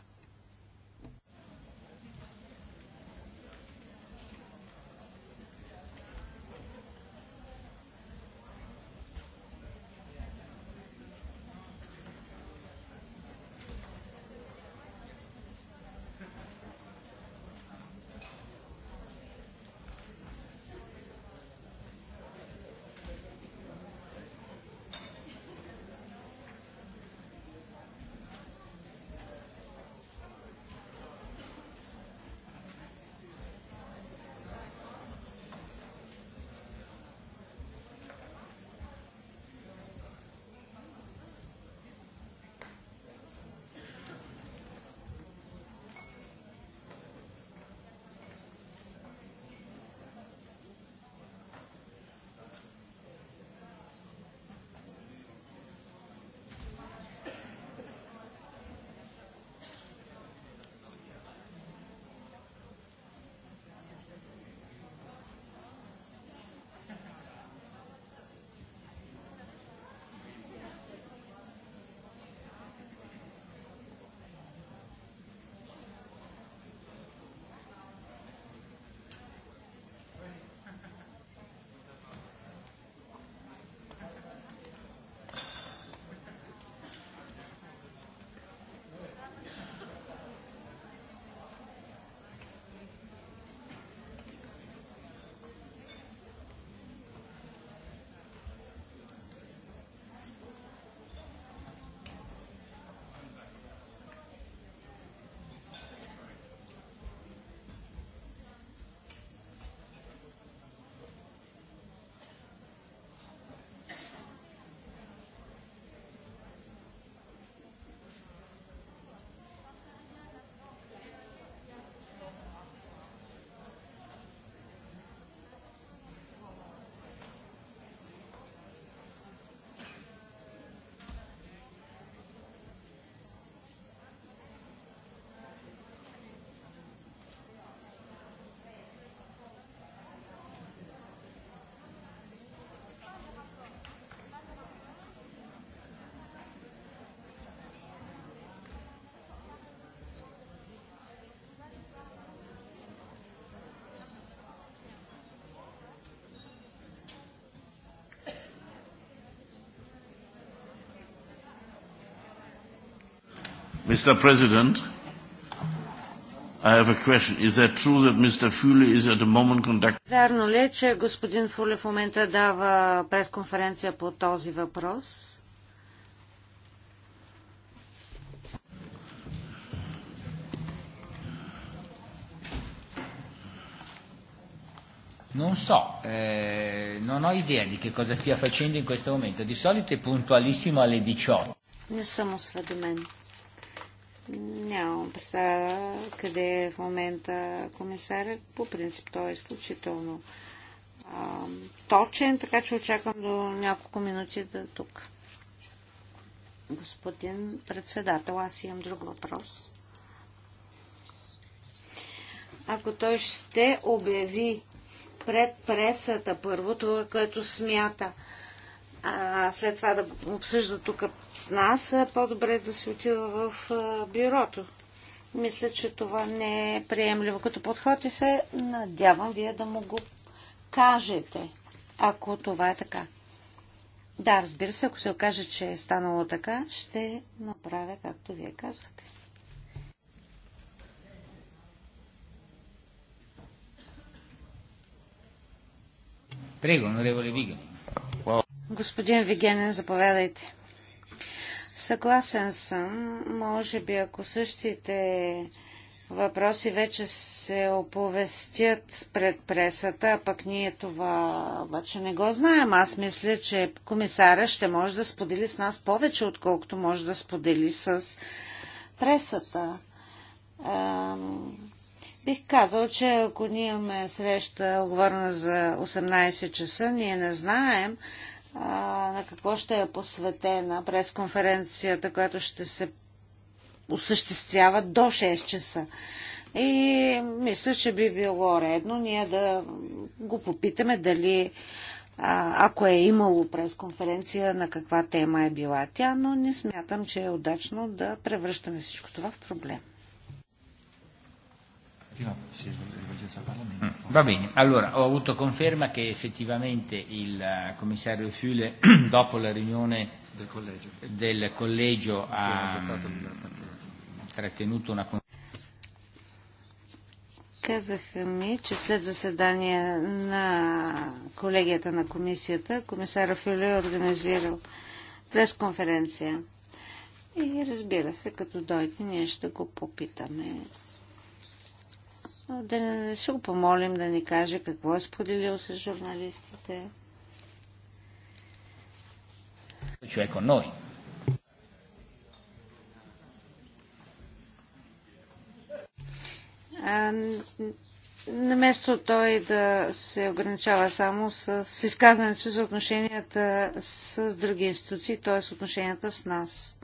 Mr. President, I have a question. Is that true that Mr. Fule is at the moment conducting... Верно ли е, че господин Фуле в момента дава пресконференция по този въпрос? Non so, eh, non ho idea di che cosa stia facendo in questo momento. Di solito è puntualissimo alle 18. Не съм sfadimenti. Нямам представа къде е в момента комисарят. По принцип той е изключително а, точен, така че очаквам до няколко минути да е тук. Господин председател, аз имам друг въпрос. Ако той ще обяви пред пресата това, което смята а, след това да обсъжда тук с нас, по-добре да се отива в а, бюрото. Мисля, че това не е приемливо като подход и се надявам вие да му го кажете, ако това е така. Да, разбира се, ако се окаже, че е станало така, ще направя както вие казвате. Prego, onorevole Vigano. Господин Вигенен, заповядайте. Съгласен съм. Може би ако същите въпроси вече се оповестят пред пресата, а пък ние това обаче не го знаем. Аз мисля, че комисара ще може да сподели с нас повече, отколкото може да сподели с пресата. бих казал, че ако ние имаме среща оговорена за 18 часа, ние не знаем на какво ще е посветена пресконференцията, която ще се осъществява до 6 часа. И мисля, че би било редно ние да го попитаме дали ако е имало пресконференция, на каква тема е била тя, но не смятам, че е удачно да превръщаме всичко това в проблем. Prima si rivolgesse al Parlamento. Va bene, allora ho avuto conferma che effettivamente il commissario Fiule dopo la riunione del collegio, del collegio ha trattenuto una conferma. Казаха ми, че след заседание на колегията на комисията, комисар Фюле е организирал пресконференция. И разбира се, като дойде, ние ще го попитаме да не, ще го помолим да ни каже какво е споделил с журналистите. Cioè con е noi. наместо той да се ограничава само с, изказването за отношенията с други институции, т.е. отношенията с нас.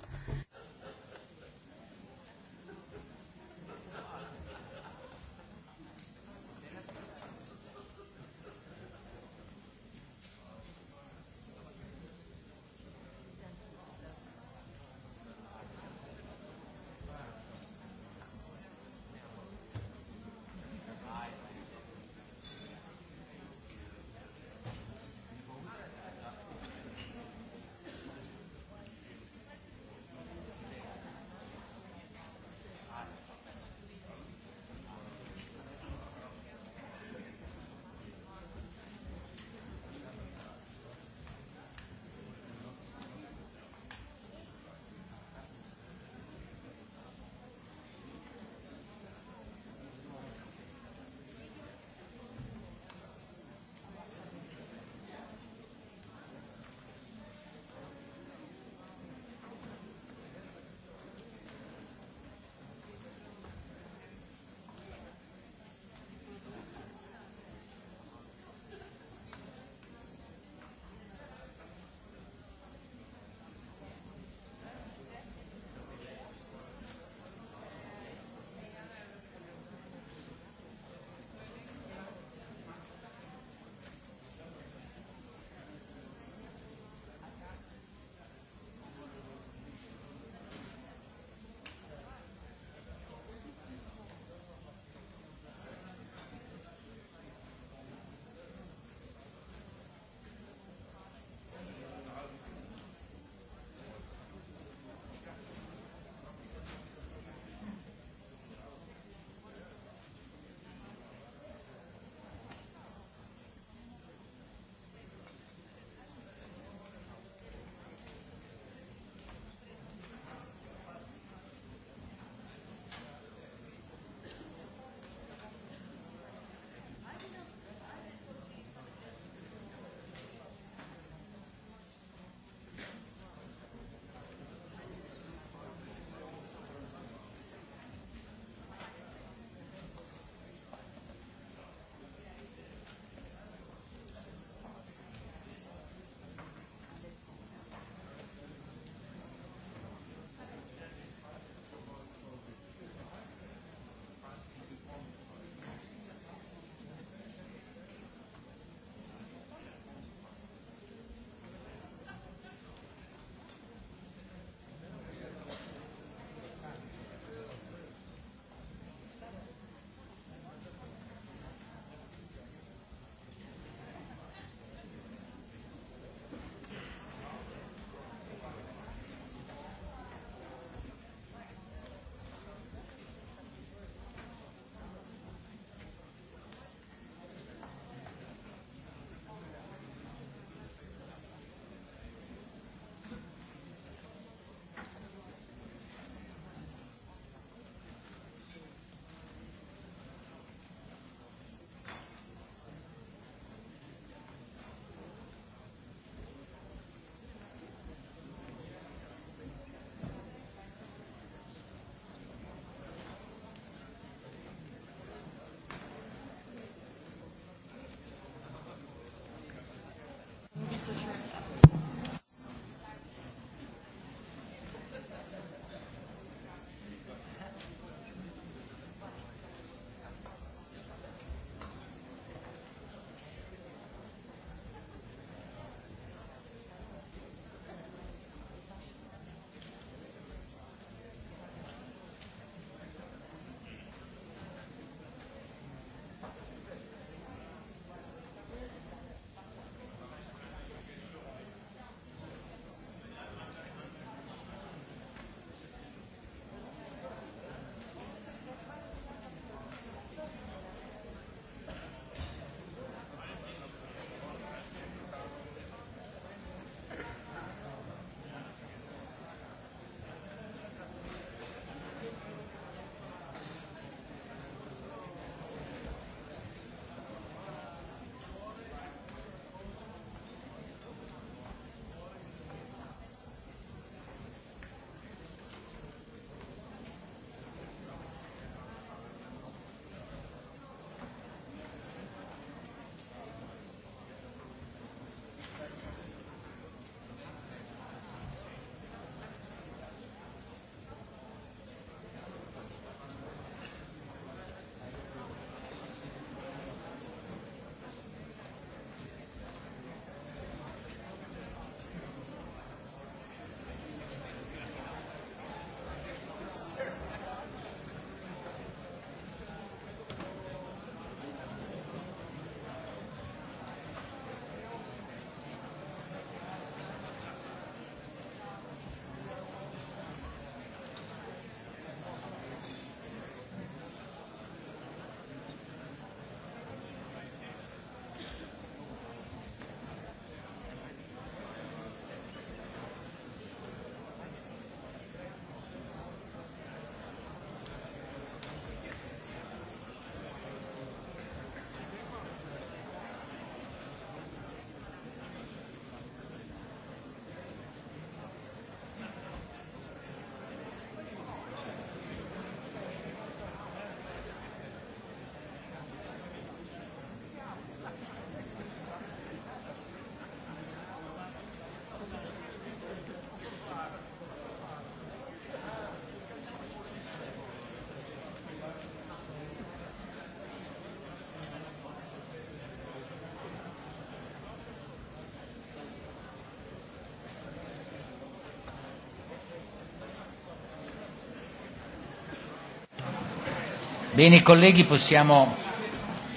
Bene colleghi, possiamo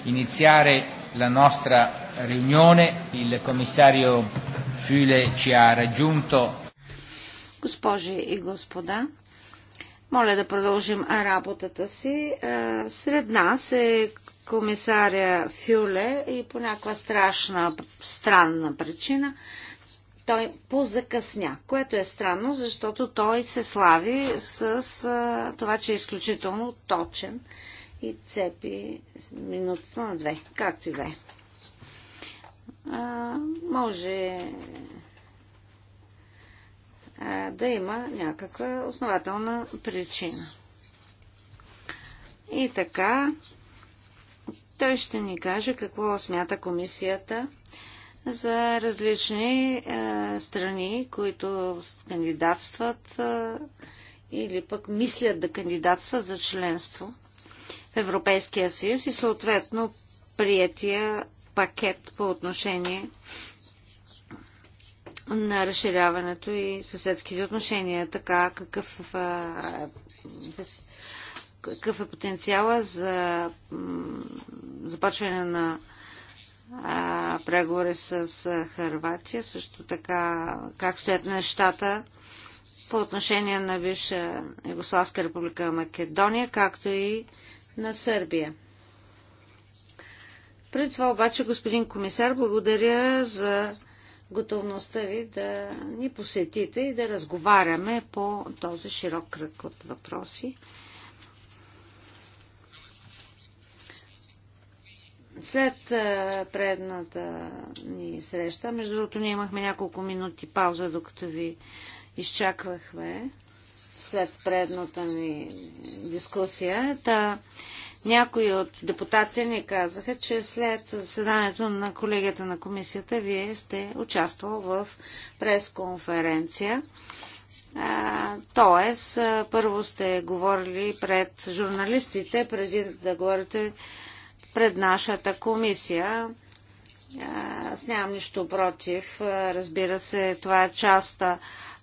iniziare la nostra riunione. Il commissario Füle ci ha raggiunto. Госпожи и господа, моля да продължим работата си. Е, сред нас е комисаря Фюле и по някаква страшна, странна причина – той позакъсня, което е странно, защото той се слави с а, това, че е изключително точен и цепи минутата на две, както и да е. Може а, да има някаква основателна причина. И така, той ще ни каже какво смята комисията за различни е, страни, които кандидатстват е, или пък мислят да кандидатстват за членство в Европейския съюз и съответно приятия пакет по отношение на разширяването и съседските отношения. Така, какъв, а, е, какъв е потенциала за започване на преговори с Харватия, също така как стоят нещата по отношение на Висша Югославска република Македония, както и на Сърбия. Преди това обаче, господин комисар, благодаря за готовността ви да ни посетите и да разговаряме по този широк кръг от въпроси. След предната ни среща, между другото ние имахме няколко минути пауза, докато ви изчаквахме след предната ни дискусия, та някои от депутатите ни казаха, че след заседанието на колегията на комисията вие сте участвал в пресконференция. Тоест, първо сте говорили пред журналистите, преди да говорите пред нашата комисия. Аз нямам нищо против. Разбира се, това е част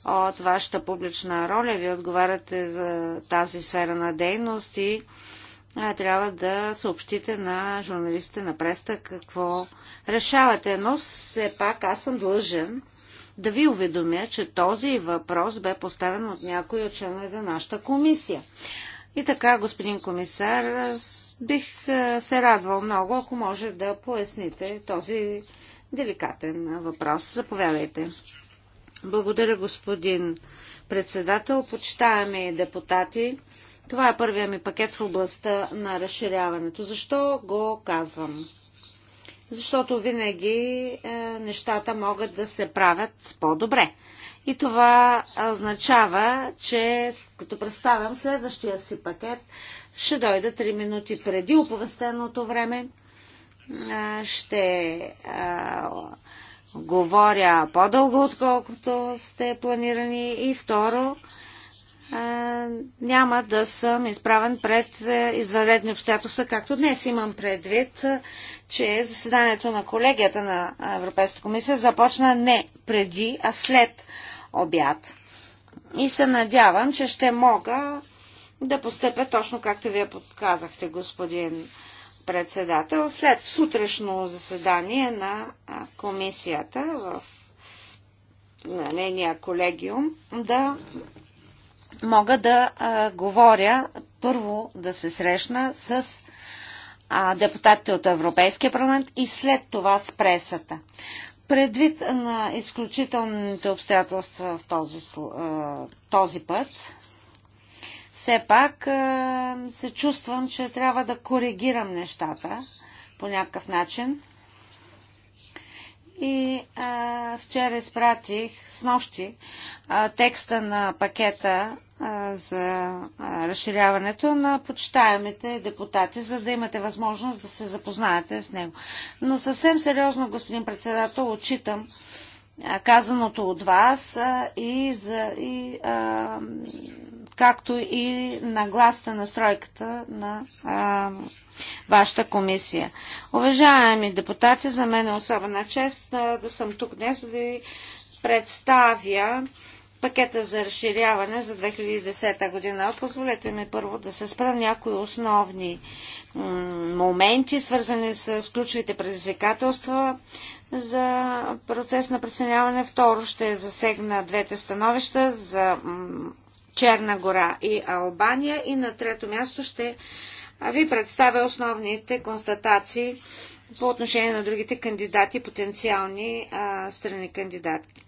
от вашата публична роля. Вие отговаряте за тази сфера на дейност и трябва да съобщите на журналистите на преста какво решавате. Но все пак аз съм длъжен да ви уведомя, че този въпрос бе поставен от някой от членовете на нашата комисия. И така, господин комисар, бих се радвал много, ако може да поясните този деликатен въпрос. Заповядайте. Благодаря, господин председател. Почитаеми депутати, това е първия ми пакет в областта на разширяването. Защо го казвам? Защото винаги нещата могат да се правят по-добре. И това означава, че като представям следващия си пакет, ще дойда 3 минути преди оповестеното време. Ще говоря по-дълго, отколкото сте планирани. И второ, няма да съм изправен пред извънредни обстоятелства, както днес имам предвид, че заседанието на колегията на Европейската комисия започна не преди, а след обяд. И се надявам, че ще мога да постъпя точно както вие подказахте, господин председател, след сутрешно заседание на комисията в на нейния колегиум, да мога да а, говоря, първо да се срещна с а, депутатите от Европейския парламент и след това с пресата. Предвид на изключителните обстоятелства в този, този път, все пак се чувствам, че трябва да коригирам нещата по някакъв начин. И а, вчера изпратих с нощи а, текста на пакета за разширяването на почитаемите депутати, за да имате възможност да се запознаете с него. Но съвсем сериозно, господин председател, отчитам казаното от вас и, за, и а, както и нагласта на стройката на а, вашата комисия. Уважаеми депутати, за мен е особена чест да, да съм тук днес, да ви представя пакета за разширяване за 2010 година. Позволете ми първо да се спра някои основни моменти, свързани с ключовите предизвикателства за процес на присъединяване. Второ ще засегна двете становища за Черна гора и Албания. И на трето място ще ви представя основните констатации по отношение на другите кандидати, потенциални а, страни кандидатки.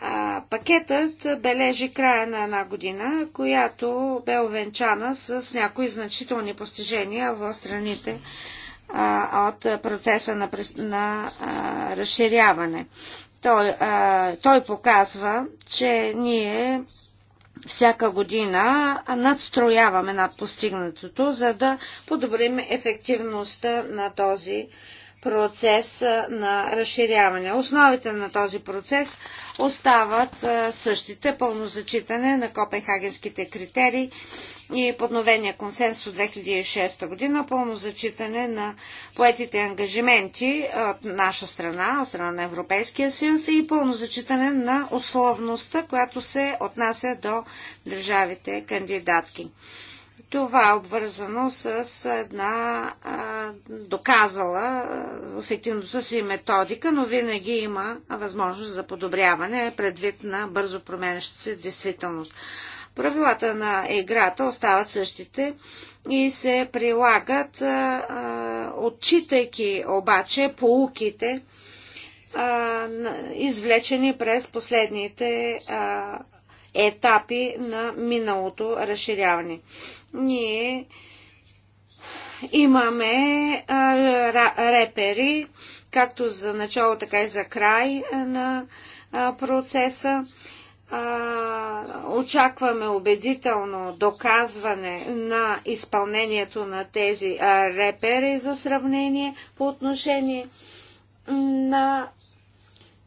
А, пакетът бележи края на една година, която бе овенчана с някои значителни постижения в страните а, от процеса на, на а, разширяване. Той, а, той показва, че ние всяка година надстрояваме над постигнатото, за да подобрим ефективността на този процес на разширяване. Основите на този процес остават същите пълно зачитане на копенхагенските критерии и подновения консенсус от 2006 година, пълно зачитане на поетите ангажименти от наша страна, от страна на Европейския съюз и пълно зачитане на условността, която се отнася до държавите кандидатки. Това е обвързано с една а, доказала ефективността си методика, но винаги има възможност за подобряване предвид на бързо променяща се действителност. Правилата на играта остават същите и се прилагат, а, отчитайки обаче полуките, а, извлечени през последните етапи на миналото разширяване ние имаме репери, както за начало, така и за край на процеса. Очакваме убедително доказване на изпълнението на тези репери за сравнение по отношение на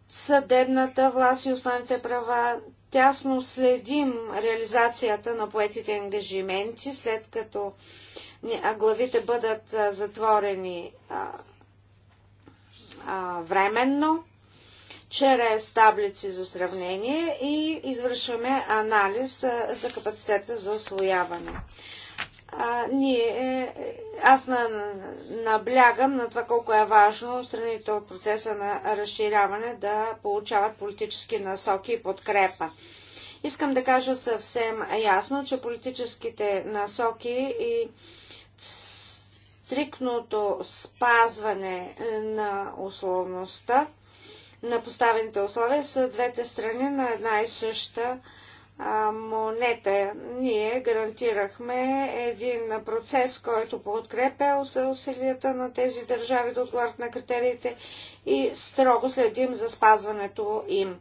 съдебната власт и основните права, тясно следим реализацията на поетите ангажименти, след като главите бъдат затворени временно, чрез таблици за сравнение и извършваме анализ за капацитета за освояване а, ние, е, аз на, наблягам на това колко е важно страните от процеса на разширяване да получават политически насоки и подкрепа. Искам да кажа съвсем ясно, че политическите насоки и стрикното спазване на условността на поставените условия са двете страни на една и съща монета. Ние гарантирахме един процес, който подкрепя усилията на тези държави да отговарят на критериите и строго следим за спазването им.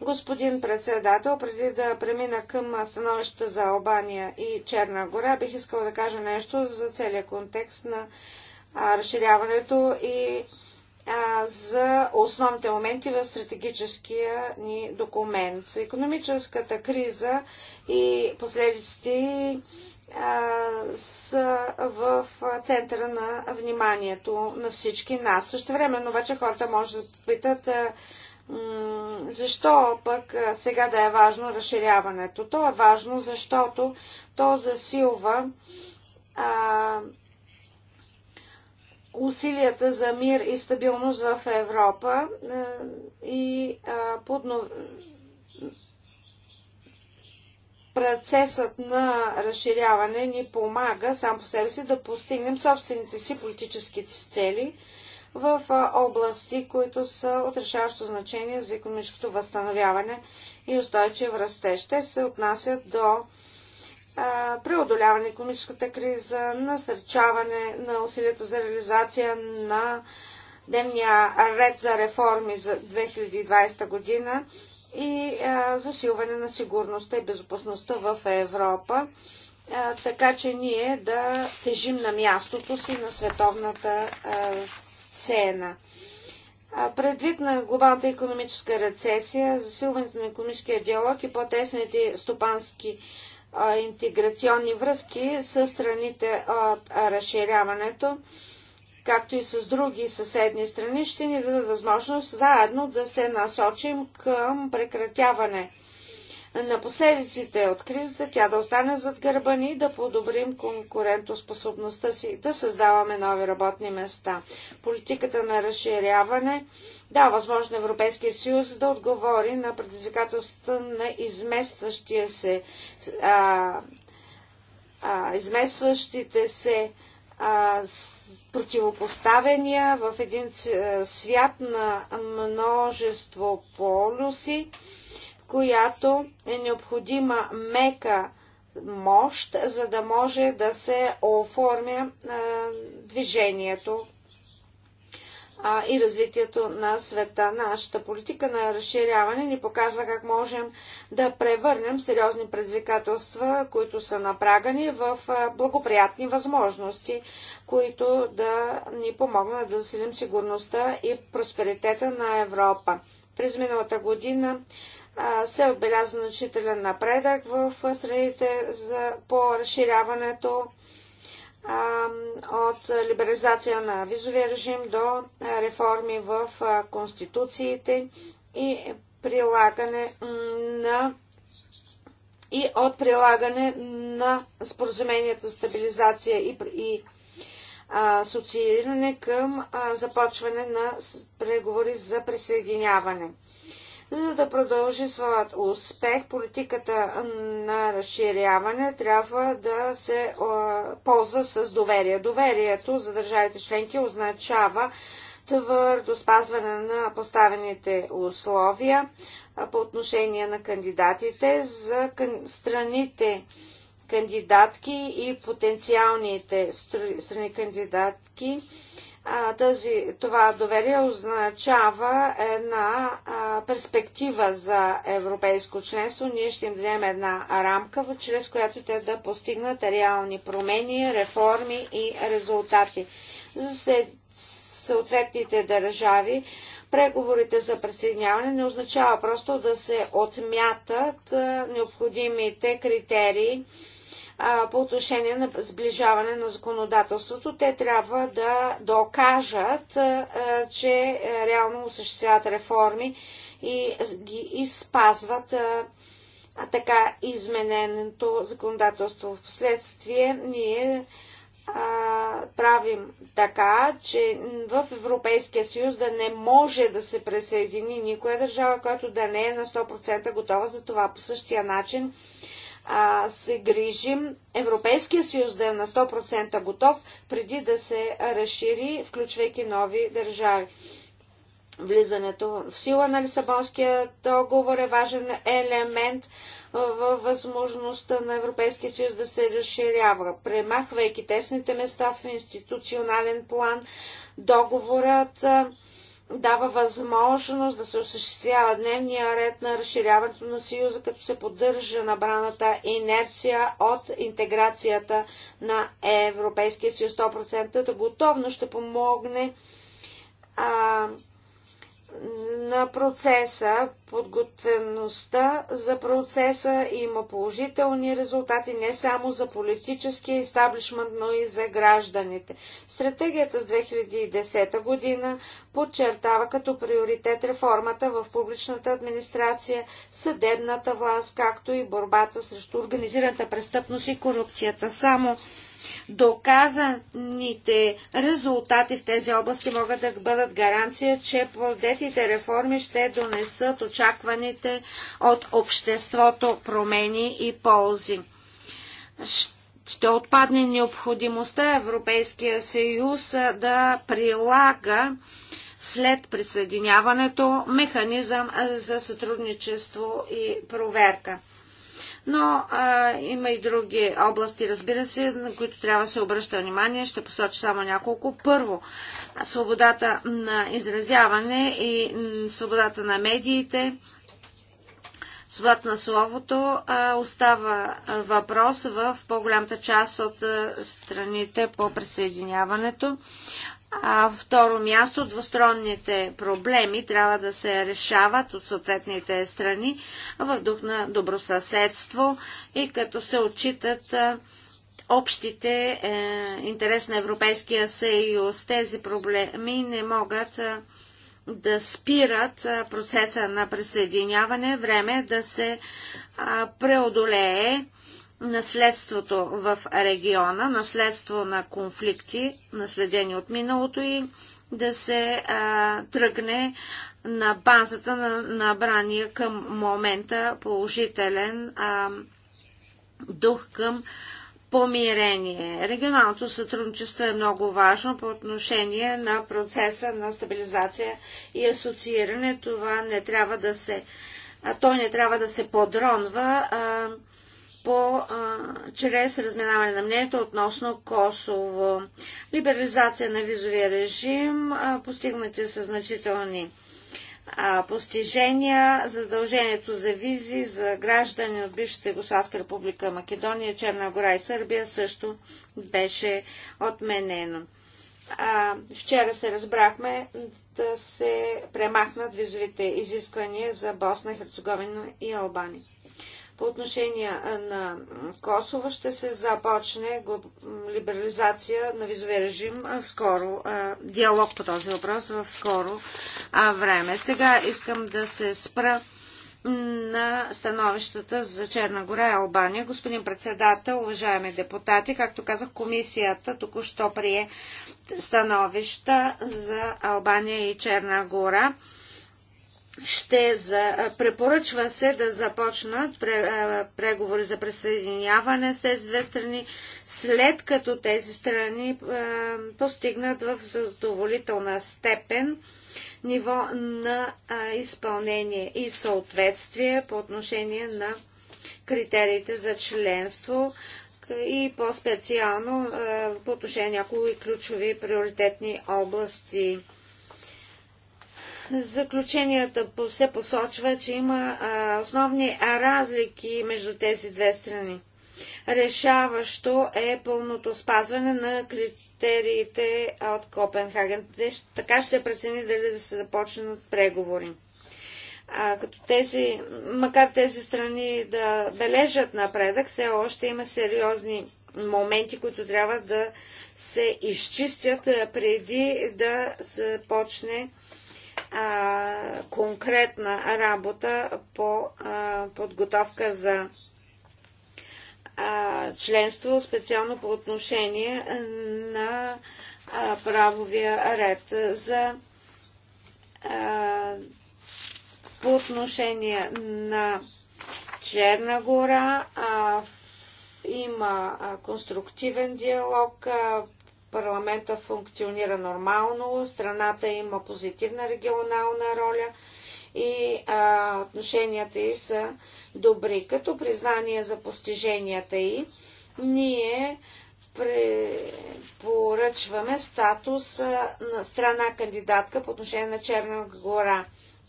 Господин председател, преди да премина към становищата за Албания и Черна гора, бих искал да кажа нещо за целият контекст на разширяването и за основните моменти в стратегическия ни документ. Економическата криза и последиците са в центъра на вниманието на всички нас. Също време, обаче, хората може да питат защо пък сега да е важно разширяването. То е важно, защото то засилва а, усилията за мир и стабилност в Европа е, и поднов... процесът на разширяване ни помага сам по себе си да постигнем собствените си политически цели в области, които са от решаващо значение за економическото възстановяване и устойчив растеж. Те се отнасят до преодоляване на економическата криза, насърчаване на усилията за реализация на дневния ред за реформи за 2020 година и засилване на сигурността и безопасността в Европа, така че ние да тежим на мястото си на световната сцена. Предвид на глобалната економическа рецесия, засилването на економическия диалог и по-тесните стопански интеграционни връзки с страните от разширяването, както и с други съседни страни, ще ни дадат възможност заедно да се насочим към прекратяване на последиците от кризата, тя да остане зад гърба ни, да подобрим конкурентоспособността си, да създаваме нови работни места. Политиката на разширяване дава възможност на Европейския съюз да отговори на предизвикателствата на изместващия се, а, а, изместващите се а, противопоставения в един свят на множество полюси която е необходима мека мощ, за да може да се оформя а, движението а, и развитието на света. Нашата политика на разширяване ни показва как можем да превърнем сериозни предизвикателства, които са напрагани, в благоприятни възможности, които да ни помогнат да засилим сигурността и просперитета на Европа. През миналата година се отбеляза значителен напредък в страните за, по разширяването а, от либерализация на визовия режим до реформи в конституциите и прилагане на и от прилагане на споразуменията стабилизация и, и асоцииране към а, започване на преговори за присъединяване. За да продължи своят успех, политиката на разширяване трябва да се ползва с доверие. Доверието за държавите членки означава твърдо спазване на поставените условия по отношение на кандидатите за страните кандидатки и потенциалните страни кандидатки а, тази, това доверие означава една а, перспектива за европейско членство. Ние ще им дадем една рамка, чрез която те да постигнат реални промени, реформи и резултати. За съответните държави преговорите за присъединяване не означава просто да се отмятат а, необходимите критерии по отношение на сближаване на законодателството. Те трябва да докажат, че реално осъществяват реформи и, ги, и спазват а, а така измененото законодателство. В последствие ние а, правим така, че в Европейския съюз да не може да се присъедини никоя държава, която да не е на 100% готова за това. По същия начин а, се грижим Европейския съюз да е на 100% готов преди да се разшири, включвайки нови държави. Влизането в сила на Лисабонския договор е важен елемент във възможността на Европейския съюз да се разширява. Премахвайки тесните места в институционален план, договорът дава възможност да се осъществява дневния ред на разширяването на Съюза, като се поддържа набраната инерция от интеграцията на Европейския съюз. 100% готовно ще помогне а, на процеса, подготвеността за процеса има положителни резултати не само за политическия естаблишмент, но и за гражданите. Стратегията с 2010 година подчертава като приоритет реформата в публичната администрация, съдебната власт, както и борбата срещу организираната престъпност и корупцията. Само Доказаните резултати в тези области могат да бъдат гаранция, че подетите реформи ще донесат очакваните от обществото промени и ползи. Ще отпадне необходимостта Европейския съюз да прилага след присъединяването механизъм за сътрудничество и проверка но а, има и други области, разбира се, на които трябва да се обръща внимание. Ще посоча само няколко. Първо, свободата на изразяване и свободата на медиите. Свободата на словото а, остава въпрос в по-голямата част от а, страните по присъединяването. А второ място, двустронните проблеми трябва да се решават от съответните страни в дух на добросъседство и като се отчитат общите е, интерес на Европейския съюз. Тези проблеми не могат да спират процеса на присъединяване. Време е да се преодолее наследството в региона, наследство на конфликти, наследени от миналото и да се а, тръгне на базата на набрания към момента положителен а, дух към помирение. Регионалното сътрудничество е много важно по отношение на процеса на стабилизация и асоцииране. Това не трябва да се, а, той не трябва да се подронва. А, по, а, чрез разминаване на мнението относно Косово. Либерализация на визовия режим, а, постигнати са значителни а, постижения, задължението за визи за граждани от бившата Егославска република Македония, Черна гора и Сърбия също беше отменено. А, вчера се разбрахме да се премахнат визовите изисквания за Босна, Херцеговина и Албания. По отношение на Косово ще се започне либерализация на визовия режим в скоро, диалог по този въпрос в скоро време. Сега искам да се спра на становищата за Черна гора и Албания. Господин председател, уважаеми депутати, както казах, комисията току-що прие становища за Албания и Черна гора ще за, препоръчва се да започнат преговори за присъединяване с тези две страни, след като тези страни постигнат в задоволителна степен ниво на изпълнение и съответствие по отношение на критериите за членство и по-специално по отношение на някои ключови приоритетни области заключенията се посочва, че има основни разлики между тези две страни. Решаващо е пълното спазване на критериите от Копенхаген. Така ще прецени дали да се започнат преговори. А, като тези, макар тези страни да бележат напредък, все още има сериозни моменти, които трябва да се изчистят преди да се почне а, конкретна работа по а, подготовка за а, членство, специално по отношение на а, правовия ред. За а, по отношение на Черна гора а, има а, конструктивен диалог а, парламента функционира нормално, страната има позитивна регионална роля и а, отношенията й са добри. Като признание за постиженията й, ние поръчваме статус на страна кандидатка по отношение на Черна гора.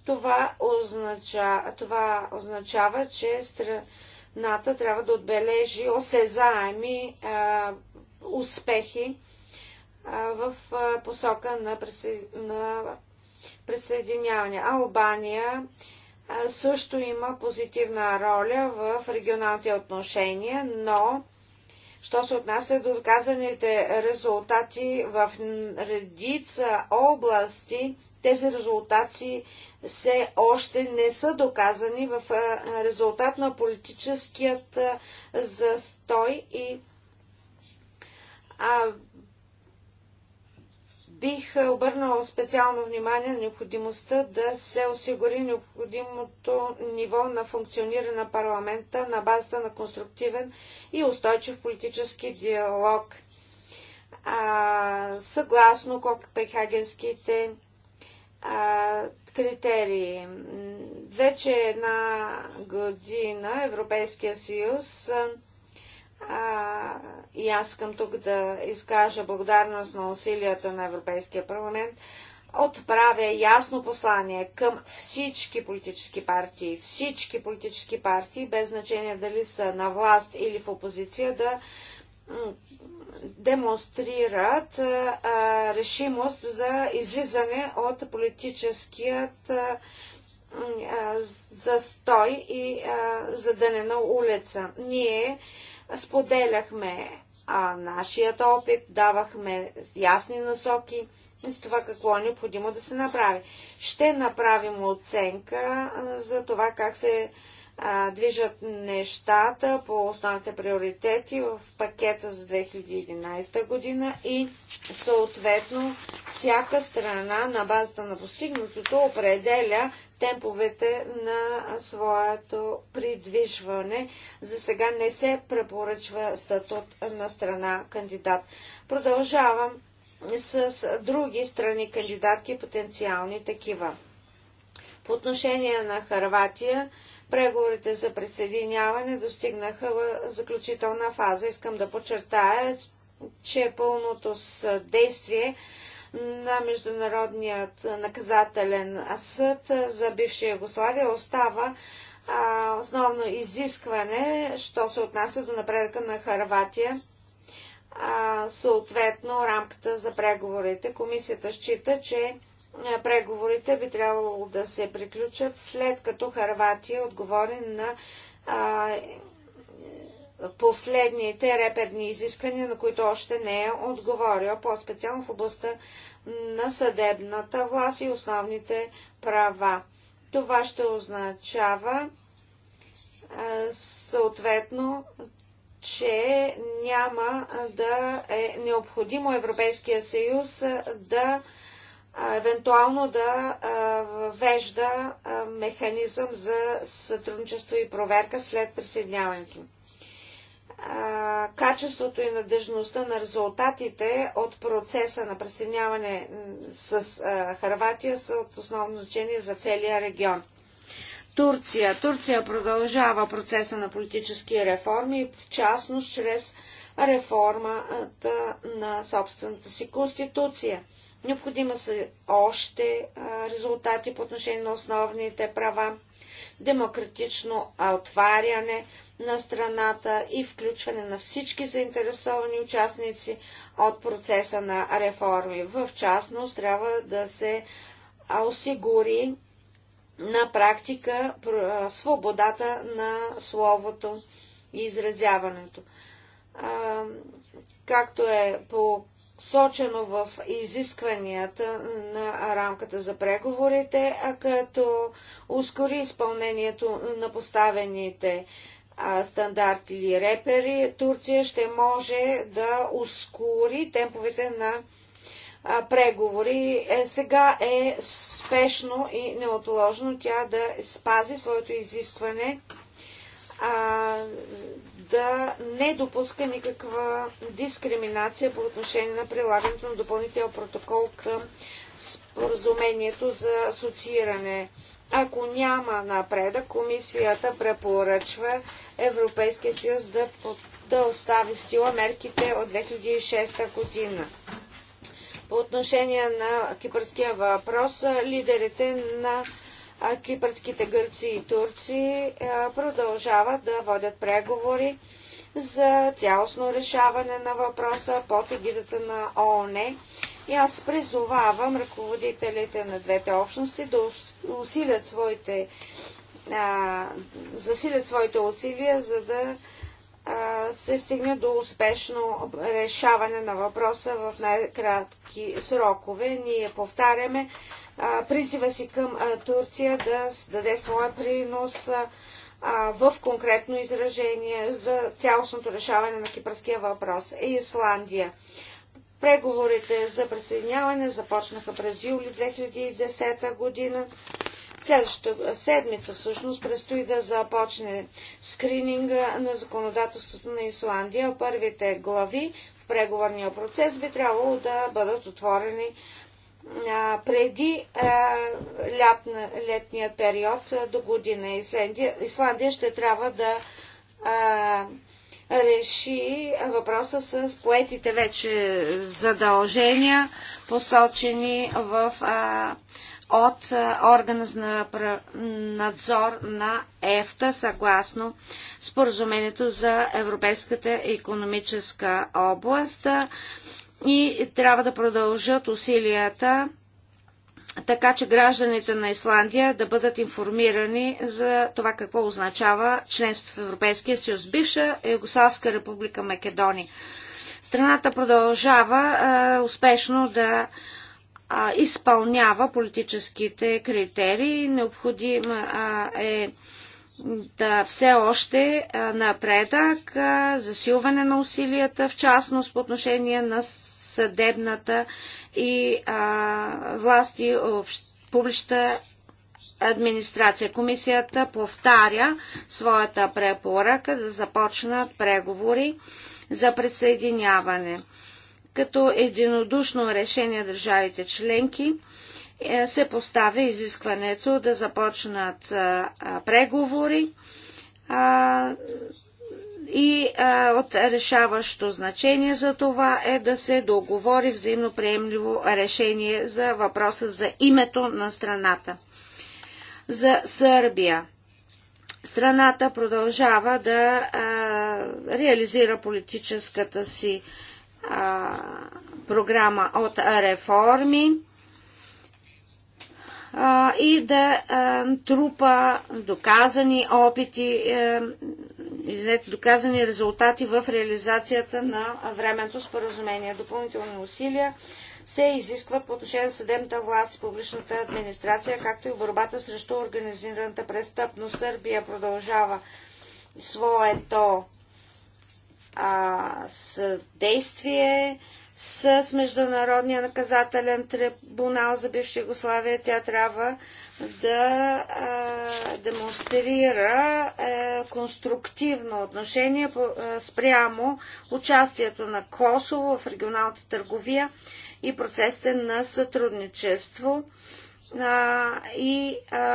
Това означава, това означава че страната трябва да отбележи осезаеми а, успехи в посока на, присъ... на присъединяване. Албания също има позитивна роля в регионалните отношения, но що се отнася до доказаните резултати в редица области, тези резултати все още не са доказани в резултат на политическият застой и Бих е, обърнал специално внимание на необходимостта да се осигури необходимото ниво на функциониране на парламента на базата на конструктивен и устойчив политически диалог. А, съгласно копенхагенските критерии. Вече една година Европейския съюз а, и аз искам тук да изкажа благодарност на усилията на Европейския парламент. Отправя ясно послание към всички политически партии, всички политически партии, без значение дали са на власт или в опозиция, да демонстрират а, решимост за излизане от политическият а, застой и на улица. Ние споделяхме а, нашият опит, давахме ясни насоки с това какво е необходимо да се направи. Ще направим оценка за това как се движат нещата по основните приоритети в пакета за 2011 година и съответно всяка страна на базата на постигнатото определя темповете на своето придвижване. За сега не се препоръчва статут на страна кандидат. Продължавам с други страни кандидатки, потенциални такива. По отношение на Харватия, Преговорите за присъединяване достигнаха в заключителна фаза. Искам да подчертая, че пълното съдействие на Международният наказателен съд за бивша Югославия остава основно изискване, що се отнася до напредъка на Харватия, а, съответно рамката за преговорите. Комисията счита, че е, преговорите би трябвало да се приключат след като Харватия отговори на а, последните реперни изисквания, на които още не е отговорила, по-специално в областта на съдебната власт и основните права. Това ще означава а, съответно, че няма да е необходимо Европейския съюз да евентуално да въвежда механизъм за сътрудничество и проверка след присъединяването. качеството и надежността на резултатите от процеса на присъединяване с Харватия са от основно значение за целия регион. Турция. Турция продължава процеса на политически реформи, в частност чрез реформата на собствената си конституция. Необходима са още резултати по отношение на основните права, демократично отваряне на страната и включване на всички заинтересовани участници от процеса на реформи. В частност трябва да се осигури на практика свободата на словото и изразяването както е посочено в изискванията на рамката за преговорите, а като ускори изпълнението на поставените стандарти или репери, Турция ще може да ускори темповете на преговори. Е, сега е спешно и неотложно тя да спази своето изискване да не допуска никаква дискриминация по отношение на прилагането на допълнителен протокол към споразумението за асоцииране. Ако няма напредък, комисията препоръчва Европейския съюз да, да остави в сила мерките от 2006 година. По отношение на кипърския въпрос, лидерите на а кипърските гърци и турци е, продължават да водят преговори за цялостно решаване на въпроса под егидата на ООН. И аз призовавам ръководителите на двете общности да усилят своите, а, засилят своите усилия, за да а, се стигне до успешно решаване на въпроса в най-кратки срокове. Ние повтаряме призива си към Турция да даде своя принос в конкретно изражение за цялостното решаване на кипърския въпрос. Исландия. Преговорите за присъединяване започнаха през юли 2010 година. Следващата седмица всъщност предстои да започне скрининга на законодателството на Исландия. Първите глави в преговорния процес би трябвало да бъдат отворени а, преди а, лят, летния период а, до година. Исландия, Исландия ще трябва да а, реши въпроса с поетите вече задължения, посочени в, а, от а, органа за надзор на ЕФТА, съгласно споразумението за Европейската економическа област. А, и трябва да продължат усилията така че гражданите на Исландия да бъдат информирани за това какво означава членство в Европейския съюз. Бивша Югославска република Македония. Страната продължава а, успешно да а, изпълнява политическите критерии. Необходимо а, е да все още напредък, засилване на усилията, в частност по отношение на съдебната и а, власт и общ, публичната администрация. Комисията повтаря своята препоръка да започнат преговори за присъединяване. Като единодушно решение държавите членки е, се поставя изискването да започнат преговори и а, от решаващо значение за това е да се договори взаимноприемливо решение за въпроса за името на страната. За Сърбия. Страната продължава да а, реализира политическата си а, програма от реформи а, и да а, трупа доказани опити, а, е, извинете, доказани резултати в реализацията на временното споразумение. Допълнителни усилия се изискват по отношение на съдебната власт и публичната администрация, както и борбата срещу организираната престъпност. Сърбия продължава своето а, съдействие с Международния наказателен трибунал за бивша Югославия. Тя трябва да а, демонстрира а, е, конструктивно отношение по, а, спрямо участието на Косово в регионалната търговия и процесите на сътрудничество а, и а,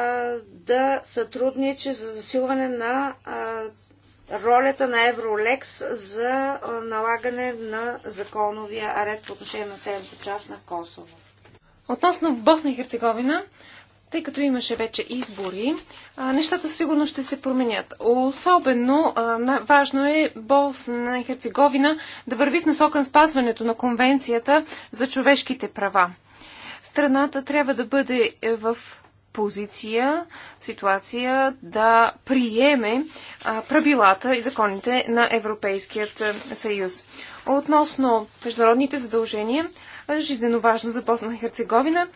да сътрудничи за засилване на а, ролята на Евролекс за налагане на законовия ред по отношение на седмата част на Косово. Относно Босна и Херцеговина, тъй като имаше вече избори, нещата сигурно ще се променят. Особено важно е Босна и Херцеговина да върви в насока на спазването на Конвенцията за човешките права. Страната трябва да бъде е, в позиция, ситуация да приеме а, правилата и законите на Европейският съюз. Относно международните задължения, жизненно важно за Босна и Херцеговина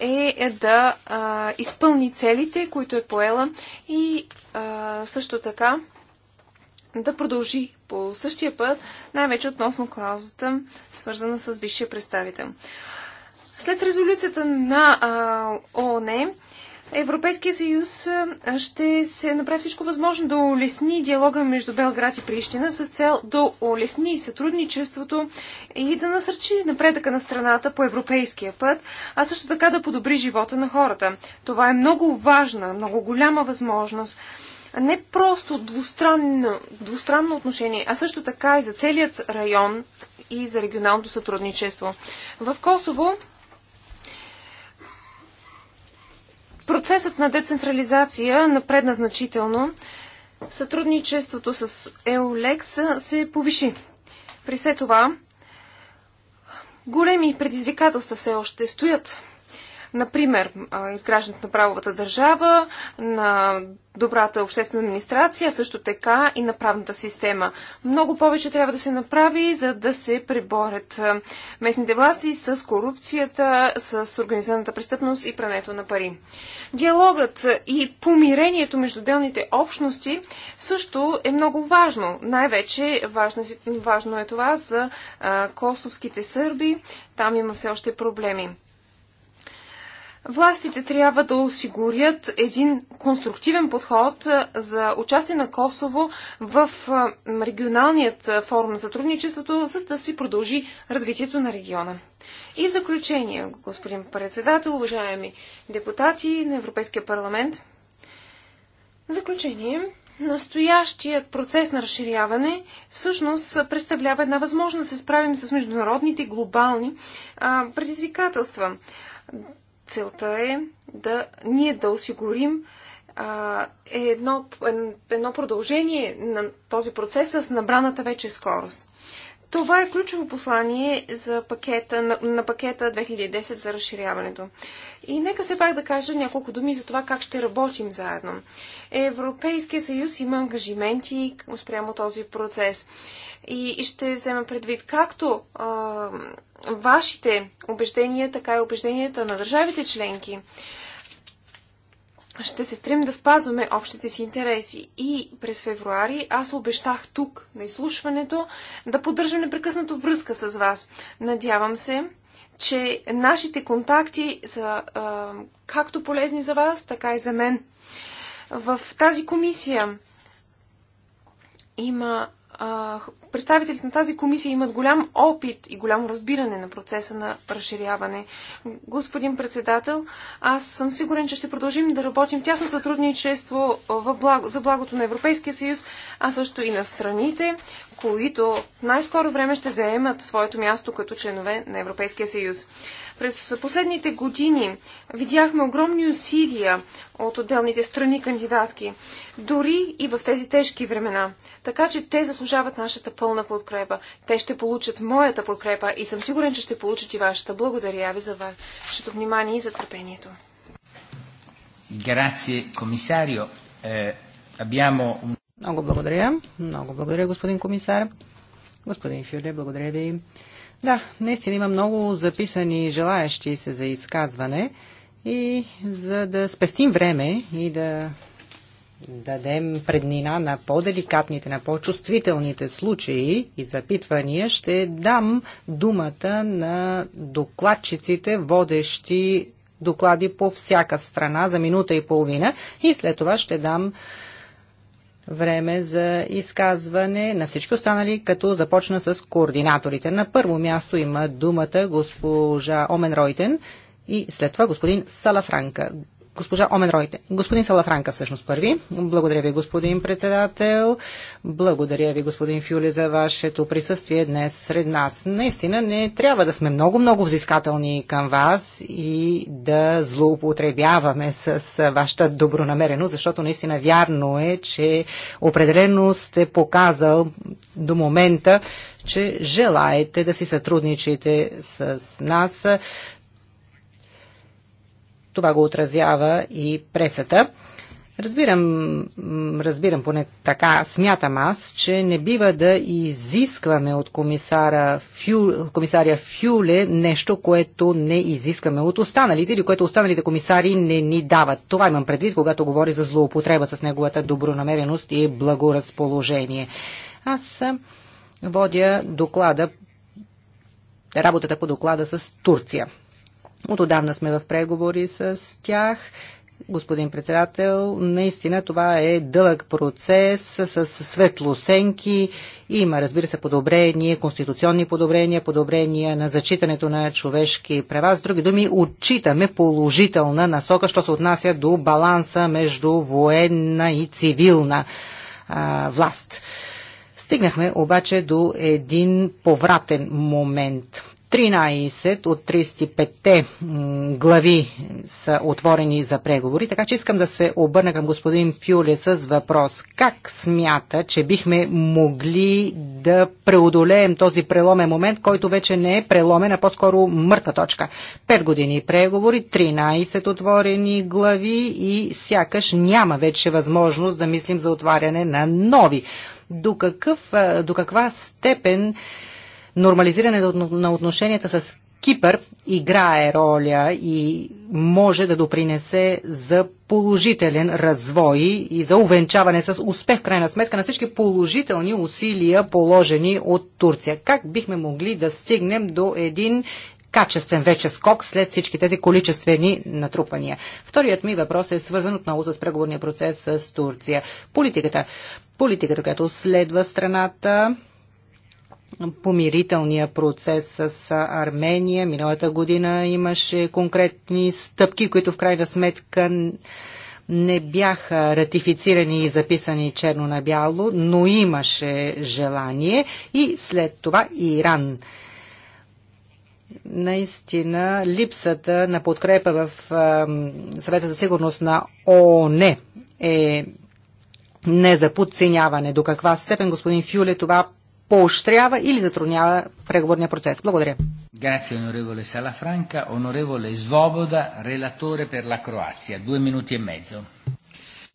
е да а, изпълни целите, които е поела и а, също така да продължи по същия път, най-вече относно клаузата, свързана с висшия представител. След резолюцията на ООН Европейския съюз ще се направи всичко възможно да улесни диалога между Белград и Прищина с цел да улесни сътрудничеството и да насърчи напредъка на страната по европейския път, а също така да подобри живота на хората. Това е много важна, много голяма възможност. Не просто двустранно, двустранно отношение, а също така и за целият район и за регионалното сътрудничество. В Косово Процесът на децентрализация напредна значително. Сътрудничеството с EOLEX се повиши. При все това, големи предизвикателства все още стоят Например, изграждането на правовата държава, на добрата обществена администрация, също така и на правната система. Много повече трябва да се направи, за да се преборят местните власти с корупцията, с организираната престъпност и прането на пари. Диалогът и помирението между делните общности също е много важно. Най-вече важно, важно е това за косовските сърби. Там има все още проблеми. Властите трябва да осигурят един конструктивен подход за участие на Косово в регионалният форум на сътрудничеството, за да си продължи развитието на региона. И в заключение, господин председател, уважаеми депутати на Европейския парламент, в заключение, настоящият процес на разширяване всъщност представлява една възможност да се справим с международните глобални а, предизвикателства целта е да ние да осигурим а, едно, едно продължение на този процес с набраната вече скорост. Това е ключово послание за пакета, на, на пакета 2010 за разширяването. И нека се пак да кажа няколко думи за това как ще работим заедно. Европейския съюз има ангажименти спрямо този процес и ще взема предвид както а, вашите убеждения, така и убежденията на държавите членки. Ще се стремим да спазваме общите си интереси. И през февруари аз обещах тук на изслушването да поддържам непрекъснато връзка с вас. Надявам се, че нашите контакти са а, както полезни за вас, така и за мен. В тази комисия има а, представителите на тази комисия имат голям опит и голямо разбиране на процеса на разширяване. Господин председател, аз съм сигурен, че ще продължим да работим тясно сътрудничество в благо, за благото на Европейския съюз, а също и на страните, които в най-скоро време ще заемат своето място като членове на Европейския съюз. През последните години видяхме огромни усилия от отделните страни кандидатки, дори и в тези тежки времена. Така че те заслужават нашата пълна подкрепа. Те ще получат моята подкрепа и съм сигурен, че ще получат и вашата. Благодаря ви за вашето внимание и за търпението. Грация, комисарио. Е, много благодаря. Много благодаря, господин комисар. Господин Фюрде, благодаря ви. Да, наистина има много записани желаящи се за изказване и за да спестим време и да дадем преднина на по-деликатните, на по-чувствителните случаи и запитвания, ще дам думата на докладчиците, водещи доклади по всяка страна за минута и половина и след това ще дам време за изказване на всички останали, като започна с координаторите. На първо място има думата госпожа Омен Ройтен и след това господин Салафранка госпожа Омен Ройте. Господин Салафранка всъщност първи. Благодаря ви, господин председател. Благодаря ви, господин Фюли, за вашето присъствие днес сред нас. Наистина не трябва да сме много-много взискателни към вас и да злоупотребяваме с вашата добронамереност, защото наистина вярно е, че определено сте показал до момента, че желаете да си сътрудничите с нас, това го отразява и пресата. Разбирам, разбирам, поне така смятам аз, че не бива да изискваме от комисара Фю, комисаря Фюле нещо, което не изискваме от останалите или което останалите комисари не ни дават. Това имам предвид, когато говори за злоупотреба с неговата добронамереност и благоразположение. Аз водя доклада, работата по доклада с Турция. От отдавна сме в преговори с тях. Господин председател, наистина това е дълъг процес с светлосенки. Има, разбира се, подобрения, конституционни подобрения, подобрения на зачитането на човешки права. С други думи, отчитаме положителна насока, що се отнася до баланса между военна и цивилна а, власт. Стигнахме обаче до един повратен момент – 13 от 35-те глави са отворени за преговори, така че искам да се обърна към господин Фюле с въпрос. Как смята, че бихме могли да преодолеем този преломен момент, който вече не е преломен, а по-скоро мъртва точка? Пет години преговори, 13 отворени глави и сякаш няма вече възможност да мислим за отваряне на нови. До, какъв, до каква степен нормализирането на отношенията с Кипър играе роля и може да допринесе за положителен развой и за увенчаване с успех, крайна сметка, на всички положителни усилия, положени от Турция. Как бихме могли да стигнем до един качествен вече скок след всички тези количествени натрупвания. Вторият ми въпрос е свързан отново с преговорния процес с Турция. Политиката. Политиката, която следва страната помирителния процес с Армения. Миналата година имаше конкретни стъпки, които в крайна сметка не бяха ратифицирани и записани черно на бяло, но имаше желание и след това Иран. Наистина, липсата на подкрепа в Съвета за сигурност на ООН е не за подценяване. До каква степен, господин Фюле, това поощрява или затруднява преговорния процес. Благодаря. Grazie onorevole Salafranca, onorevole Svoboda, relatore per la Croazia. Due minuti e mezzo.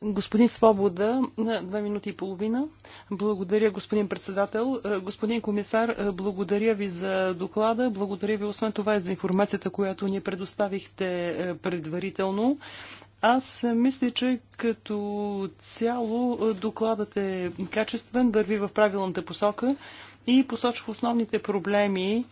Господин Свобода, две минути и половина. Благодаря, господин председател. Е, господин комисар, е, благодаря ви за доклада. Благодаря ви, освен това, и за информацията, която ни предоставихте е, предварително. Аз мисля, че като цяло докладът е качествен, върви в правилната посока и посочва основните проблеми,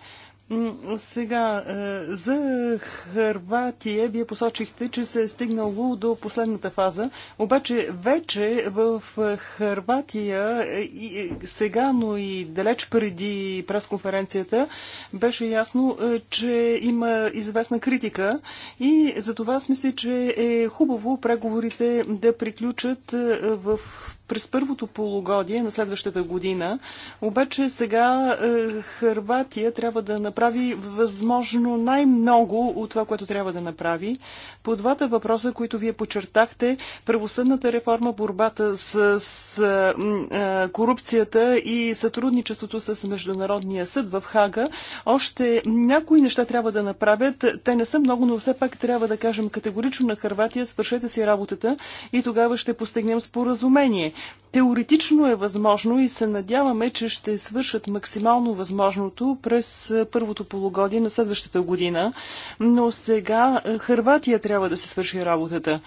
сега, е, за Харватия вие посочихте, че се е стигнало до последната фаза, обаче вече в Харватия е, е, сега, но и далеч преди пресконференцията, беше ясно, че има известна критика и за това аз мисля, че е хубаво преговорите да приключат в през първото полугодие на следващата година. Обаче сега е, Харватия трябва да направи възможно най-много от това, което трябва да направи. По двата въпроса, които вие почертахте, правосъдната реформа, борбата с, с е, е, корупцията и сътрудничеството с Международния съд в Хага, още някои неща трябва да направят. Те не са много, но все пак трябва да кажем категорично на Харватия, свършете си работата и тогава ще постигнем споразумение. Теоретично е възможно и се надяваме, че ще свършат максимално възможното през първото полугодие на следващата година, но сега Харватия трябва да се свърши работата.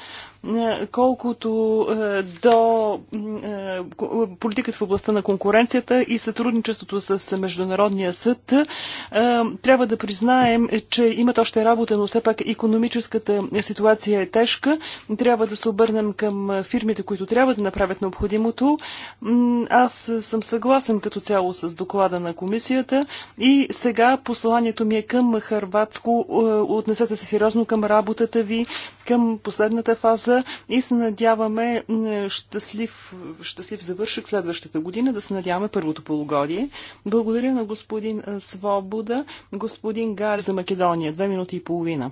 Е, колкото е, до е, политиката в областта на конкуренцията и сътрудничеството с Международния съд. Трябва да признаем, че имат още работа, но все пак економическата ситуация е тежка. Трябва да се обърнем към фирмите, които трябва да направят необходимото. Аз съм съгласен като цяло с доклада на комисията и сега посланието ми е към Харватско. Отнесете се сериозно към работата ви към последната фаза и се надяваме щастлив, щастлив завършък следващата година, да се надяваме първото полугодие. Благодаря на господин Свобода, господин Гар за Македония. Две минути и половина.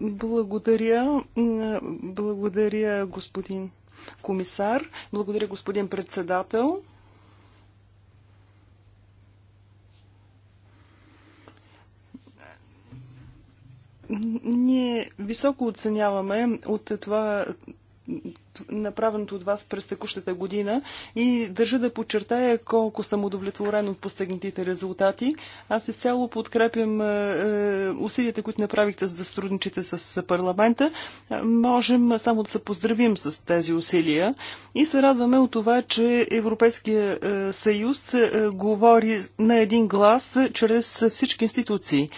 Благодаря. Благодаря, господин комисар. Благодаря, господин председател. Ние високо оценяваме от това направеното от вас през текущата година и държа да подчертая колко съм удовлетворен от постигнатите резултати. Аз изцяло подкрепям е, усилията, които направихте за да сътрудничите с парламента. Можем само да се поздравим с тези усилия и се радваме от това, че Европейския е, съюз е, говори на един глас чрез всички институции.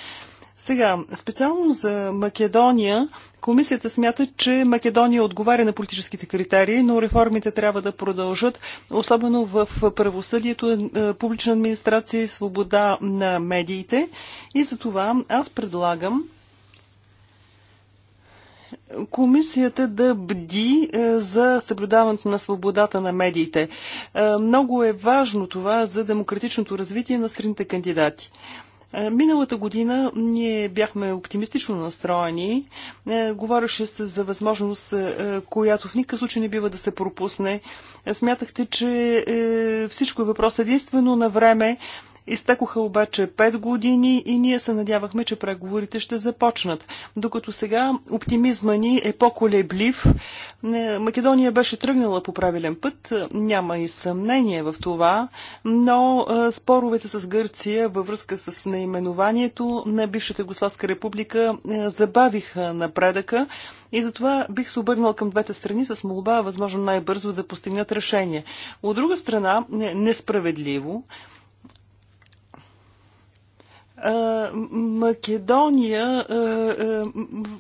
Сега, специално за Македония, комисията смята, че Македония отговаря на политическите критерии, но реформите трябва да продължат, особено в правосъдието, е, публична администрация и свобода на медиите. И за това аз предлагам комисията да бди е, за съблюдаването на свободата на медиите. Е, много е важно това за демократичното развитие на страните кандидати. Е, миналата година ние бяхме оптимистично настроени. Е, говореше се за възможност, е, която в никакъв случай не бива да се пропусне. Смятахте, че всичко е въпрос единствено на време, Изтекоха обаче 5 години и ние се надявахме, че преговорите ще започнат. Докато сега оптимизма ни е по-колеблив. Македония беше тръгнала по правилен път, няма и съмнение в това, но споровете с Гърция във връзка с наименованието на бившата Гославска република забавиха напредъка. И затова бих се обърнал към двете страни с молба, възможно най-бързо да постигнат решение. От друга страна, несправедливо, Македония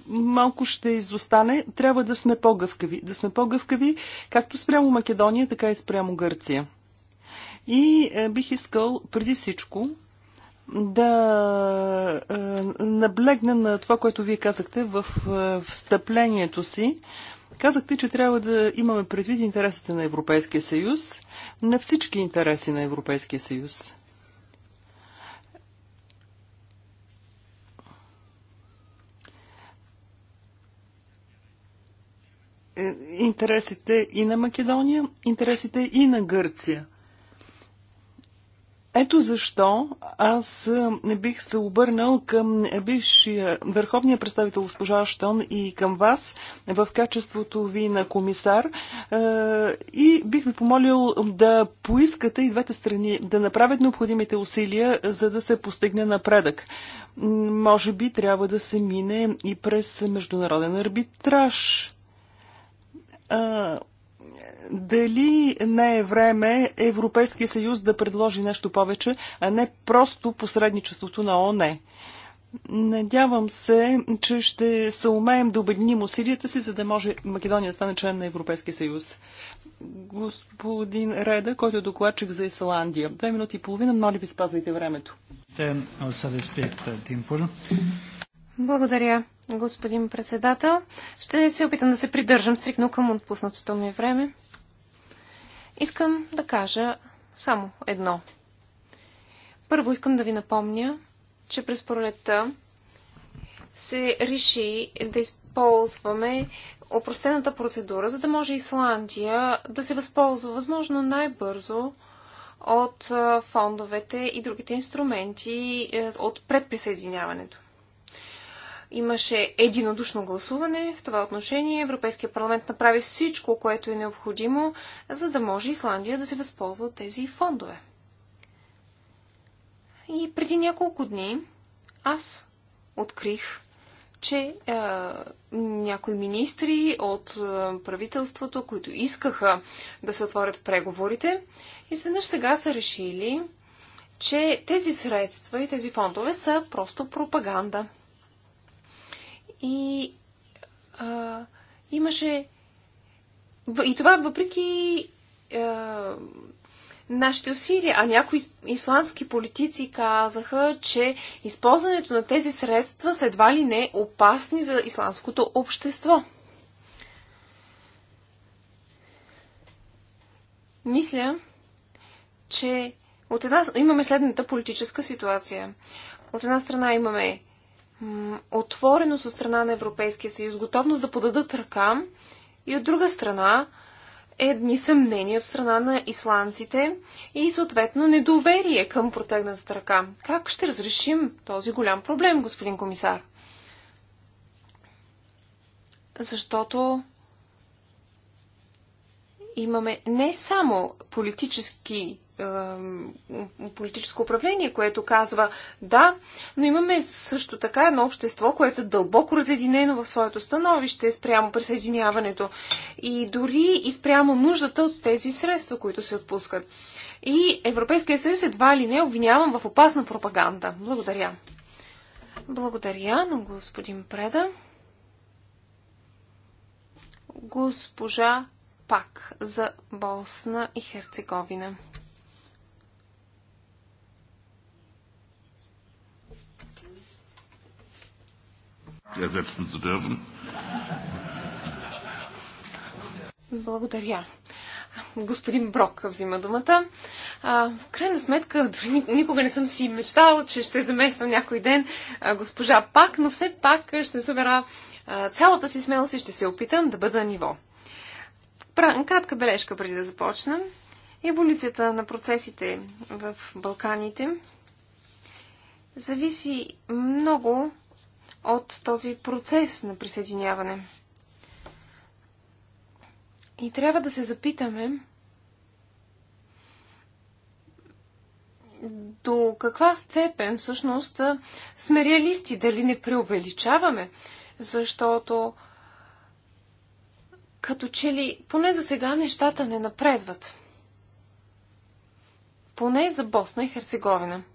малко ще изостане. Трябва да сме по-гъвкави. Да сме по-гъвкави както спрямо Македония, така и спрямо Гърция. И бих искал преди всичко да наблегна на това, което вие казахте в встъплението си. Казахте, че трябва да имаме предвид интересите на Европейския съюз, на всички интереси на Европейския съюз. Е, интересите и на Македония, интересите и на Гърция. Ето защо аз е, не бих се обърнал към е, бившия върховния представител госпожа Аштон и към вас в качеството ви на комисар и бих ви помолил да поискате и двете страни да направят необходимите усилия, за да се постигне напредък. Може би трябва да се мине и през международен арбитраж дали не е време Европейския съюз да предложи нещо повече, а не просто посредничеството на ОНЕ. Надявам се, че ще се умеем да обединим усилията си, за да може Македония да стане член на Европейския съюз. Господин Реда, който е докладчик за Исландия. Две минути и половина, моля ви спазвайте времето. Благодаря господин председател. Ще се опитам да се придържам стрикно към отпуснатото ми време. Искам да кажа само едно. Първо искам да ви напомня, че през пролетта се реши да използваме опростената процедура, за да може Исландия да се възползва възможно най-бързо от фондовете и другите инструменти е, от предприсъединяването. Имаше единодушно гласуване в това отношение. Европейския парламент направи всичко, което е необходимо, за да може Исландия да се възползва от тези фондове. И преди няколко дни аз открих, че е, някои министри от е, правителството, които искаха да се отворят преговорите, изведнъж сега са решили, че тези средства и тези фондове са просто пропаганда. И а, имаше. И това въпреки а, нашите усилия. А някои исландски политици казаха, че използването на тези средства са едва ли не опасни за исландското общество. Мисля, че от една, имаме следната политическа ситуация. От една страна имаме отвореност от страна на Европейския съюз, готовност да подадат ръка и от друга страна едни съмнения от страна на исландците и съответно недоверие към протегната ръка. Как ще разрешим този голям проблем, господин комисар? Защото имаме не само политически политическо управление, което казва да, но имаме също така едно общество, което е дълбоко разединено в своето становище спрямо присъединяването и дори и спрямо нуждата от тези средства, които се отпускат. И Европейския съюз едва ли не е обвинявам в опасна пропаганда. Благодаря. Благодаря на господин Преда. Госпожа пак за Босна и Херцеговина. ersetzen zu dürfen. Благодаря. Господин Брок взима думата. А, в крайна сметка, дори никога не съм си мечтал, че ще замествам някой ден а, госпожа Пак, но все пак ще събера а, цялата си смелост и ще се опитам да бъда на ниво. Кратка бележка преди да започна. Еволюцията на процесите в Балканите зависи много от този процес на присъединяване. И трябва да се запитаме до каква степен всъщност сме реалисти, дали не преувеличаваме, защото като че ли поне за сега нещата не напредват. Поне за Босна и Херцеговина –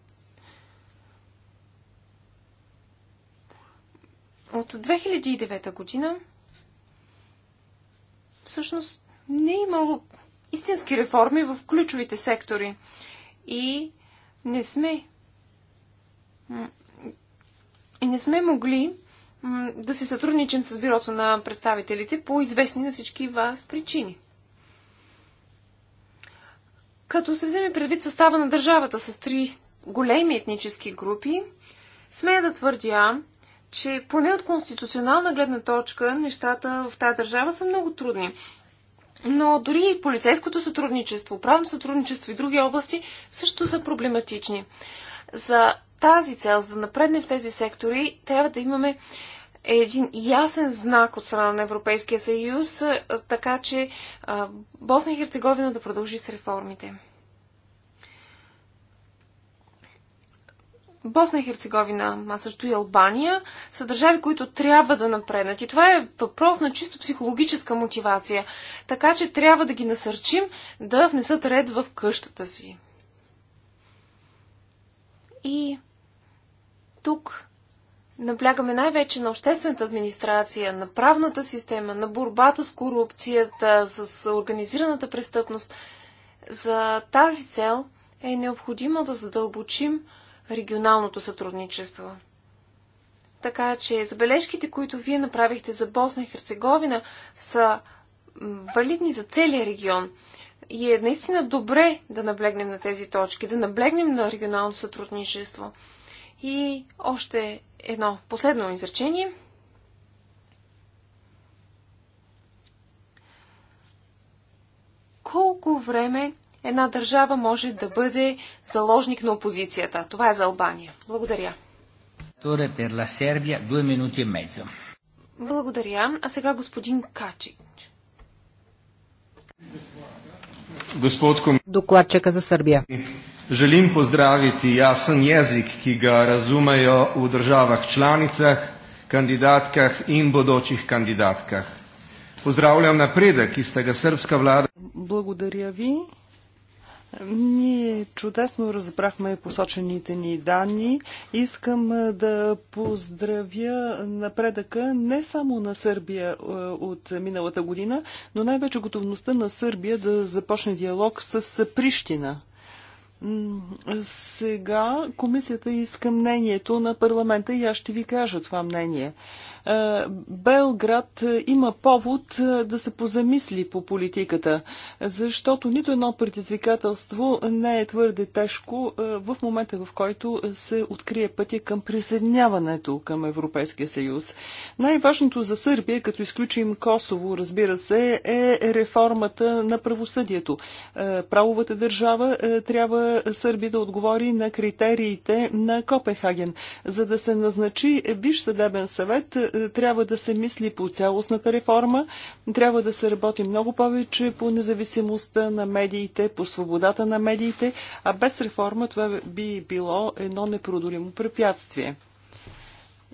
От 2009 година всъщност не е имало истински реформи в ключовите сектори. И не сме и не сме могли да се сътрудничим с бюрото на представителите по известни на всички вас причини. Като се вземе предвид състава на държавата с три големи етнически групи, смея да твърдя, че поне от конституционална гледна точка нещата в тази държава са много трудни. Но дори и полицейското сътрудничество, правно сътрудничество и други области също са проблематични. За тази цел, за да напредне в тези сектори, трябва да имаме един ясен знак от страна на Европейския съюз, така че Босна и Херцеговина да продължи с реформите. Босна и Херцеговина, а също и Албания, са държави, които трябва да напреднат. И това е въпрос на чисто психологическа мотивация. Така че трябва да ги насърчим да внесат ред в къщата си. И тук наблягаме най-вече на обществената администрация, на правната система, на борбата с корупцията, с организираната престъпност. За тази цел е необходимо да задълбочим регионалното сътрудничество. Така че забележките, които вие направихте за Босна и Херцеговина, са валидни за целия регион. И е наистина добре да наблегнем на тези точки, да наблегнем на регионалното сътрудничество. И още едно последно изречение. Колко време една държава може да бъде заложник на опозицията. Това е за Албания. Благодаря. E Благодаря. А сега господин Качич. Докладчика за Сърбия. Желим поздравити ясен език, ки га razumejo v държавах членицах, кандидатках и bodočih кандидатках. Поздравлям напредък, ki ste ga сръбска влада. Благодаря ви. Ние чудесно разбрахме посочените ни данни. Искам да поздравя напредъка не само на Сърбия от миналата година, но най-вече готовността на Сърбия да започне диалог с Прищина. Сега комисията иска мнението на парламента и аз ще ви кажа това мнение. Е, Белград е, има повод е, да се позамисли по политиката, защото нито едно предизвикателство не е твърде тежко в момента, в който се открие пътя към присъединяването към Европейския съюз. Най-важното за Сърбия, като изключим Косово, разбира се, е реформата на правосъдието. Правовата държава трябва Сърбия да отговори на критериите на Копенхаген. За да се назначи Виш съдебен съвет, трябва да се мисли по цялостната реформа, трябва да се работи много повече по независимостта на медиите, по свободата на медиите, а без реформа това би било едно непродолимо препятствие.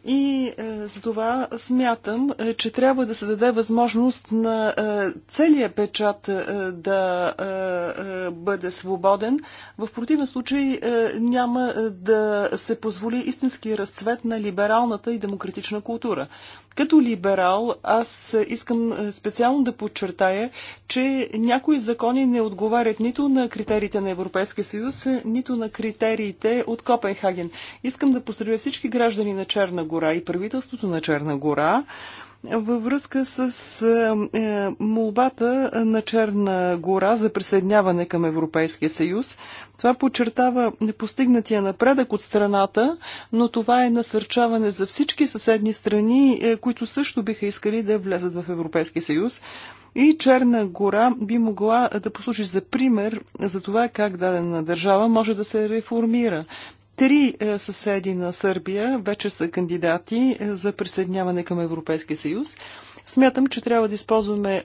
И е, за това смятам, е, че трябва да се даде възможност на е, целия печат е, да е, е, бъде свободен. В противен случай е, няма е, да се позволи истински разцвет на либералната и демократична култура. Като либерал, аз искам е, специално да подчертая, че някои закони не отговарят нито на критериите на Европейския съюз, нито на критериите от Копенхаген. Искам да поздравя всички граждани на Черна гора и правителството на Черна гора, във връзка с е, е, молбата на Черна гора за присъединяване към Европейския съюз. Това подчертава непостигнатия напредък от страната, но това е насърчаване за всички съседни страни, е, които също биха искали да влезат в Европейския съюз. И Черна гора би могла да послужи за пример за това как дадена държава може да се реформира. Три е, съседи на Сърбия вече са кандидати е, за присъединяване към Европейския съюз. Смятам, че трябва да използваме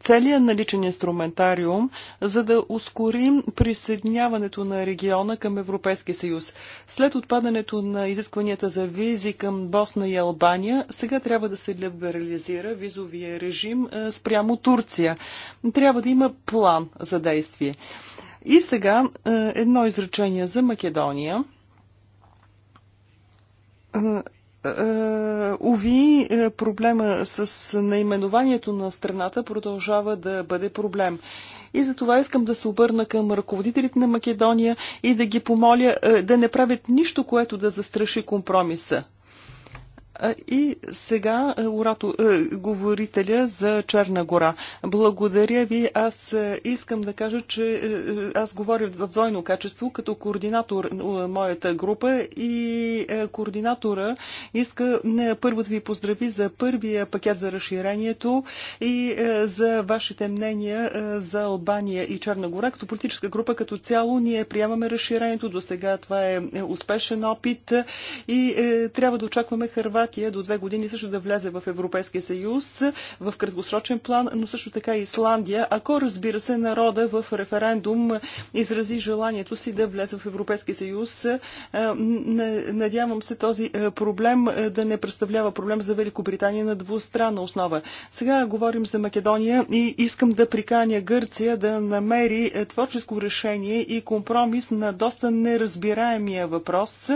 целият наличен инструментариум, за да ускорим присъединяването на региона към Европейския съюз. След отпадането на изискванията за визи към Босна и Албания, сега трябва да се либерализира визовия режим е, спрямо Турция. Трябва да има план за действие. И сега едно изречение за Македония. Уви, е, проблема с наименованието на страната продължава да бъде проблем. И за това искам да се обърна към ръководителите на Македония и да ги помоля е, да не правят нищо, което да застраши компромиса. И сега урато, е, е, говорителя за Черна гора. Благодаря ви. Аз е, искам да кажа, че аз говоря в двойно качество, като координатор на моята група и координатора иска първо да ви поздрави за първия пакет за разширението и за вашите мнения за Албания и Черна гора. Като политическа група като цяло ние приемаме разширението. До сега това е успешен опит и трябва да очакваме Харватия Словакия до две години също да влезе в Европейския съюз в краткосрочен план, но също така и Исландия, ако разбира се народа в референдум изрази желанието си да влезе в Европейския съюз. Е, надявам се този е, проблем е, да не представлява проблем за Великобритания на двустранна основа. Сега говорим за Македония и искам да приканя Гърция да намери творческо решение и компромис на доста неразбираемия въпрос.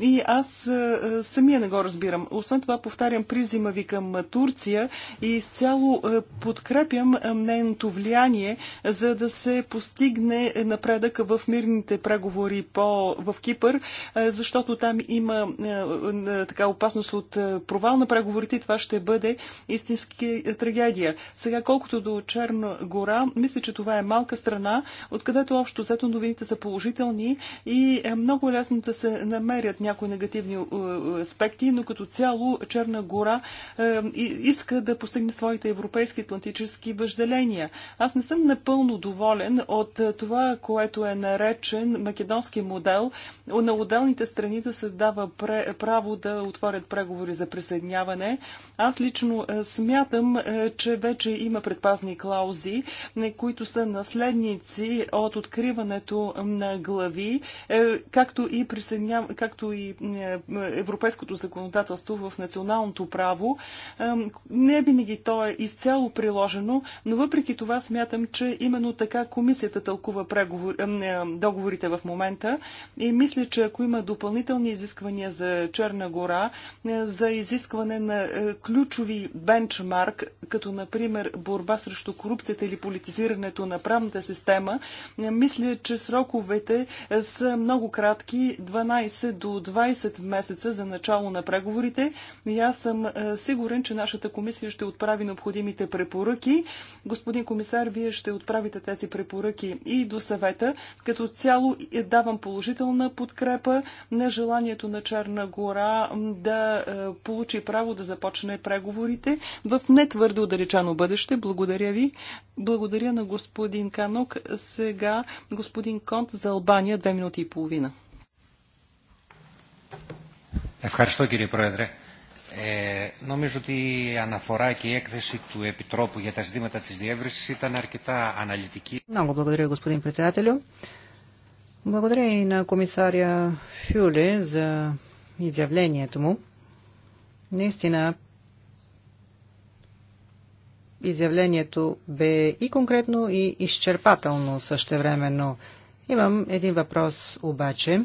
И аз самия не го разбирам. Освен това, повтарям призима ви към Турция и изцяло е, подкрепям е, нейното влияние, за да се постигне напредък в мирните преговори по, в Кипър, е, защото там има така опасност от провал на преговорите и това ще бъде истински трагедия. Сега, колкото до Черна гора, мисля, че това е малка страна, откъдето общо взето новините са положителни и много лесно да се намерят някои негативни аспекти, но като цяло цяло Черна гора е, иска да постигне своите европейски атлантически въжделения. Аз не съм напълно доволен от е, това, което е наречен македонски модел на отделните страни да се дава право да отворят преговори за присъединяване. Аз лично е, смятам, е, че вече има предпазни клаузи, които са наследници от откриването на глави, както и, присъединя... както и европейското законодателство в националното право. Не винаги то е изцяло приложено, но въпреки това смятам, че именно така комисията тълкува преговор... договорите в момента и мисля, че ако има допълнителни изисквания за Черна гора, е, за изискване на е, ключови бенчмарк, като например борба срещу корупцията или политизирането на правната система, е, мисля, че сроковете са много кратки 12 до 20 месеца за начало на преговорите въпросите. И аз съм е, сигурен, че нашата комисия ще отправи необходимите препоръки. Господин комисар, вие ще отправите тези препоръки и до съвета. Като цяло е, давам положителна подкрепа на желанието на Черна гора да е, получи право да започне преговорите в не твърде отдалечено бъдеще. Благодаря ви. Благодаря на господин Канок. Сега господин Конт за Албания. Две минути и половина. Ευχαριστώ κύριε Πρόεδρε. Ε, νομίζω ότι η αναφορά και η έκθεση του Επιτρόπου για τα ζητήματα της διεύρυνσης ήταν αρκετά αναλυτική. Να, Много благодаря, господин председателю. Благодаря и на комисаря Фюле за изявлението му. Наистина, изявлението бе и конкретно, и изчерпателно същевременно. Имам един въпрос обаче.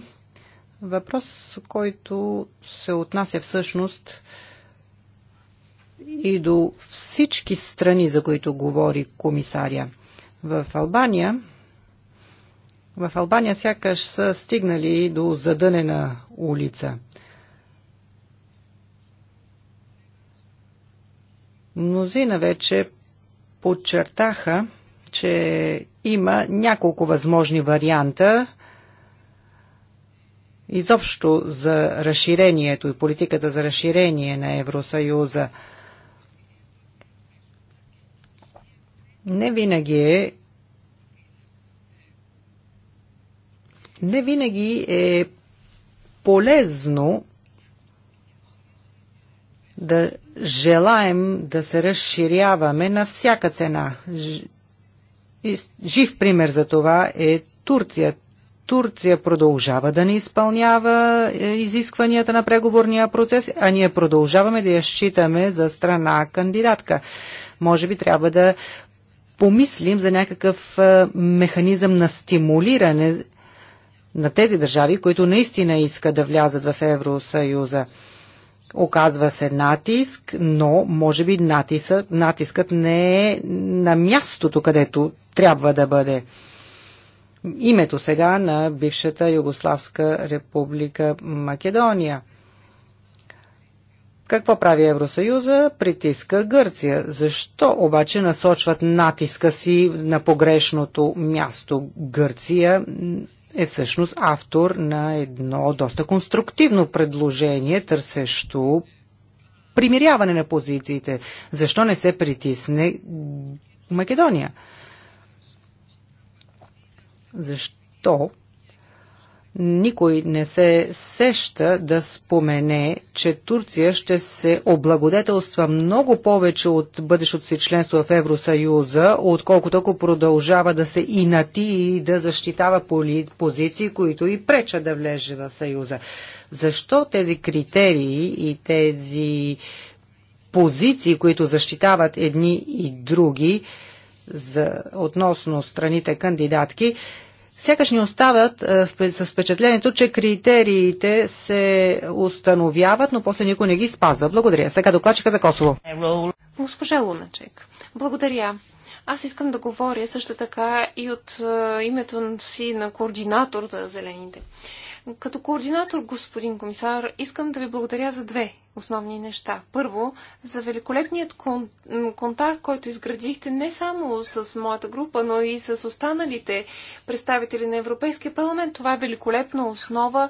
Въпрос, който се отнася всъщност и до всички страни, за които говори комисаря. В Албания в Албания сякаш са стигнали до задънена улица. Мнозина вече подчертаха, че има няколко възможни варианта изобщо за разширението и политиката за разширение на Евросъюза. Не винаги е не винаги е полезно да желаем да се разширяваме на всяка цена. Жив пример за това е Турция. Турция продължава да не изпълнява е, изискванията на преговорния процес, а ние продължаваме да я считаме за страна кандидатка. Може би трябва да помислим за някакъв е, механизъм на стимулиране на тези държави, които наистина искат да влязат в Евросъюза. Оказва се натиск, но може би натискът не е на мястото, където трябва да бъде името сега на бившата Югославска република Македония. Какво прави Евросъюза? Притиска Гърция. Защо обаче насочват натиска си на погрешното място? Гърция е всъщност автор на едно доста конструктивно предложение, търсещо примиряване на позициите. Защо не се притисне Македония? защо никой не се сеща да спомене, че Турция ще се облагодетелства много повече от бъдещото си членство в Евросъюза, отколкото ако продължава да се инати и да защитава позиции, които и преча да влезе в Съюза. Защо тези критерии и тези позиции, които защитават едни и други, за, относно страните кандидатки, сякаш ни остават е, с впечатлението, че критериите се установяват, но после никой не ги спазва. Благодаря. Сега докладчика за Косово. Госпожа Луначек, благодаря. Аз искам да говоря също така и от е, името си на координатор за зелените. Като координатор, господин комисар, искам да ви благодаря за две основни неща. Първо, за великолепният кон- контакт, който изградихте не само с моята група, но и с останалите представители на Европейския парламент. Това е великолепна основа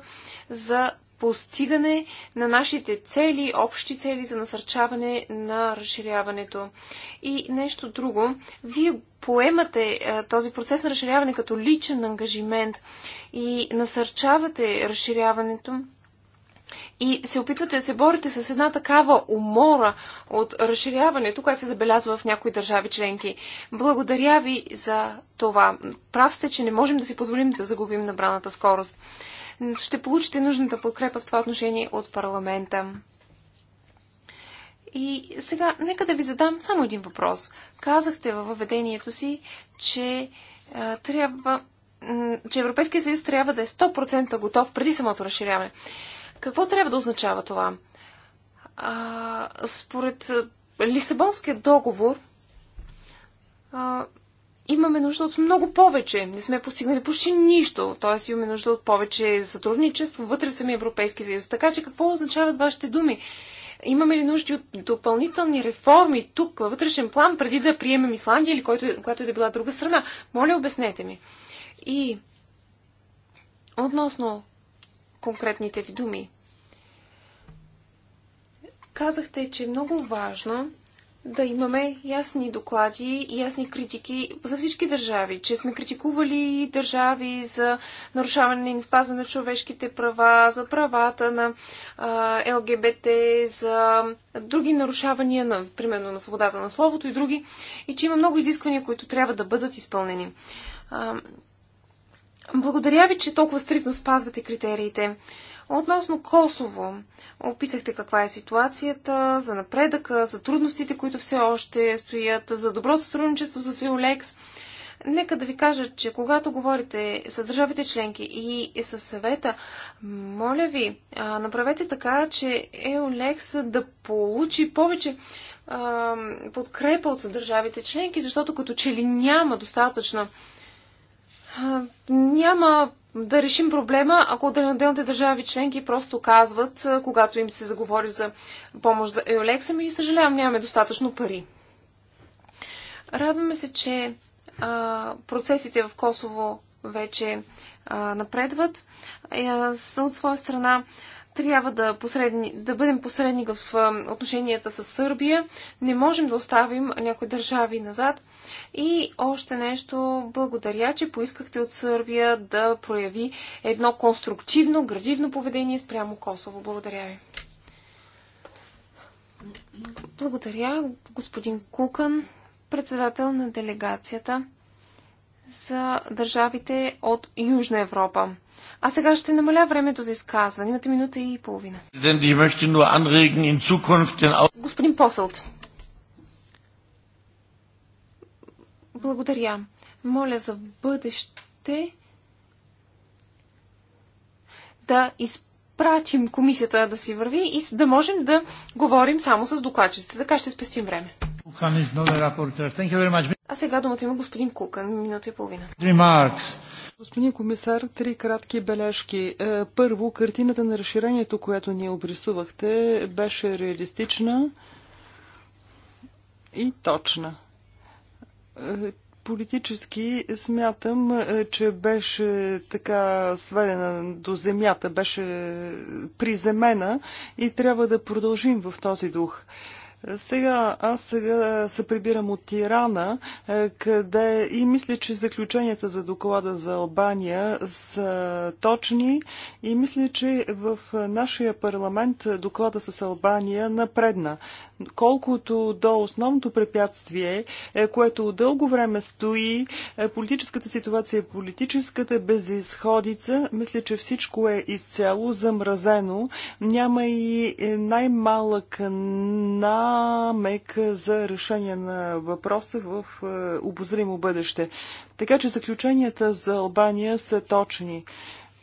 за постигане на нашите цели, общи цели за насърчаване на разширяването. И нещо друго, вие поемате е, този процес на разширяване като личен ангажимент и насърчавате разширяването и се опитвате да се борите с една такава умора от разширяването, която се забелязва в някои държави членки. Благодаря ви за това. Прав сте, че не можем да си позволим да загубим набраната скорост ще получите нужната подкрепа в това отношение от парламента. И сега, нека да ви задам само един въпрос. Казахте във въведението си, че трябва че Европейския съюз трябва да е 100% готов преди самото разширяване. Какво трябва да означава това? А, според Лисабонския договор а, имаме нужда от много повече. Не сме постигнали почти нищо. Т.е. имаме нужда от повече сътрудничество вътре в самия Европейски съюз. Така че какво означават вашите думи? Имаме ли нужда от допълнителни реформи тук, във вътрешен план, преди да приемем Исландия или който, която е да била друга страна? Моля, обяснете ми. И относно конкретните ви думи. Казахте, че е много важно да имаме ясни доклади и ясни критики за всички държави, че сме критикували държави за нарушаване на спазване на човешките права, за правата на а, ЛГБТ, за други нарушавания, на, примерно на свободата на словото и други, и че има много изисквания, които трябва да бъдат изпълнени. А, благодаря ви, че толкова стрикно спазвате критериите. Относно Косово, описахте каква е ситуацията, за напредъка, за трудностите, които все още стоят, за добро сътрудничество с Юлекс. Нека да ви кажа, че когато говорите с държавите членки и с съвета, моля ви, направете така, че Еолекс да получи повече подкрепа от държавите членки, защото като че ли няма достатъчно. няма да решим проблема, ако отделните държави членки просто казват, когато им се заговори за помощ за Еолекса, ми съжалявам, нямаме достатъчно пари. Радваме се, че а, процесите в Косово вече а, напредват. А, от своя страна трябва да, посредни, да бъдем посредник в а, отношенията с Сърбия. Не можем да оставим някои държави назад. И още нещо, благодаря, че поискахте от Сърбия да прояви едно конструктивно, градивно поведение спрямо Косово. Благодаря ви. Благодаря, господин Кукан, председател на делегацията за държавите от Южна Европа. А сега ще намаля времето за изказване. Имате минута и половина. Господин Посълт, Благодаря. Моля за бъдеще да изпратим комисията да си върви и да можем да говорим само с докладчиците. Така ще спестим време. А сега думата има господин Кукан, минута и половина. Господин комисар, три кратки бележки. Е, първо, картината на разширението, което ни обрисувахте, беше реалистична и точна. Политически смятам, е, че беше така сведена до земята, беше приземена и трябва да продължим в този дух. Сега, аз сега се прибирам от Тирана, е, къде и мисля, че заключенията за доклада за Албания са точни и мисля, че в нашия парламент доклада с Албания напредна. Колкото до основното препятствие, е, което дълго време стои, е, политическата ситуация, политическата безисходица, мисля, че всичко е изцяло замразено. Няма и най-малък на Мека за решение на въпроса в е, обозримо бъдеще. Така че заключенията за Албания са точни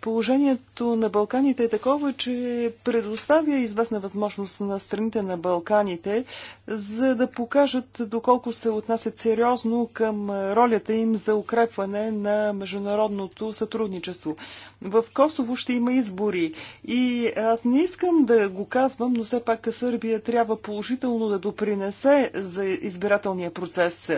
положението на Балканите е такова, че предоставя известна възможност на страните на Балканите, за да покажат доколко се отнасят сериозно към ролята им за укрепване на международното сътрудничество. В Косово ще има избори и аз не искам да го казвам, но все пак Сърбия трябва положително да допринесе за избирателния процес.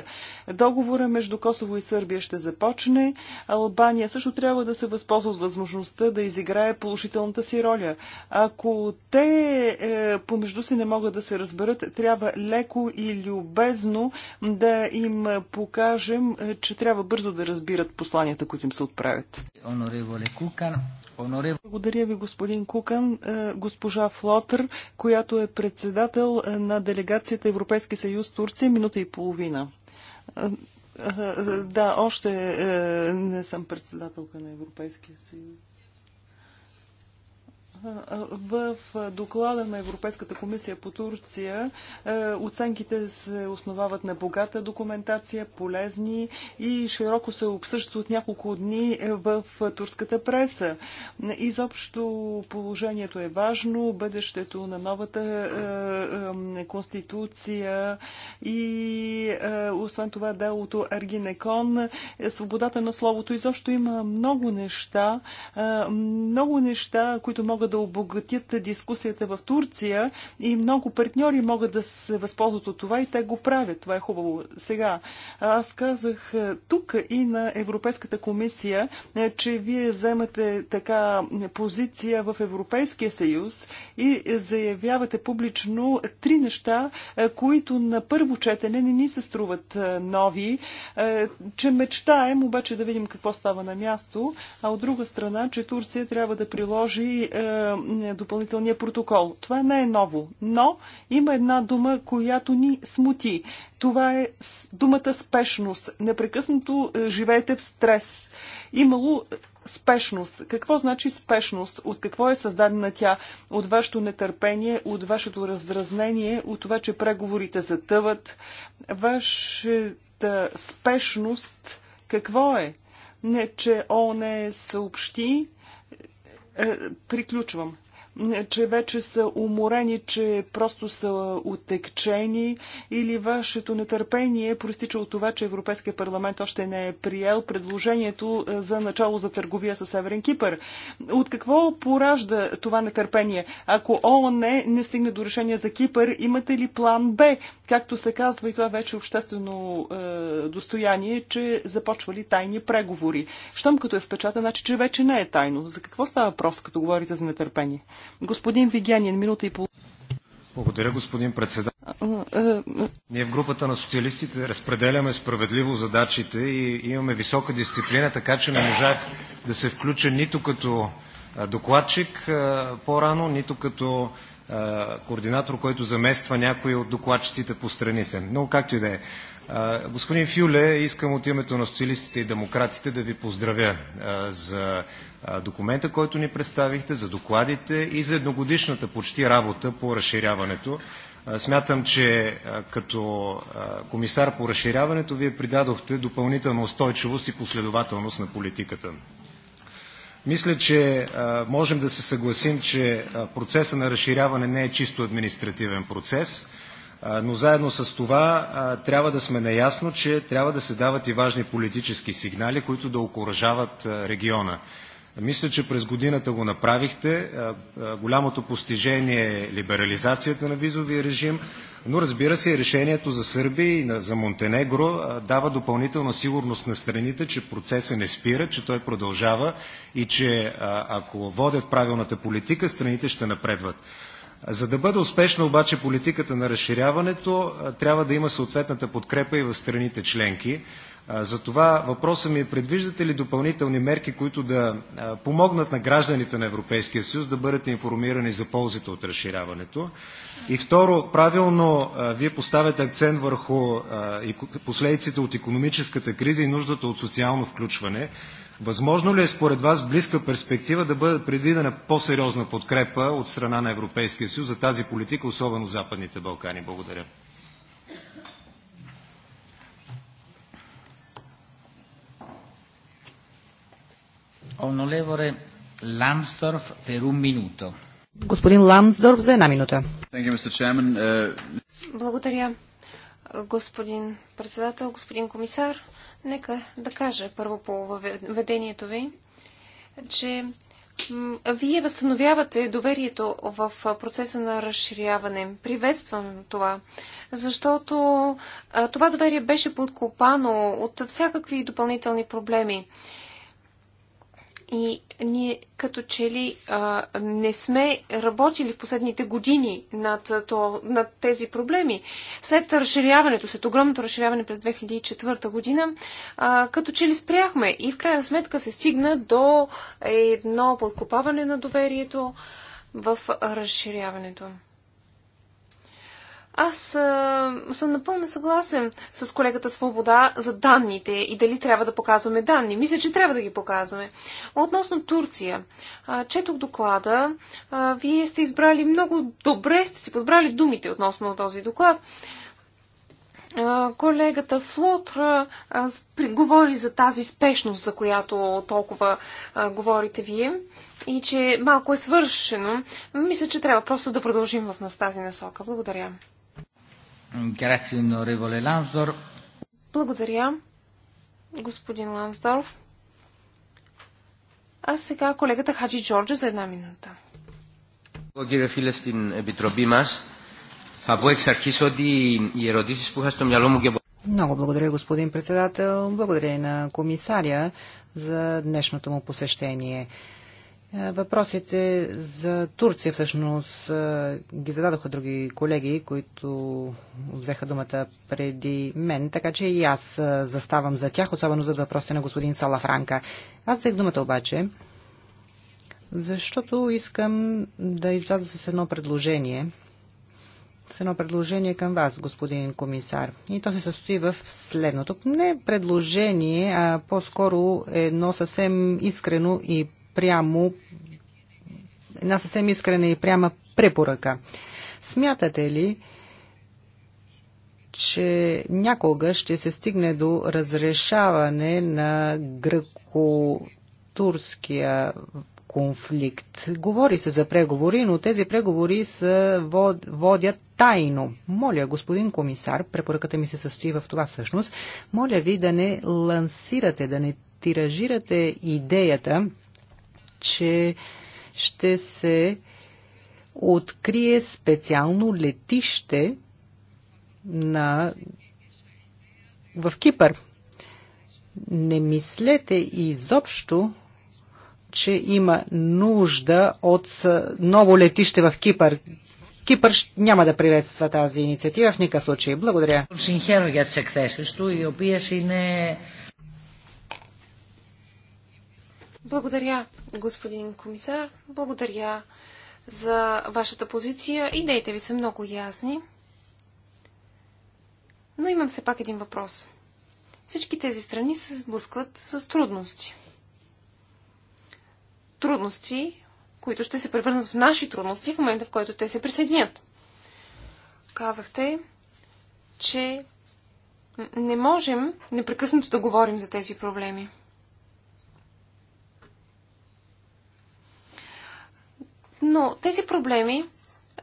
Договора между Косово и Сърбия ще започне. Албания също трябва да се възползва от възможността възможността да изиграе положителната си роля. Ако те е, помежду си не могат да се разберат, трябва леко и любезно да им покажем, е, че трябва бързо да разбират посланията, които им се отправят. Благодаря ви, господин Кукан. Е, госпожа Флотър, която е председател е, на делегацията Европейски съюз Турция, минута и половина. Е, да, още не съм председателка на Европейския съюз. В доклада на Европейската комисия по Турция е, оценките се основават на богата документация, полезни и широко се обсъждат от няколко дни в турската преса. Изобщо положението е важно, бъдещето на новата е, е, конституция и освен това делото Аргинекон, свободата на словото. Изобщо има много неща, много неща, които могат да обогатят дискусията в Турция и много партньори могат да се възползват от това и те го правят. Това е хубаво. Сега, аз казах е, тук и на Европейската комисия, е, че вие вземате така позиция в Европейския съюз и заявявате публично три неща, е, които на първо четене не ни се струват нови, че мечтаем, обаче да видим какво става на място, а от друга страна, че Турция трябва да приложи е, допълнителния протокол. Това не е ново, но има една дума, която ни смути. Това е думата спешност. Непрекъснато е, живеете в стрес. Имало спешност. Какво значи спешност? От какво е създадена тя? От вашето нетърпение, от вашето раздразнение, от това, че преговорите затъват. Вашата спешност какво е? Не, че ОНЕ съобщи, е, приключвам че вече са уморени, че просто са отекчени или вашето нетърпение проистича от това, че Европейския парламент още не е приел предложението е, за начало за търговия с Северен Кипър. От какво поражда това нетърпение? Ако ООН не, не стигне до решение за Кипър, имате ли план Б? Както се казва и това е вече обществено е, достояние, че започвали тайни преговори. Щом като е впечатан, значи, че вече не е тайно. За какво става въпрос, като говорите за нетърпение? Господин Вигенин, минута и половина. Благодаря, господин председател. Ние в групата на социалистите разпределяме справедливо задачите и имаме висока дисциплина, така че не можах да се включа нито като докладчик по-рано, нито като координатор, който замества някой от докладчиците по страните. Но както и да е. Господин Фюле, искам от името на социалистите и демократите да ви поздравя за документа, който ни представихте, за докладите и за едногодишната почти работа по разширяването. Смятам, че като комисар по разширяването вие придадохте допълнителна устойчивост и последователност на политиката. Мисля, че можем да се съгласим, че процесът на разширяване не е чисто административен процес – но заедно с това трябва да сме наясно, че трябва да се дават и важни политически сигнали, които да окоръжават региона. Мисля, че през годината го направихте. Голямото постижение е либерализацията на визовия режим, но разбира се и решението за Сърбия и за Монтенегро дава допълнителна сигурност на страните, че процесът не спира, че той продължава и че ако водят правилната политика, страните ще напредват. За да бъде успешна обаче политиката на разширяването, трябва да има съответната подкрепа и в страните членки. Затова въпросът ми е: предвиждате ли допълнителни мерки, които да помогнат на гражданите на Европейския съюз да бъдат информирани за ползите от разширяването? И второ, правилно Вие поставяте акцент върху последиците от економическата криза и нуждата от социално включване. Възможно ли е според Вас близка перспектива да бъде предвидена по-сериозна подкрепа от страна на Европейския съюз за тази политика, особено в Западните Балкани? Благодаря. Онолеворе Ламсдорф Перу, минуто. Господин Ламсдорф за една минута. Uh, Благодаря, господин председател, господин комисар. Нека да кажа първо по ведението ви, че вие възстановявате доверието в процеса на разширяване. Приветствам това, защото това доверие беше подкопано от всякакви допълнителни проблеми. И ние като че ли а, не сме работили в последните години над, то, над тези проблеми. След разширяването, след огромното разширяване през 2004 година, а, като че ли спряхме и в крайна сметка се стигна до едно подкопаване на доверието в разширяването. Аз а, съм напълно съгласен с колегата Свобода за данните и дали трябва да показваме данни. Мисля, че трябва да ги показваме. Относно Турция, а, четох доклада. А, вие сте избрали много добре, сте си подбрали думите относно този доклад. А, колегата Флотра говори за тази спешност, за която толкова а, говорите вие и че малко е свършено. Мисля, че трябва просто да продължим в нас тази насока. Благодаря. Благодаря, господин Ламсдорф. А сега колегата Хаджи Джорджа за една минута. Благодаря, φίλε, στην Επιτροπή μας θα πω εξ αρχής ότι οι ερωτήσεις που είχα στο μυαλό μου και много благодаря, господин председател. Благодаря и на комисаря за днешното му посещение. Е, въпросите за Турция всъщност е, ги зададоха други колеги, които взеха думата преди мен, така че и аз е, заставам за тях, особено за въпросите на господин Салафранка. Аз взех думата обаче, защото искам да изляза с едно предложение. С едно предложение към вас, господин комисар. И то се състои в следното. Не предложение, а по-скоро едно съвсем искрено и прямо една съвсем искрена и пряма препоръка. Смятате ли, че някога ще се стигне до разрешаване на гръко-турския конфликт. Говори се за преговори, но тези преговори са, вод, водят тайно. Моля, господин комисар, препоръката ми се състои в това всъщност, моля ви да не лансирате, да не тиражирате идеята, че ще се открие специално летище на... в Кипър. Не мислете изобщо, че има нужда от ново летище в Кипър. Кипър няма да приветства тази инициатива в никакъв случай. Благодаря. Благодаря, господин комисар. Благодаря за вашата позиция. Идеите ви са много ясни. Но имам все пак един въпрос. Всички тези страни се сблъскват с трудности. Трудности, които ще се превърнат в наши трудности в момента, в който те се присъединят. Казахте, че не можем непрекъснато да говорим за тези проблеми. Но тези проблеми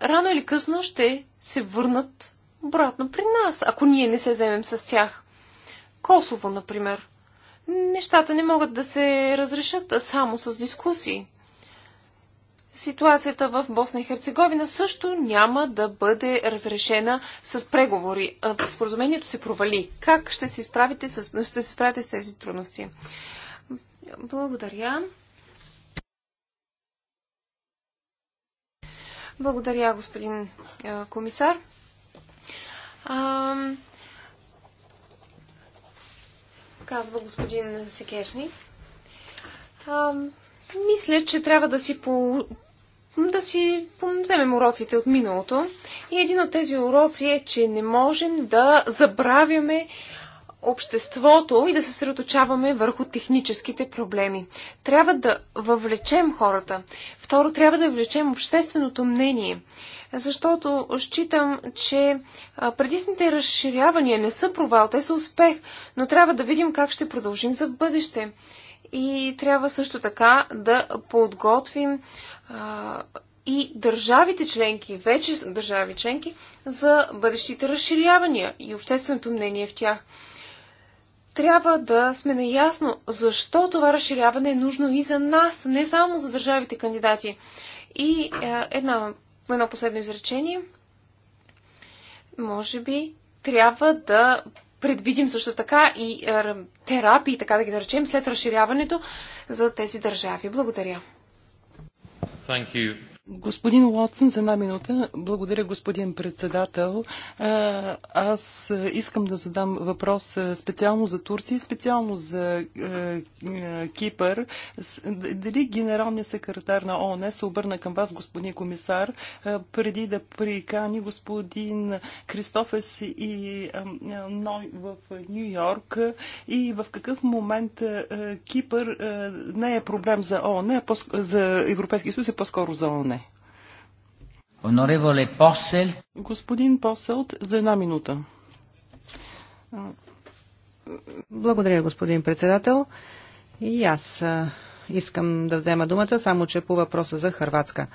рано или късно ще се върнат обратно при нас, ако ние не се вземем с тях. Косово, например. Нещата не могат да се разрешат само с дискусии. Ситуацията в Босна и Херцеговина също няма да бъде разрешена с преговори. Споразумението се провали. Как ще се справите с, ще се справите с тези трудности? Благодаря. Благодаря, господин е, комисар. А, казва господин Секешни. А, мисля, че трябва да си по, да си вземем уроците от миналото. И един от тези уроци е, че не можем да забравяме обществото и да се съсредоточаваме върху техническите проблеми. Трябва да въвлечем хората. Второ, трябва да въвлечем общественото мнение, защото считам, че предисните разширявания не са провал, те са успех, но трябва да видим как ще продължим за бъдеще. И трябва също така да подготвим а, и държавите членки, вече държави членки, за бъдещите разширявания и общественото мнение в тях трябва да сме наясно защо това разширяване е нужно и за нас, не само за държавите кандидати. И е, една, едно последно изречение. Може би трябва да предвидим също така и е, терапии, така да ги наречем, след разширяването за тези държави. Благодаря. Thank you. Господин Уотсън, за една минута. Благодаря, господин председател. Аз искам да задам въпрос специално за Турция специално за Кипър. Дали генералният секретар на ООН се обърна към вас, господин комисар, преди да прикани господин Кристофес и Ной в Нью Йорк и в какъв момент Кипър не е проблем за ООН, за Европейския съюз, е по-скоро за ООН? Онореволе Posselt. Господин Поселт, за една минута. Благодаря, господин председател. И аз искам да взема думата, само че по въпроса за Харватска.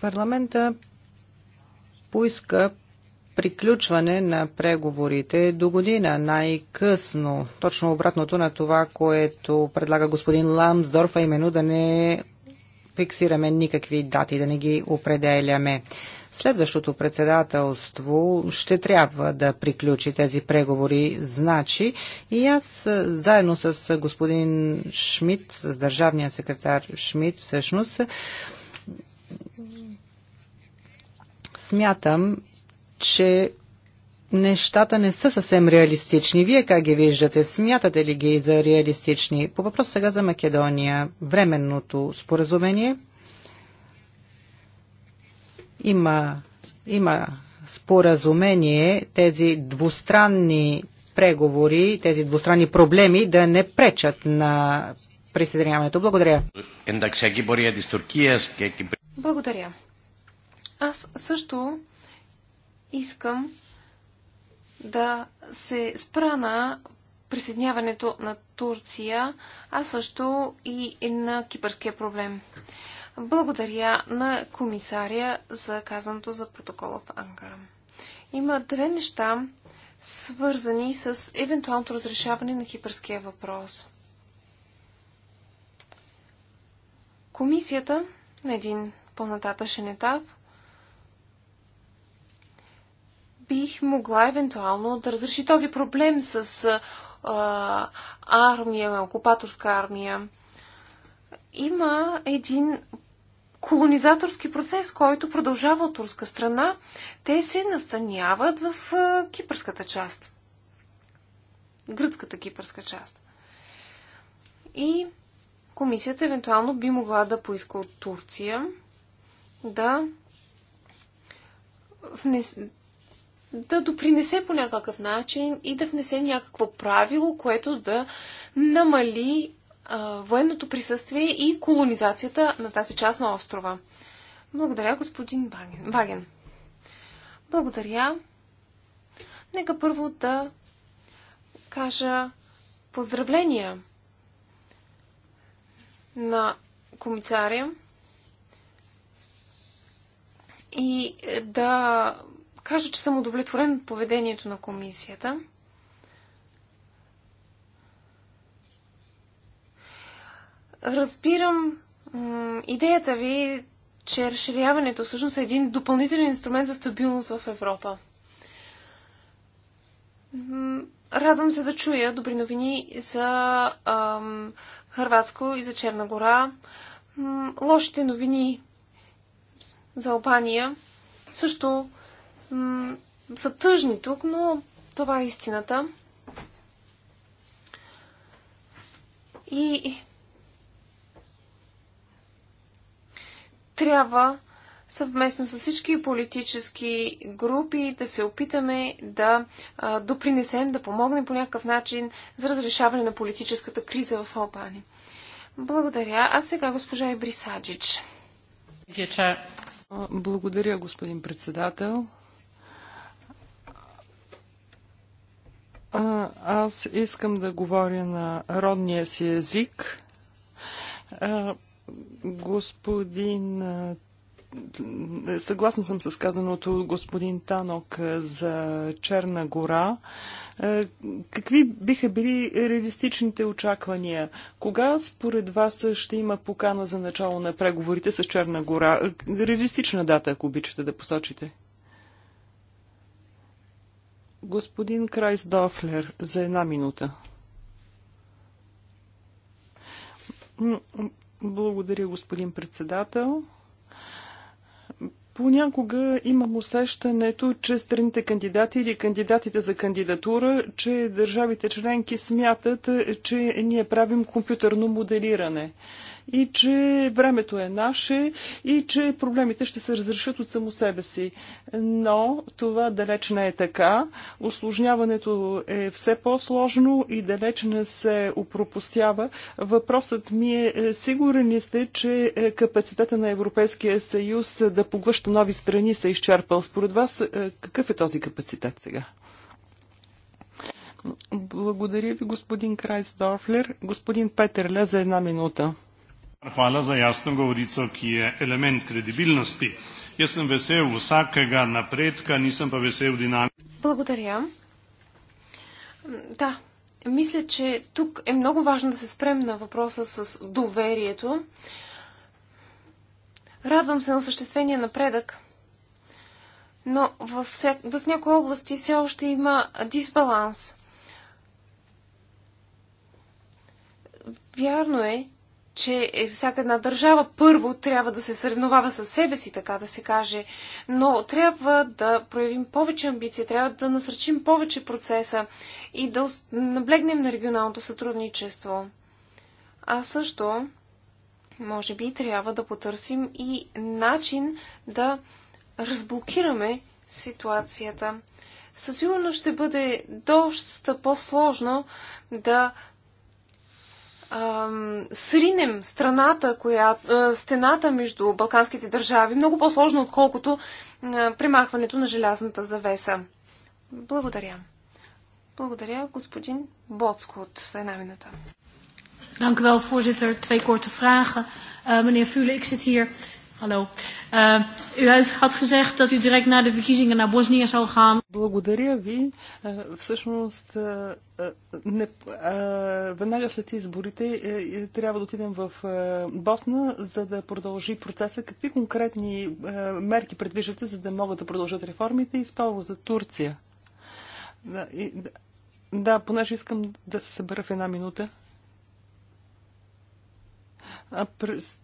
Парламента поиска приключване на преговорите до година, най-късно. Точно обратното на това, което предлага господин Ламсдорф, а именно да не фиксираме никакви дати, да не ги определяме. Следващото председателство ще трябва да приключи тези преговори, значи. И аз заедно с господин Шмидт, с държавния секретар Шмидт, всъщност, смятам, че нещата не са съвсем реалистични. Вие как ги виждате? Смятате ли ги за реалистични? По въпрос сега за Македония, временното споразумение има, има споразумение тези двустранни преговори, тези двустранни проблеми да не пречат на присъединяването. Благодаря. Благодаря. Аз също искам да се спра на присъединяването на Турция, а също и на кипърския проблем. Благодаря на комисария за казаното за протокола в Анкара. Има две неща, свързани с евентуалното разрешаване на кипърския въпрос. Комисията на един по-нататъчен етап – бих могла евентуално да разреши този проблем с а, армия, окупаторска армия. Има един колонизаторски процес, който продължава от турска страна. Те се настаняват в а, кипърската част. Гръцката кипърска част. И комисията евентуално би могла да поиска от Турция да внес, да допринесе по някакъв начин и да внесе някакво правило, което да намали а, военното присъствие и колонизацията на тази част на острова. Благодаря, господин Баген. Баген. Благодаря. Нека първо да кажа поздравления на комисаря и да кажа, че съм удовлетворен от поведението на комисията. Разбирам идеята ви, че разширяването всъщност е един допълнителен инструмент за стабилност в Европа. Радвам се да чуя добри новини за ам, Харватско и за Черна гора. М, лошите новини за Албания също са тъжни тук, но това е истината. И трябва съвместно с всички политически групи да се опитаме да допринесем, да помогнем по някакъв начин за разрешаване на политическата криза в Албания. Благодаря. А сега госпожа Ибрисаджич. Е, Благодаря, господин председател. Аз искам да говоря на родния си език. Господин Съгласна съм с казаното от господин Танок за Черна гора. Какви биха били реалистичните очаквания? Кога според вас ще има покана за начало на преговорите с Черна гора? Реалистична дата, ако обичате да посочите. Господин Крайс Дофлер, за една минута. Благодаря, господин председател. Понякога имам усещането, че страните кандидати или кандидатите за кандидатура, че държавите членки смятат, че ние правим компютърно моделиране и че времето е наше и че проблемите ще се разрешат от само себе си. Но това далеч не е така. Осложняването е все по-сложно и далеч не се опропустява. Въпросът ми е, е, сигурен ли сте, че е, капацитета на Европейския съюз е, да поглъща нови страни се изчерпал според вас? Какъв е този капацитет сега? Благодаря ви, господин Крайсдорфлер. Господин Петерле, Ле за една минута. Hvala za jasno govorico, ki je element kredibilnosti. Jaz sem vesel vsakega напредка, не съм vesel dinamike. Благодаря. Да, мисля, че тук е много важно да се спрем на въпроса с доверието. Радвам се на осъществения напредък, но в, в някои области все още има дисбаланс. Вярно е, че е всяка една държава първо трябва да се съревновава със себе си, така да се каже, но трябва да проявим повече амбиции, трябва да насръчим повече процеса и да наблегнем на регионалното сътрудничество. А също, може би, трябва да потърсим и начин да разблокираме ситуацията. Със сигурност ще бъде доста по-сложно да сринем страната, коя, стената между балканските държави, много по-сложно, отколкото примахването на желязната завеса. Благодаря. Благодаря, господин Боцко от една минута. Dank u wel, voorzitter. Twee korte vragen. Uh, meneer Vule, ik zit hier Hallo. Uh, u had gezegd dat u direct na de verkiezingen naar Bosnië zou gaan. Благодаря ви. Е, всъщност, е, е, не, веднага след изборите трябва да отидем в Босна, за да продължи процеса. Какви конкретни мерки предвиждате, за да могат да продължат реформите? И второ, за Турция. Да, и, да понеже искам да се събера в една минута. А, през,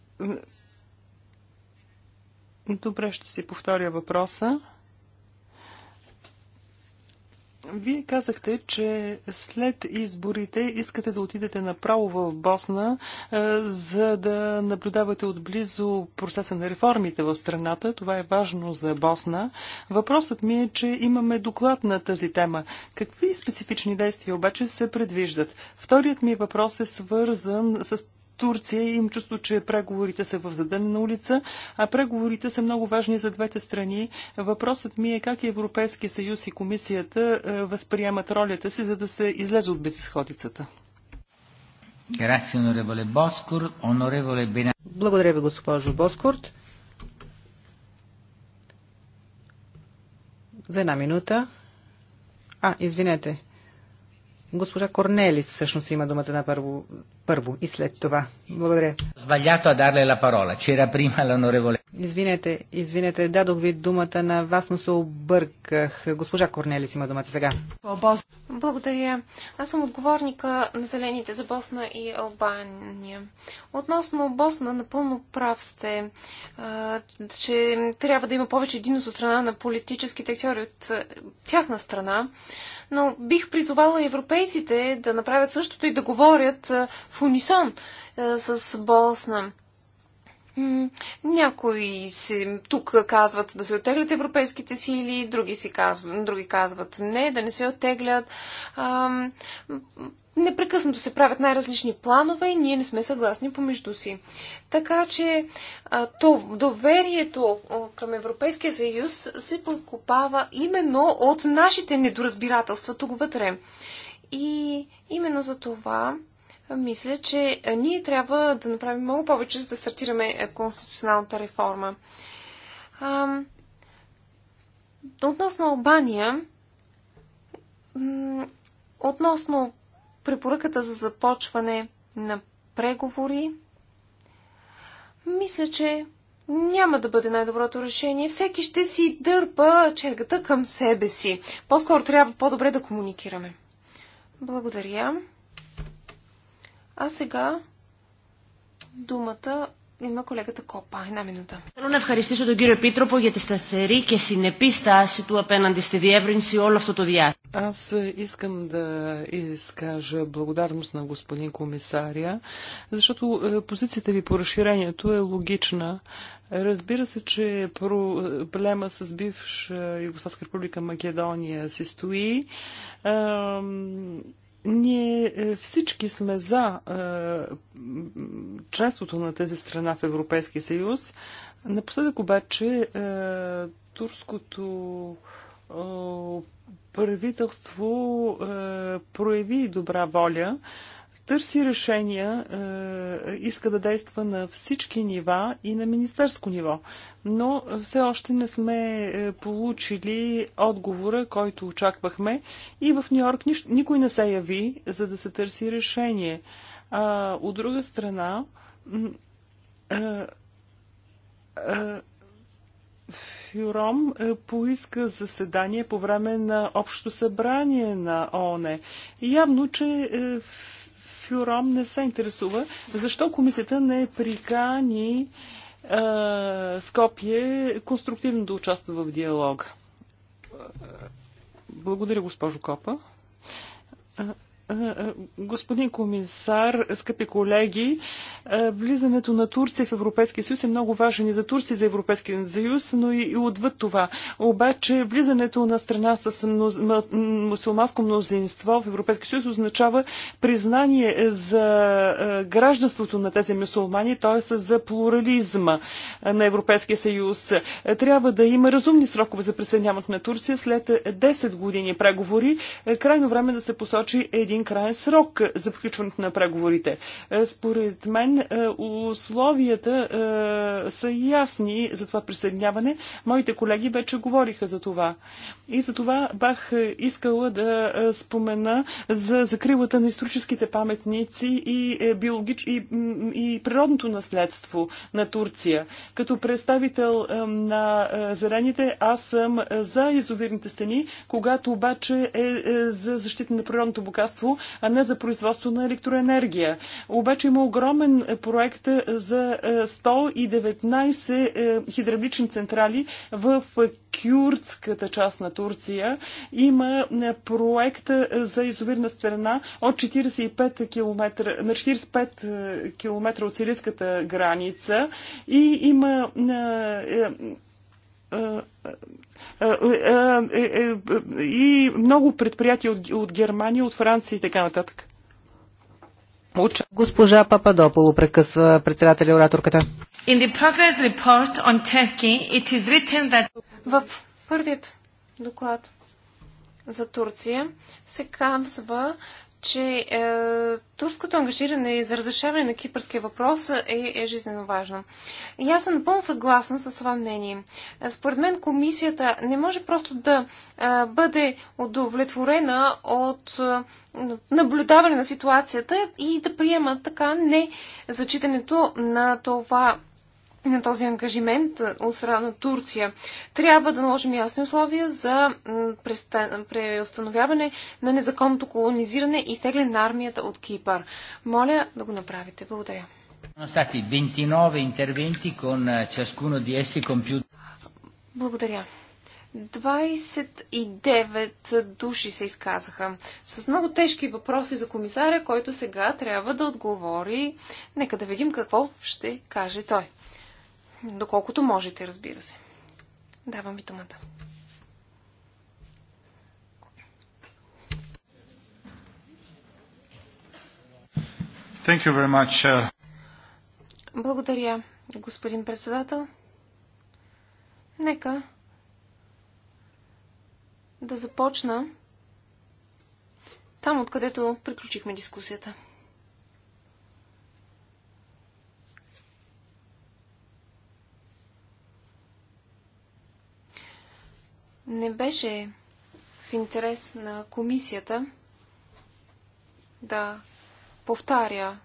Добре, ще си повторя въпроса. Вие казахте, че след изборите искате да отидете направо в Босна, е, за да наблюдавате отблизо процеса на реформите в страната. Това е важно за Босна. Въпросът ми е, че имаме доклад на тази тема. Какви специфични действия обаче се предвиждат? Вторият ми въпрос е свързан с Турция им чувство, че преговорите са в задънена улица, а преговорите са много важни за двете страни. Въпросът ми е как Европейския съюз и комисията е, възприемат ролята си, за да се излезе от безисходицата. Благодаря ви, госпожо Боскорт. За една минута. А, извинете. Госпожа Корнелис всъщност има думата на първо, първо и след това. Благодаря. Sbagliato a Извинете, извинете, дадох ви думата на вас, но се обърках. Госпожа Корнелис има думата сега. Благодаря. Аз съм отговорника на Зелените за Босна и Албания. Относно Босна, напълно прав сте, че трябва да има повече единност от страна на политическите актьори от тяхна страна но бих призовала европейците да направят същото и да говорят в унисон с Босна. Някои се, тук казват да се оттеглят европейските сили, други, си казват, други казват не, да не се оттеглят. А, непрекъснато се правят най-различни планове и ние не сме съгласни помежду си. Така че а, то, доверието към Европейския съюз се покупава именно от нашите недоразбирателства тук вътре. И именно за това мисля, че ние трябва да направим много повече, за да стартираме е, конституционалната реформа. Относно Албания, относно препоръката за започване на преговори, мисля, че няма да бъде най-доброто решение. Всеки ще си дърпа чергата към себе си. По-скоро трябва по-добре да комуникираме. Благодаря. А сега думата има колегата Копа. Една минута. Θέλω να ευχαριστήσω τον κύριο Επίτροπο για τη σταθερή και συνεπή στάση του απέναντι στη διεύρυνση όλο αυτό το διάστημα. Аз искам да изкажа благодарност на господин комисария, защото е, позицията ви по разширението е логична. Разбира се, че проблема с бивша Югославска република Македония се стои ние е, всички сме за е, членството на тази страна в Европейския съюз. Напоследък обаче е, турското правителство прояви добра воля търси решения, е, иска да действа на всички нива и на министерско ниво. Но все още не сме е, получили отговора, който очаквахме и в Нью-Йорк никой не се яви, за да се търси решение. А, от друга страна, е, Фюром поиска заседание по време на общо събрание на ООН. Явно, че Фюром не се интересува. Защо комисията не прикани а, Скопие конструктивно да участва в диалога? Благодаря, госпожо Копа. Е, е, господин комисар, скъпи колеги, е, влизането на Турция в Европейския съюз е много важен и за Турция, и за Европейския съюз, но и, и отвъд това. Обаче влизането на страна с мусулманско мнозинство в Европейския съюз означава признание за гражданството на тези мусулмани, т.е. за плурализма на Европейския съюз. Трябва да има разумни срокове за присъединяването на Турция след 10 години преговори. Крайно време да се посочи един един крайен срок за включването на преговорите. Е, според мен е, условията е, са ясни за това присъединяване. Моите колеги вече говориха за това. И за това бах искала да спомена за закрилата на историческите паметници и, биологич... и, и природното наследство на Турция. Като представител на зелените, аз съм за изовирните стени, когато обаче е за защита на природното богатство производство, а не за производство на електроенергия. Обаче има огромен проект за 119 е, е, хидравлични централи в кюрдската част на Турция. Има е, проект за изовирна страна от 45 км, на 45 км от сирийската граница и има и много предприятия от, от Германия, от Франция и така нататък. Уча. Госпожа Пападополо прекъсва председателя ораторката. Turkey, that... В първият доклад за Турция се казва, че е, турското ангажиране за разрешаване на кипърския въпрос е, е жизненно важно. И аз съм напълно съгласна с това мнение. Е, според мен комисията не може просто да е, бъде удовлетворена от е, наблюдаване на ситуацията и да приема така не зачитането на това на този ангажимент от страна на Турция. Трябва да наложим ясни условия за преустановяване на незаконното колонизиране и изтегляне на армията от Кипър. Моля да го направите. Благодаря. Благодаря. 29 души се изказаха с много тежки въпроси за комисаря, който сега трябва да отговори. Нека да видим какво ще каже той. Доколкото можете, разбира се. Давам ви думата. Thank you very much. Uh, Благодаря, господин председател. Нека да започна там, откъдето приключихме дискусията. Не беше в интерес на комисията да повтаря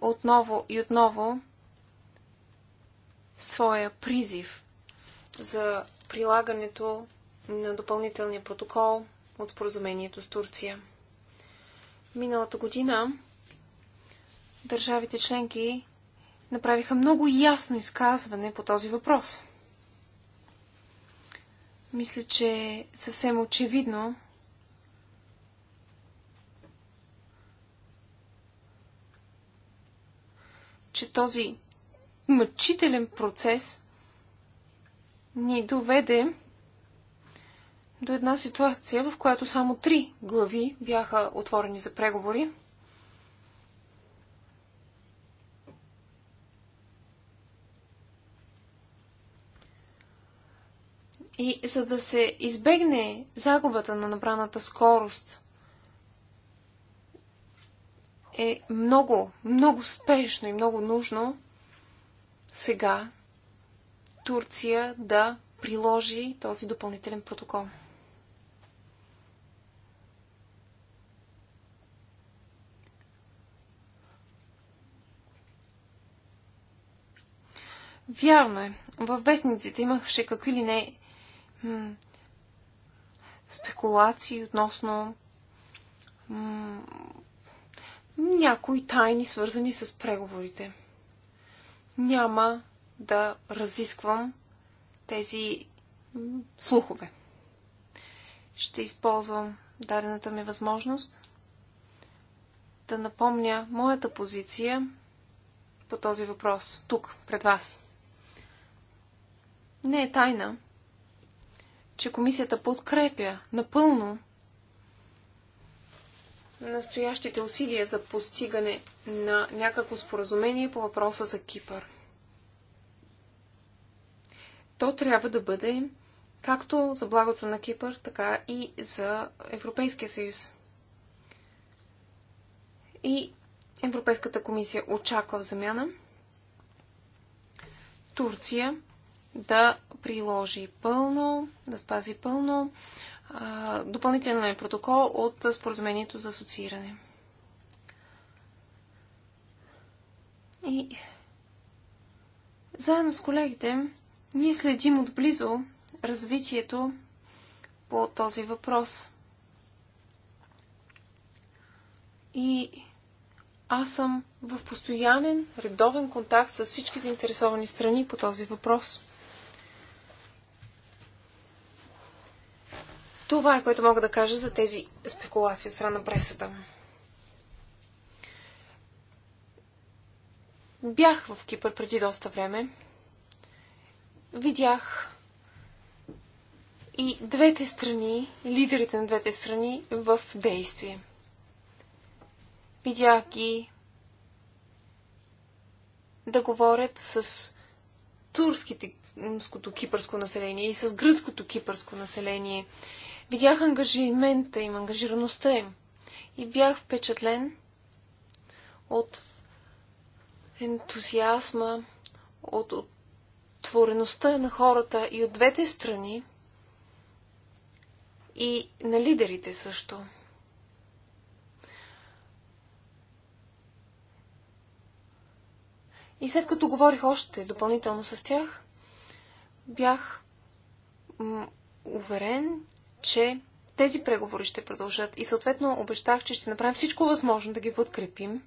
отново и отново своя призив за прилагането на допълнителния протокол от споразумението с Турция. Миналата година държавите членки направиха много ясно изказване по този въпрос. Мисля, че е съвсем очевидно, че този мъчителен процес ни доведе до една ситуация, в която само три глави бяха отворени за преговори. И за да се избегне загубата на набраната скорост, е много, много спешно и много нужно сега Турция да приложи този допълнителен протокол. Вярно е. Във вестниците имаше какви ли не спекулации относно някои тайни, свързани с преговорите. Няма да разисквам тези слухове. Ще използвам дадената ми възможност да напомня моята позиция по този въпрос тук, пред вас. Не е тайна, че комисията подкрепя напълно настоящите усилия за постигане на някакво споразумение по въпроса за Кипър. То трябва да бъде както за благото на Кипър, така и за Европейския съюз. И Европейската комисия очаква в замяна Турция да приложи пълно, да спази пълно а, допълнителен е протокол от споразумението за асоцииране. И заедно с колегите ние следим отблизо развитието по този въпрос. И аз съм в постоянен, редовен контакт с всички заинтересовани страни по този въпрос. Това е което мога да кажа за тези спекулации от страна на пресата. Бях в Кипър преди доста време. Видях и двете страни, лидерите на двете страни в действие. Видях ги да говорят с турските кипърско население и с гръцкото кипърско население Видях ангажимента им, ангажираността им и бях впечатлен от ентузиазма, от отвореността на хората и от двете страни и на лидерите също. И след като говорих още допълнително с тях, бях уверен, че тези преговори ще продължат и съответно обещах, че ще направим всичко възможно да ги подкрепим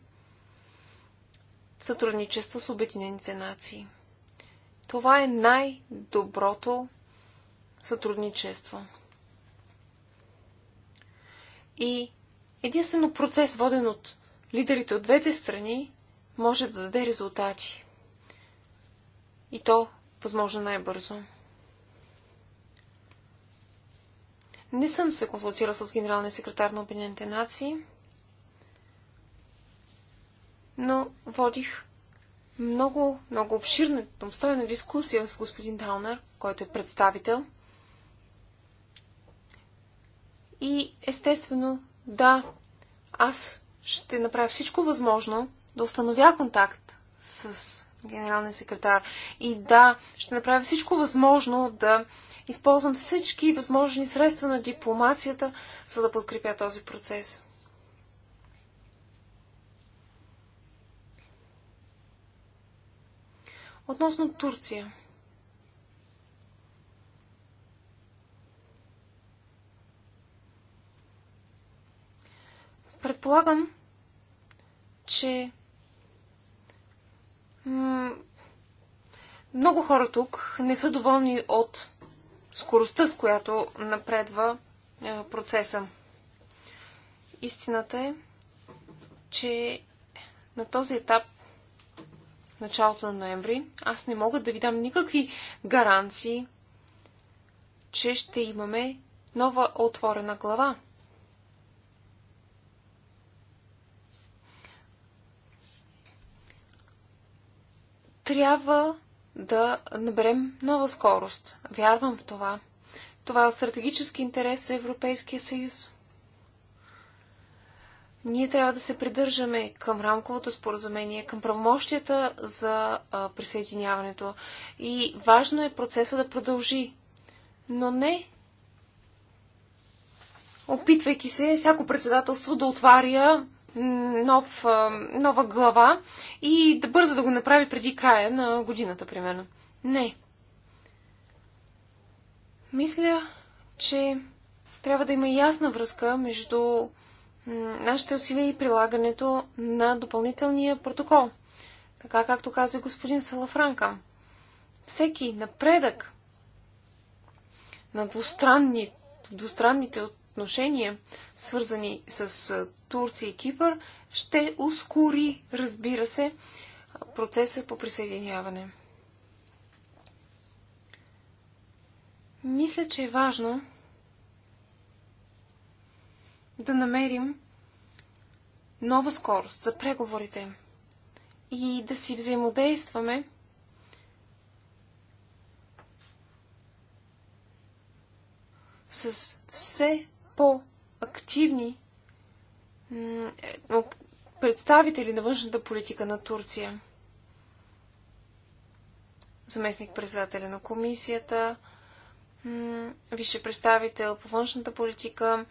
в сътрудничество с Обединените нации. Това е най-доброто сътрудничество. И единствено процес, воден от лидерите от двете страни, може да даде резултати. И то, възможно, най-бързо. Не съм се консултирал с генералния секретар на Обединените нации, но водих много, много обширна, обстойна дискусия с господин Даунер, който е представител. И естествено, да, аз ще направя всичко възможно да установя контакт с генералния секретар. И да, ще направя всичко възможно да използвам всички възможни средства на дипломацията, за да подкрепя този процес. Относно Турция. Предполагам, че много хора тук не са доволни от скоростта, с която напредва е, процеса. Истината е, че на този етап, началото на ноември, аз не мога да ви дам никакви гаранции, че ще имаме нова отворена глава. Трябва да наберем нова скорост. Вярвам в това. Това е стратегически интерес за Европейския съюз. Ние трябва да се придържаме към рамковото споразумение, към правомощията за присъединяването. И важно е процеса да продължи. Но не опитвайки се всяко председателство да отваря нов, нова глава и да бърза да го направи преди края на годината, примерно. Не. Мисля, че трябва да има ясна връзка между нашите усилия и прилагането на допълнителния протокол. Така както каза господин Салафранка. Всеки напредък на двустранни, двустранните отношения, свързани с Турция и Кипър, ще ускори, разбира се, процеса по присъединяване. Мисля, че е важно да намерим нова скорост за преговорите и да си взаимодействаме с все по-активни е, представители на външната политика на Турция. Заместник председателя на комисията, висше представител по външната политика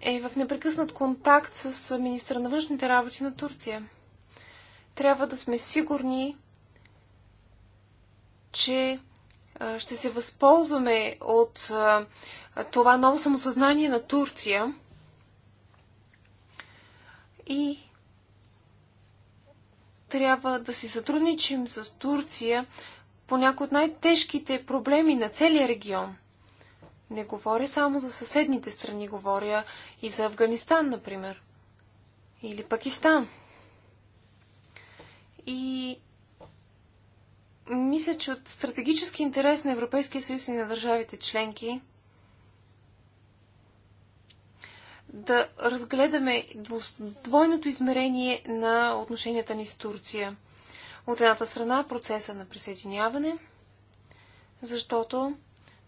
е в непрекъснат контакт с министра на външните работи на Турция. Трябва да сме сигурни, че ще се възползваме от това ново самосъзнание на Турция и трябва да си сътрудничим с Турция по някои от най-тежките проблеми на целия регион. Не говоря само за съседните страни, говоря и за Афганистан, например. Или Пакистан. И мисля, че от стратегически интерес на Европейския съюз и на държавите членки да разгледаме двойното измерение на отношенията ни с Турция. От едната страна процеса на присъединяване, защото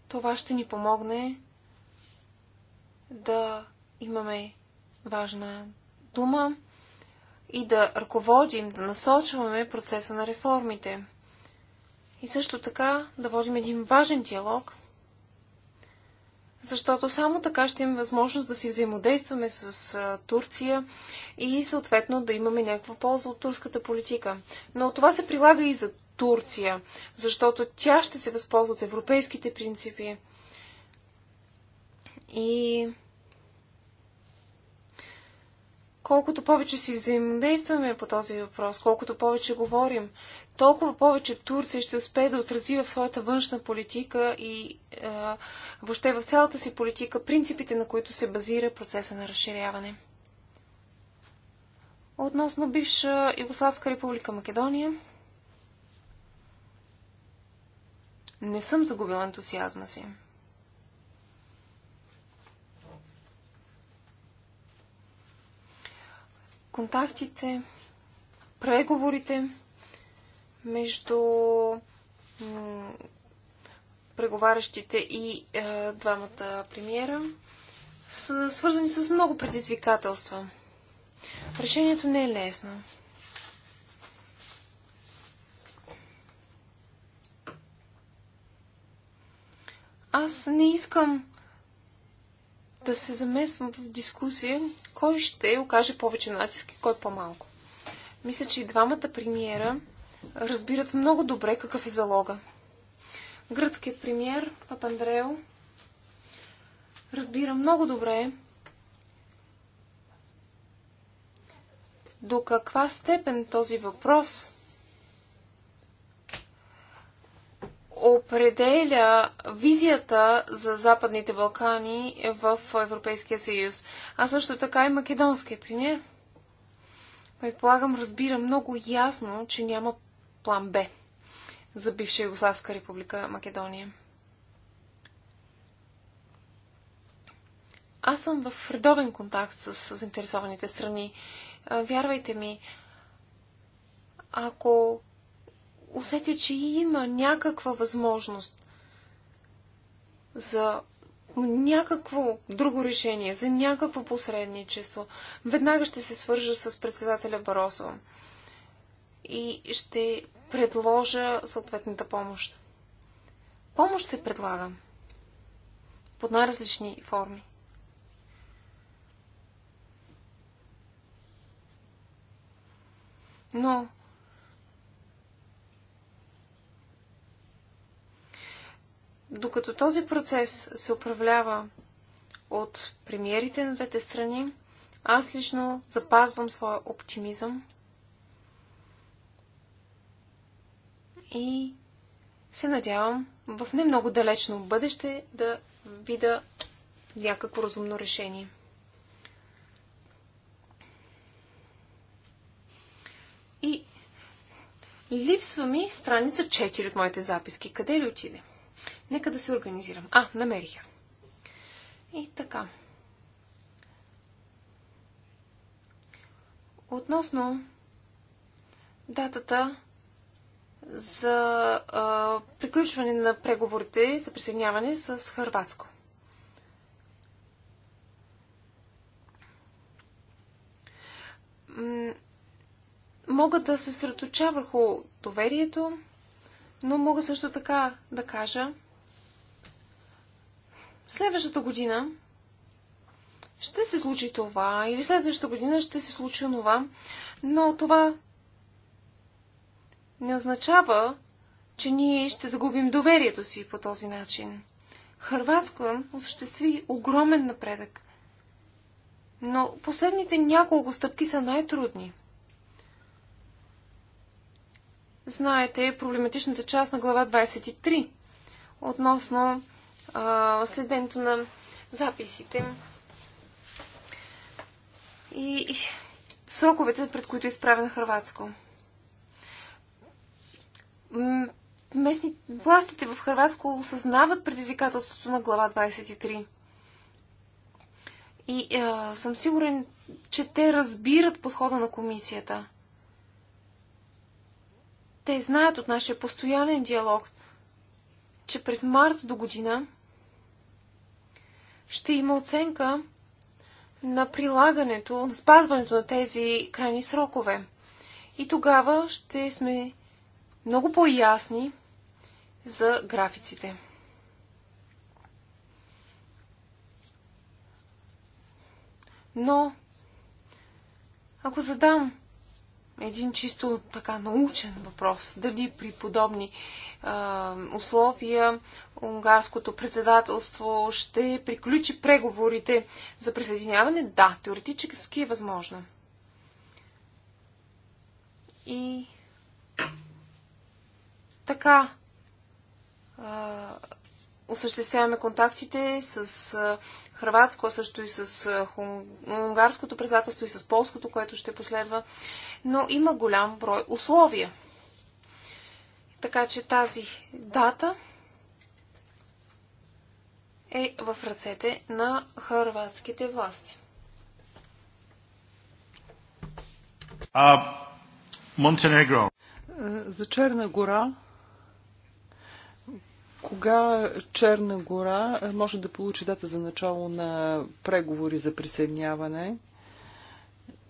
това ще ни помогне да имаме важна дума и да ръководим, да насочваме процеса на реформите – и също така да водим един важен диалог, защото само така ще имаме възможност да си взаимодействаме с Турция и съответно да имаме някаква полза от турската политика. Но това се прилага и за Турция, защото тя ще се възползва от европейските принципи. И колкото повече си взаимодействаме по този въпрос, колкото повече говорим, толкова повече Турция ще успее да отрази в своята външна политика и а, е, въобще в цялата си политика принципите, на които се базира процеса на разширяване. Относно бивша Югославска република Македония, не съм загубила ентусиазма си. Контактите, преговорите, между преговарящите и е, двамата премиера са свързани с много предизвикателства. Решението не е лесно. Аз не искам да се замесвам в дискусия кой ще окаже повече натиск и кой по-малко. Мисля, че и двамата премиера разбират много добре какъв е залога. Гръцкият премьер Папандрео разбира много добре до каква степен този въпрос определя визията за Западните Балкани в Европейския съюз. А също така и македонския премьер. Предполагам, разбира много ясно, че няма план Б за бивша Югославска република Македония. Аз съм в редовен контакт с заинтересованите страни. Вярвайте ми, ако усетя, че има някаква възможност за някакво друго решение, за някакво посредничество, веднага ще се свържа с председателя Баросо и ще предложа съответната помощ. Помощ се предлага под най-различни форми. Но докато този процес се управлява от премиерите на двете страни, аз лично запазвам своя оптимизъм и се надявам в не много далечно бъдеще да вида някакво разумно решение. И липсва ми страница 4 от моите записки. Къде ли отиде? Нека да се организирам. А, намерих я. И така. Относно датата за а, приключване на преговорите за присъединяване с Хърватско. Мога да се средоча върху доверието, но мога също така да кажа, следващата година ще се случи това или следващата година ще се случи онова, но това не означава, че ние ще загубим доверието си по този начин. Хрватска осъществи огромен напредък. Но последните няколко стъпки са най-трудни. Знаете проблематичната част на глава 23 относно а, следенето на записите и сроковете, пред които е изправена Хрватско местни властите в Хрватско осъзнават предизвикателството на глава 23. И а, съм сигурен, че те разбират подхода на комисията. Те знаят от нашия постоянен диалог, че през март до година ще има оценка на прилагането, на спазването на тези крайни срокове. И тогава ще сме много по-ясни за графиците. Но, ако задам един чисто така научен въпрос, дали при подобни е, условия унгарското председателство ще приключи преговорите за присъединяване, да, теоретически е възможно. И така а, осъществяваме контактите с а, Хрватско, а също и с а, унгарското председателство и с полското, което ще последва. Но има голям брой условия. Така че тази дата е в ръцете на хърватските власти. А, Монтенегро. За Черна гора кога Черна гора е, може да получи дата за начало на преговори за присъединяване?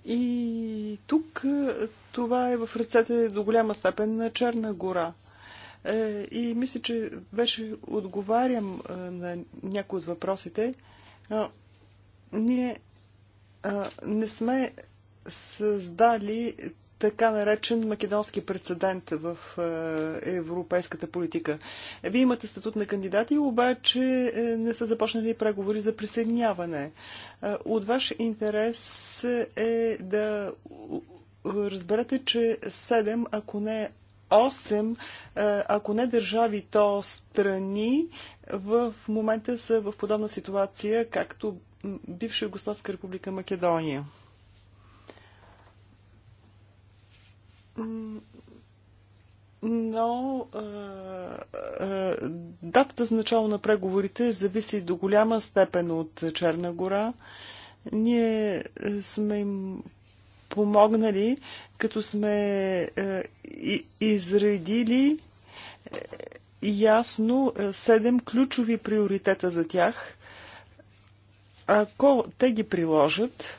И тук е, това е в ръцете до голяма степен на Черна гора. Е, и мисля, че вече отговарям на някои от въпросите. Ние не сме създали така наречен македонски прецедент в е, европейската политика. Е, вие имате статут на кандидати, обаче е, не са започнали преговори за присъединяване. От ваш интерес е да разберете, че 7, ако не 8, ако не държави, то страни в момента са в подобна ситуация, както бивша Югославска република Македония. но а, а, датата за начало на преговорите зависи до голяма степен от Черна гора. Ние сме им помогнали, като сме а, и, изредили е, ясно е, седем ключови приоритета за тях. Ако те ги приложат,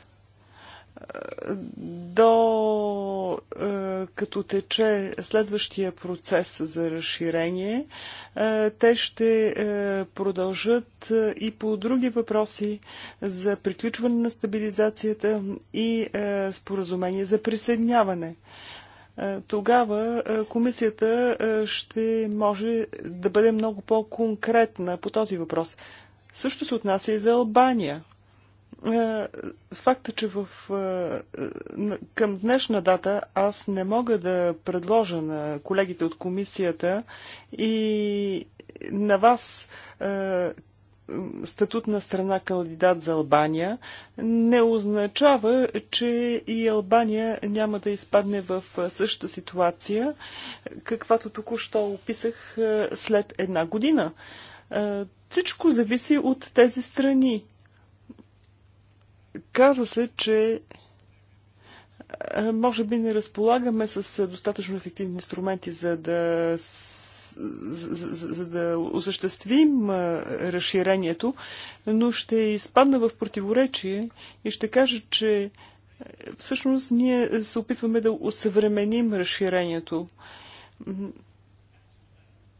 до е, като тече следващия процес за разширение, е, те ще е, продължат и по други въпроси за приключване на стабилизацията и споразумение за присъединяване тогава комисията ще може да бъде много по-конкретна по този въпрос. Също се отнася и за Албания. Е, факта, че в, е, към днешна дата аз не мога да предложа на колегите от комисията и на вас е, статут на страна кандидат за Албания не означава, че и Албания няма да изпадне в същата ситуация, каквато току-що описах след една година. Всичко зависи от тези страни. Каза се, че може би не разполагаме с достатъчно ефективни инструменти, за да, за, за, за да осъществим разширението, но ще изпадна в противоречие и ще кажа, че всъщност ние се опитваме да осъвременим разширението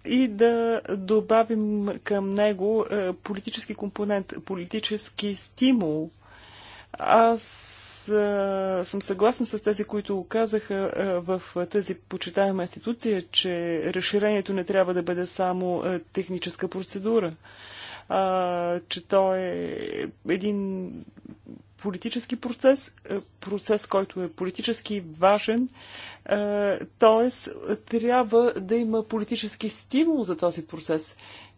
и да добавим към него политически компонент, политически стимул, аз съм съгласна с тези, които казаха в тази почитаема институция, че разширението не трябва да бъде само техническа процедура, а, че то е един политически процес, процес, който е политически важен, т.е. трябва да има политически стимул за този процес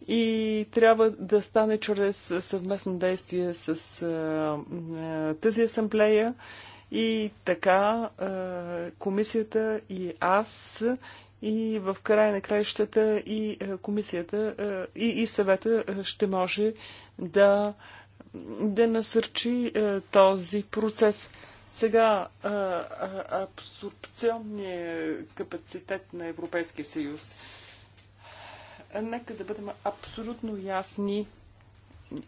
и трябва да стане чрез съвместно действие с а, тази асамблея. И така а, комисията и аз и в края на краищата и комисията и, и съвета ще може да, да насърчи този процес. Сега абсорбционният капацитет на Европейския съюз. Нека да бъдем абсолютно ясни.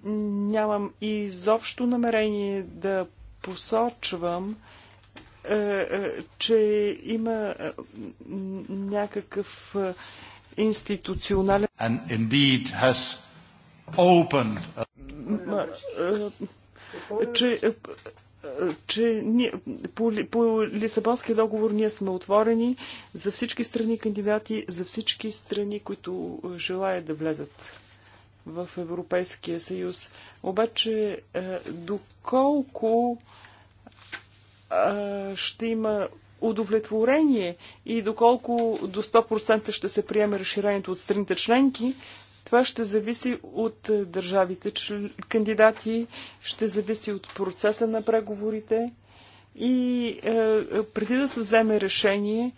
Нямам изобщо намерение да посочвам, е, е, че има е, някакъв институционален. And indeed has opened... че че ние, по, по Лисабонския договор ние сме отворени за всички страни кандидати, за всички страни, които е, желаят да влезат в Европейския съюз. Обаче, е, доколко е, ще има удовлетворение и доколко до 100% ще се приеме разширението от страните членки, това ще зависи от е, държавите кандидати, ще зависи от процеса на преговорите и е, е, преди да се вземе решение,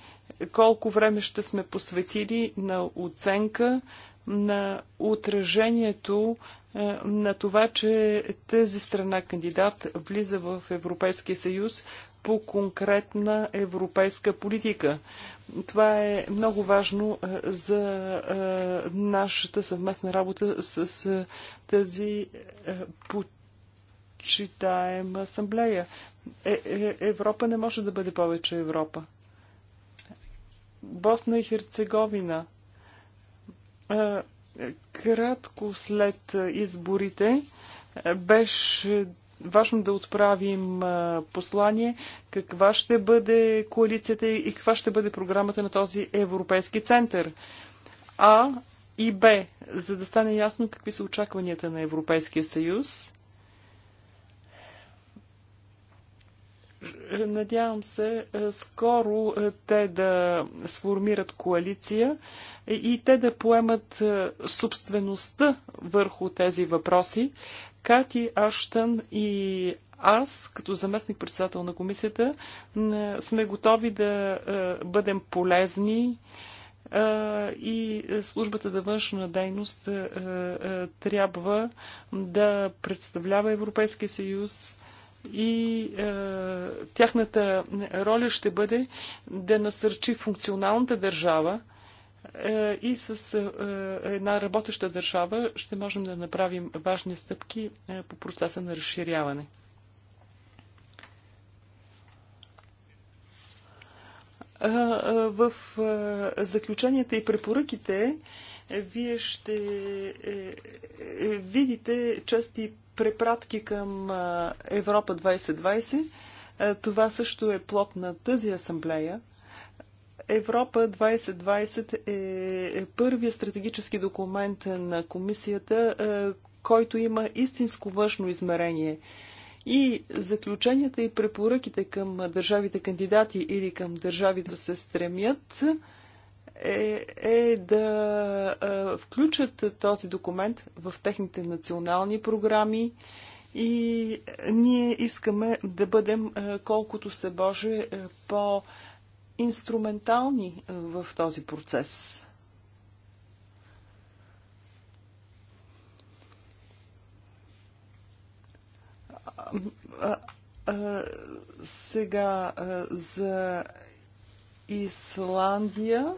колко време ще сме посветили на оценка на отражението е, на това, че тази страна кандидат влиза в Европейския съюз по конкретна европейска политика. Това е много важно е, за е, нашата съвместна работа с е, тази почитаема асамблея. Европа не може да бъде повече Европа. Босна и Херцеговина. Кратко след изборите беше Важно да отправим послание каква ще бъде коалицията и каква ще бъде програмата на този Европейски център. А и Б, за да стане ясно какви са очакванията на Европейския съюз. Надявам се скоро те да сформират коалиция и те да поемат собствеността върху тези въпроси, Кати Аштън и аз, като заместник-председател на комисията, сме готови да е, бъдем полезни е, и службата за външна дейност е, трябва да представлява Европейския съюз и е, тяхната роля ще бъде да насърчи функционалната държава, е, и с е, една работеща държава ще можем да направим важни стъпки е, по процеса на разширяване. В заключенията и препоръките вие ще видите части препратки към Европа 2020. Това също е плод на тази асамблея – Европа 2020 е, е първият стратегически документ на комисията, е, който има истинско външно измерение. И заключенията и препоръките към държавите кандидати или към държавите да се стремят е, е да е, включат този документ в техните национални програми и ние искаме да бъдем е, колкото се Боже е, по- инструментални е, в този процес. сега за Исландия.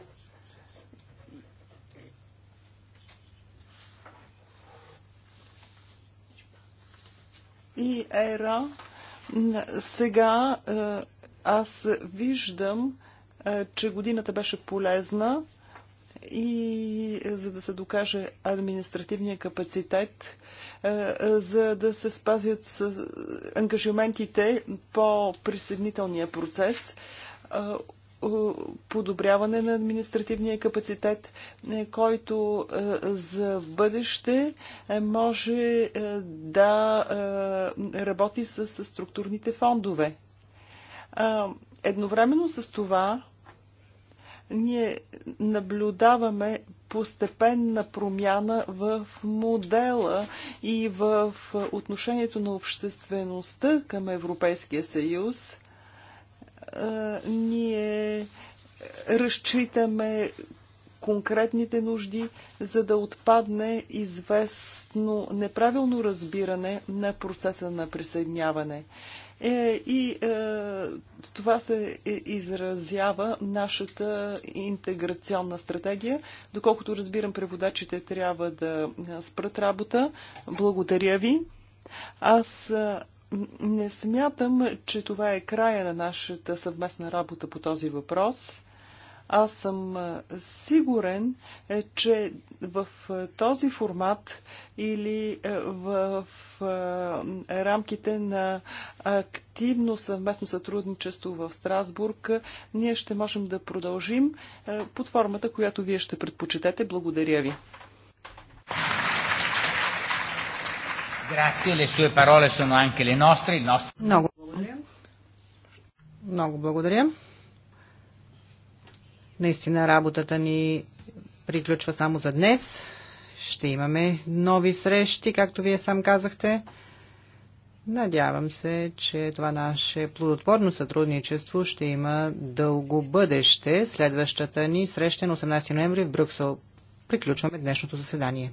И Ера. Сега аз виждам, е, че годината беше полезна и е, за да се докаже административния капацитет, е, за да се спазят ангажиментите по присъединителния процес, подобряване на административния капацитет, който за бъдеще може да работи с структурните фондове. Едновременно с това ние наблюдаваме постепенна промяна в модела и в отношението на обществеността към Европейския съюз. Ние разчитаме конкретните нужди, за да отпадне известно неправилно разбиране на процеса на присъединяване. Е, и е, това се е, изразява нашата интеграционна стратегия. Доколкото разбирам, преводачите трябва да е, спрат работа. Благодаря ви. Аз не смятам, че това е края на нашата съвместна работа по този въпрос. Аз съм сигурен, е, че в този формат или в рамките на активно съвместно сътрудничество в Страсбург ние ще можем да продължим под формата, която вие ще предпочитете. Благодаря ви. Grazie, le sue parole sono anche le nostre. Il nostro... Много благодаря. Много благодаря. Наистина работата ни приключва само за днес. Ще имаме нови срещи, както вие сам казахте. Надявам се, че това наше плодотворно сътрудничество ще има дълго бъдеще. Следващата ни среща е на 18 ноември в Брюксел. Приключваме днешното заседание.